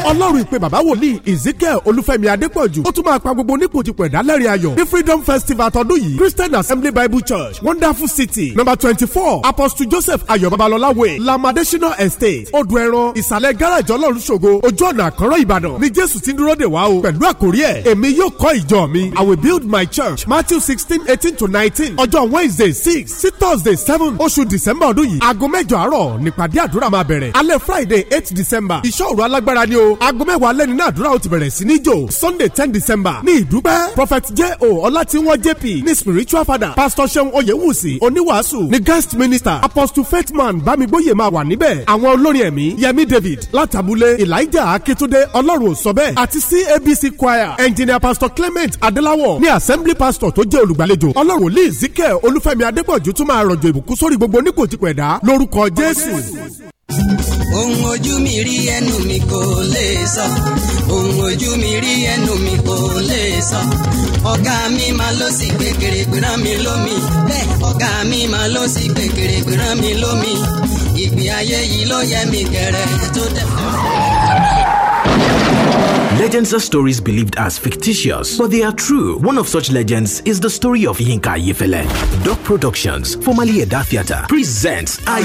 [SPEAKER 6] ọlọ́run ìpè bàbá wòlíì ezekiel olúfẹ́mi adépọ̀jù ó tún máa pa gbogbo onípòjìpọ̀ ìdálẹ́rìn ayọ̀ ní freedom festival tọdún yìí christian assembly bible church wonderful city number twenty four apostle joseph ayọ̀ babalọ́lá way lamadesina estate odò ẹran ìsàlẹ̀ gáràjì ọlọ́run ṣògo ojú ọ̀nà àkọ́rọ́ ìbàdàn ni jésù ti ń dúró dè wá o pẹ̀lú àkórí ẹ̀ èmi yóò kọ́ ìjọ mi i will build my church matthew sixteen eighteen to nineteen ọjọ́ wednesday six sí thursday seven oṣù december ọdún yìí aago mẹ́jọ àárọ̀ friday eight december ìṣọ́ òru o aago mẹ́wàá lẹ́ni náà àdúrà ó ti bẹ̀rẹ̀ sí ní jò sunday ten december ní ìdúpẹ́ prophet j o ọlátiwọn jp ní spiritual father pastor seun oyewusi oníwàásù ní guest minister apostle faithman bámigbóyè máa wà níbẹ̀ àwọn olórin ẹ̀mí yẹmi david látàbúlé elijah akitunde ọlọ́run ò sọ àti cabc choir engineer pastor clement adelawo ní assembly pastor tó jẹ́ olùgbàlejò ọlọ́run lee zikẹ́ olúfẹ́mi adépọ̀jù tún máa rọ̀jò ìbùkún sórí gbogbo oníkòtìkọ̀ ẹ̀dá lórúkọ jésù
[SPEAKER 2] ohun ojú mi rí ẹnu mi kò lè sọ ohun ojú mi rí ẹnu mi kò lè sọ ọ̀gá mi máa ló sì kékeré gbéra mi lómi bẹ́ẹ̀ ọ̀gá mi máa ló sì kékeré gbéra mi lómi ìgbé ayé yìí ló yẹ mi gẹ̀rẹ́ tó dẹ̀.
[SPEAKER 15] Legends are stories believed as fictitious, but they are true. One of such legends is the story of Yinka Yefele. Doc Productions, formerly Eda Theatre, presents Aye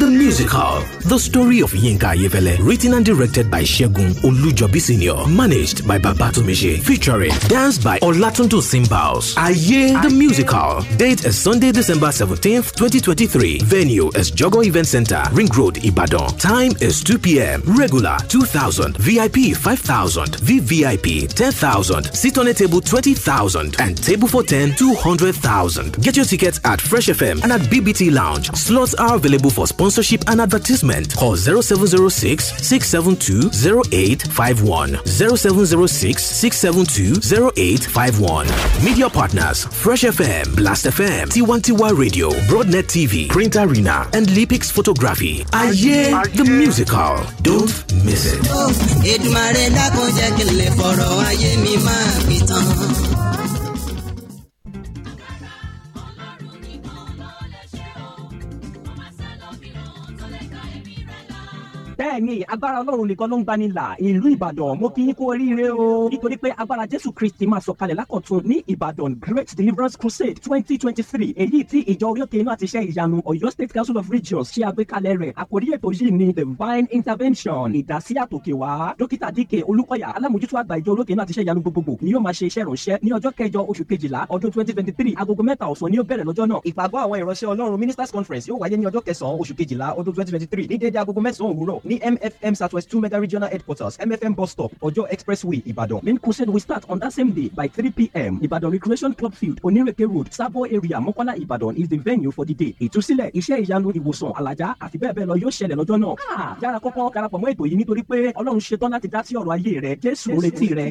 [SPEAKER 15] the Musical. The story of Yinka Yefele, written and directed by Shegun Olujobi Sr., managed by Babatumishi, featuring dance by Olatuntu Simbaos. Aye the Musical. Date is Sunday, December 17th, 2023. Venue is Jogo Event Center, Ring Road, Ibadan. Time is 2 p.m. Regular 2000, VIP 5000. 10,000. VVIP 10,000. Sit on a table 20,000. And table for 10 200,000. Get your tickets at Fresh FM and at BBT Lounge. Slots are available for sponsorship and advertisement. Call 0706 672 0706 672 0851. Media partners Fresh FM, Blast FM, T1TY Radio, Broadnet TV, Print Arena, and Lipix Photography. Aye, the musical. Don't miss it.
[SPEAKER 2] jẹ́ kí n lè fọ̀rọ̀ ayé mi máa pìtàn.
[SPEAKER 9] bẹ́ẹ̀ ni agbára ọlọ́run nìkan ló ń gbani là ìlú ìbàdàn mo kí yín kú oríire o nítorí pé agbára jésù kristi máa sọ̀kalẹ̀ lákọ̀tun ní ìbàdàn great deliverance crusade twenty twenty three èyí tí ìjọ orí òkè inú àti iṣẹ́ ìyanu ọ̀yọ́ state council of regions ṣe àgbékalẹ̀ rẹ̀ àkórí ètò yìí ni divine intervention ìdásí àtòkè wá dókítà díkè olúkọ̀yà alámòjútó àgbà ìjọ orí òkè inú àti iṣẹ́ ìyanu gbogbogbò ni yóò máa ṣe iṣẹ́ ìránṣẹ́ ní ọjọ́ kẹjọ oṣù kejìlá ọdún twenty twenty three agogo mẹ́ta ọ̀sán ni ó bẹ̀rẹ̀ lọ́jọ́ náà ìpàgọ́ àwọn ministers conference yóò wáyé ní ọjọ́ kẹsàn-án oṣù kejìlá ọdún twenty twenty three ní déédéé ní MFM Southwest Two Mega Regional Headquarters MFM Bus Stop Ọjọ́ Expressway Ìbàdàn. Main crusade will start on that same day by 3 p.m. Ibadan Recreation Club Field Onírèké Road Sabo area Mọ́kọ́lá Ibadan is the venue for the day. Ìtúsílẹ̀ iṣẹ́ ìyanu ìwòsàn àlàjá àti bẹ́ẹ̀ bẹ́ẹ̀ lọ yóò ṣẹlẹ̀ lọ́jọ́ náà. Ah, yára kọ́kọ́ darapọ̀ mọ́ ètò yìí nítorí pé Ọlọ́run ṣetán láti dá sí ọ̀rọ̀ ayé rẹ̀ Jésù retí rẹ̀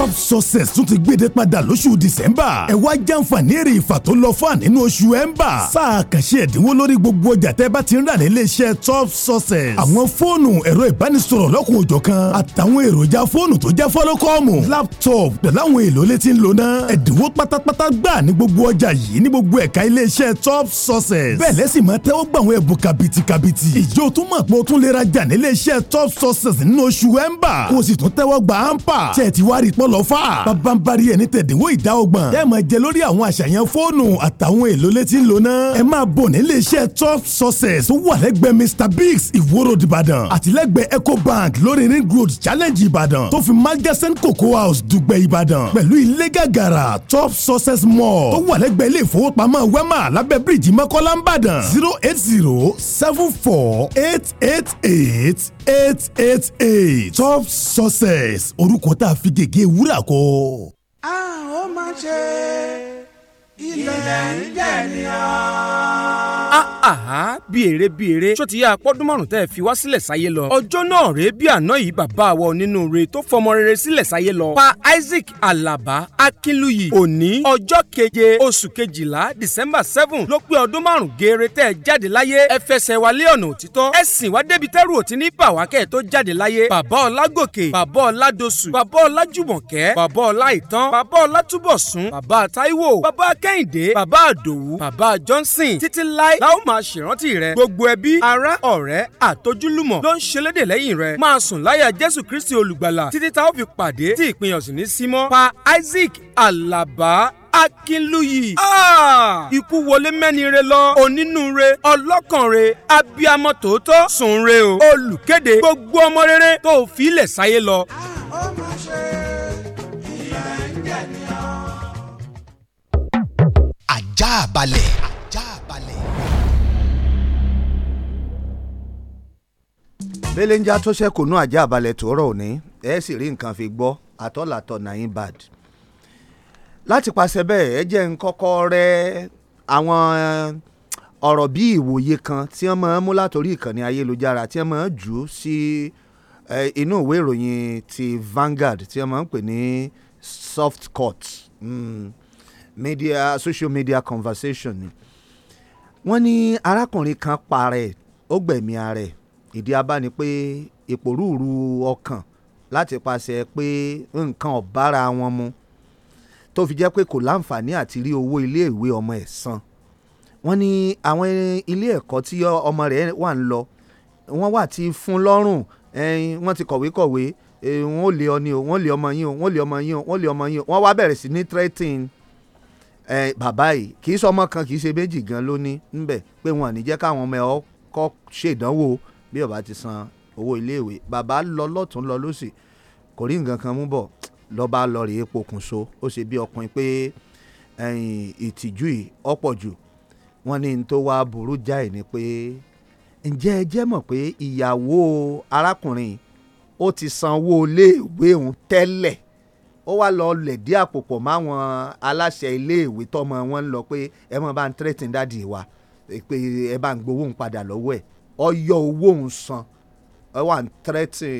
[SPEAKER 6] top success tún ti gbéde padà lóṣù december ẹ wá jàǹfààní èrè ìfà tó lọ fún ànínú oṣù ember sáà kàṣe ẹ̀dínwó lórí gbogbo ọjà tẹ́ bá ti ń rà ní iléeṣẹ́ top success àwọn fóònù ẹ̀rọ ìbánisọ̀rọ̀ lọ́kùn òjọ̀ kan àtàwọn èròjà fóònù tó jẹ́ fọ́lọ́kọ́ọ̀mù laptop pẹ̀láwọn èlò létí ń lò náà ẹ̀dínwó pátápátá gbà ní gbogbo ọjà yìí ní gbogbo ẹ̀ka iléeṣẹ́ top success bẹ́ẹ̀ lẹ́sìn máa tẹ́wọ́ gbà àwọn ẹ̀bùn kàbìtì kàbìtì ìjọ tún mọ̀ pé top success nínú oṣù ember kó o sì ampa tẹ̀ ti wá lọ́fà. babambari ẹni tẹ̀dínwó ìdá ọgbọ̀n. tẹ́ ẹ máa jẹ lórí àwọn àṣàyàn fóònù àtàwọn èlò létí ń lona. ẹ máa bọ̀ nílé iṣẹ́ top success tó wà lẹ́gbẹ̀ẹ́ mr biggs ìwòrò ìbàdàn àtìlẹ́gbẹ̀ẹ́ ecobank lórí ring road challenge ìbàdàn tó fi margesson cocoa house dùgbẹ̀ ìbàdàn pẹ̀lú ilé gàgàrà top success mall tó wà lẹ́gbẹ̀ẹ́ ilé ìfowópamọ́ wema lábẹ́ bíríìjì mọ́kọ́lá ń bàdàn zero eight zero seven four eight eight eight eight eight eight top success orúkọ tá a fi gègé wúrà kọ.
[SPEAKER 1] a ó máa ṣe ilẹ̀
[SPEAKER 2] ń
[SPEAKER 6] àhá bí èrè bí èrè ṣó ti
[SPEAKER 1] yá apọ́dún márùn tẹ́ ẹ fi wá sílẹ̀ sáyé lọ ọjọ́ náà rèé bí àná yìí bàbá wa onínúure tó fọmọ rere sílẹ̀ sáyé lọ pa Isaac Alaba Akínlúyì òní ọjọ́ keje oṣù kejìlá December seven ló pé ọdún márùn geere tẹ́ ẹ jáde láyé ẹ fẹsẹ̀ wá lé ọ̀nà òtítọ́ ẹ sìn wá débi tẹ́rù òtí ní bàwákẹ́ tó jáde láyé bàbá Ọlágòkè bàbá Ọládosù bàbá Ọlájùmọ̀kẹ́ bàbá Ọláìtàn bàbá Ọlátúbọ̀sún bàbá Táíwò bàbá Kẹ́hìndé bàbá Àdòwú bàbá Johnson títí láé láwọn máa ṣèrántí rẹ gbogbo ẹbí ará ọ̀rẹ́ àtojúlùmọ̀ ló ń ṣẹlẹ́dẹ̀ lẹ́yìn rẹ máa sùn láyà jésù kristi olùgbàlà títí tá ó fi pàdé tí ìpínyà sì ní símọ́ pa isaac alaba akínlúyì ah! ikú wọlé mẹ́nire lọ onínúure ọlọ́kànre abiyamọ tòótọ́ sùnre o olùkéde gbogbo ọmọ rere tó fi ilẹ̀ sáyé lọ.
[SPEAKER 6] àjà
[SPEAKER 7] balẹ̀. belenja tó ṣẹ́kù nú ajá balẹ̀ tòórọ̀ òní ẹ sì rí nǹkan fi gbọ́ àtọ́làtọ̀ nàyín bad láti pàṣẹ bẹ́ẹ̀ ẹ jẹ́ ń kọ́kọ́ rẹ àwọn ọ̀rọ̀ bí ìwòye kan tí wọ́n máa ń mú látòrí ìkànnì ayélujára tí wọ́n máa ń jù ú sí inú ìwé ìròyìn ti Vanguard tí wọ́n máa ń pè ní soft court hmm. media social media conversation ni wọ́n ní arákùnrin kan parẹ́ ó gbẹ̀mí ara ẹ̀ ìdí abá ni pé ìpòrúurú ọkàn láti paṣẹ pé nǹkan ò bára wọn mu tó fi jẹ́ pé kò láǹfààní àti rí owó iléèwé ọmọ ẹ̀ san wọ́n ní àwọn ilé ẹ̀kọ́ tí ọmọ rẹ̀ wà ń lọ wọ́n wà ti fún lọ́rùn wọ́n ti kọ̀wé kọ̀wé wọ́n ò lé ọ o wọ́n ò ọmọ yín o wọ́n ò ọmọ yín o wọ́n ò ọmọ yín o wọ́n wá bẹ̀rẹ̀ sí ní threatening bàbá yìí kì í sọmọ kan kì í ṣe méjì gan ló ní ńbẹ pé wọn ò ní jẹ́ káwọn ọmọ ẹ̀ kọ́ ṣèdánwò bí ó bá ti san owó iléèwé bàbá lọ lọ́tún lọ lọ́sì kò rí nǹkan kan mú bọ̀ lọ́ba lọ rèé pokùnso ó ṣe bí ọkùnrin pé ìtìjú yìí ọ̀pọ̀ jù wọ́n ní n tó wá burú jáì ni pé ǹjẹ́ ẹ jẹ́ mọ̀ pé ìyàwó arákùnrin ó ti sanwó iléèwé òun tẹ́lẹ̀ ó wá lọ lẹ̀dí àpò máwọn aláṣẹ iléèwé tọmọ wọn lọ pé ẹ mọ̀ bá ń tẹ́rẹ̀tì dádì wa pé ẹ bá ń gbowó ń padà lọ́wọ́ ẹ̀ ọyọ owó òun san ẹ wà ń tẹ́tì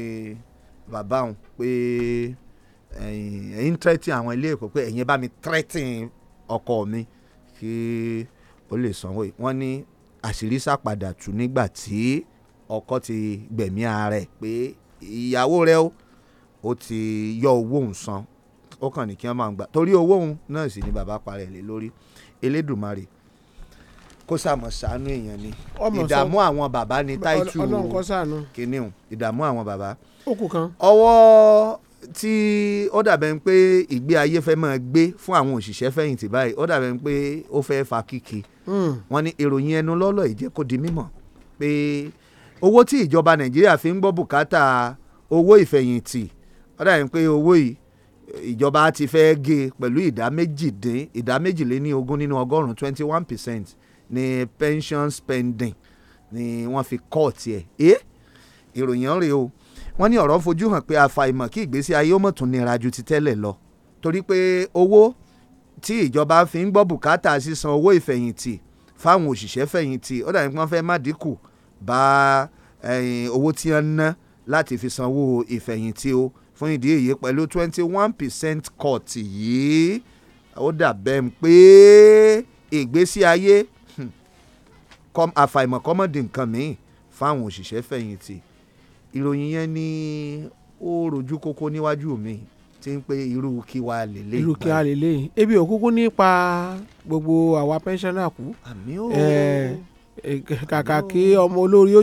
[SPEAKER 7] bàbá òun pé ẹ̀yin tẹ́tì àwọn ilé ẹ̀kọ́ pé ẹ̀yin bá mi tẹ́tì ọkọ mi kí ó lè sanwó yìí wọ́n ní àṣírí sàpadà tù nígbà tí ọkọ ti gbẹ̀mí ara ẹ̀ pé ìyàwó rẹ ó ó ti yọ owó òun san ó kàn ní kí wọ́n máa ń gbà torí owó òun náà sì ni bàbá parẹ́ lé lórí Elédùmarè kó sàmọ̀ sànú èèyàn ni ìdààmú àwọn bàbá ni táìtù kìnìún ìdààmú àwọn bàbá. okùn kan. ọwọ́ tí ó dàbẹ̀ ń pé ìgbé ayé fẹ́ máa gbé fún àwọn òṣìṣẹ́ fẹ̀yìntì báyìí ó dàbẹ̀ ń pé ó fẹ́ fa kíkì hmm. wọ́n ní ìròyìn ẹnu lọ́lọ́ ìjẹ́ kó di mímọ̀ pé owó tí ìjọba nàìjíríà fi ń gbọ́ bùkátà owó ìfẹ̀yìntì ó dàbẹ̀ ń pé owó yìí ìjọba ti fẹ́ gé e pẹ̀lú ìdá méjìdín ìdá méjìléní ogún nínú ọgọ́rùn-ún twenty one percent ní pension spending ni wọ́n fi kọ́ tiẹ̀ ẹ́ ìròyìn rèé o wọ́n ní ọ̀rọ̀ fojú hàn pé àfàìmọ̀ kí ìgbésí ayé ó mọ̀ tún nira ju ti tẹ́lẹ̀ lọ torí pé owó tí ìjọba fi ń gbọ́ bùkátà sísan owó ìfẹ̀yìntì fáwọn òṣìṣẹ́ fẹ̀yìntì ó dàbí wọ́n fẹ́ má dínkù bá eh, owó tí wọ́n ná láti fi sanwó ìfẹ̀yìntì o fún ìdí èyí pẹ̀lú twenty one percent cut yìí ó dàbẹ̀ pé ìgbésí ayé àfàìmọ̀ kọ́mọ̀dé nǹkan míì fáwọn òṣìṣẹ́ fẹ̀yìntì ìròyìn yẹn ni ó rojú kókó níwájú mi tí ń pé irú kí wa lélẹ̀. irú kí wa lélẹ̀ ebi òkúkú nípa gbogbo àwa
[SPEAKER 8] pẹ́ńsánná kú kàkà kí ọmọ olórí ó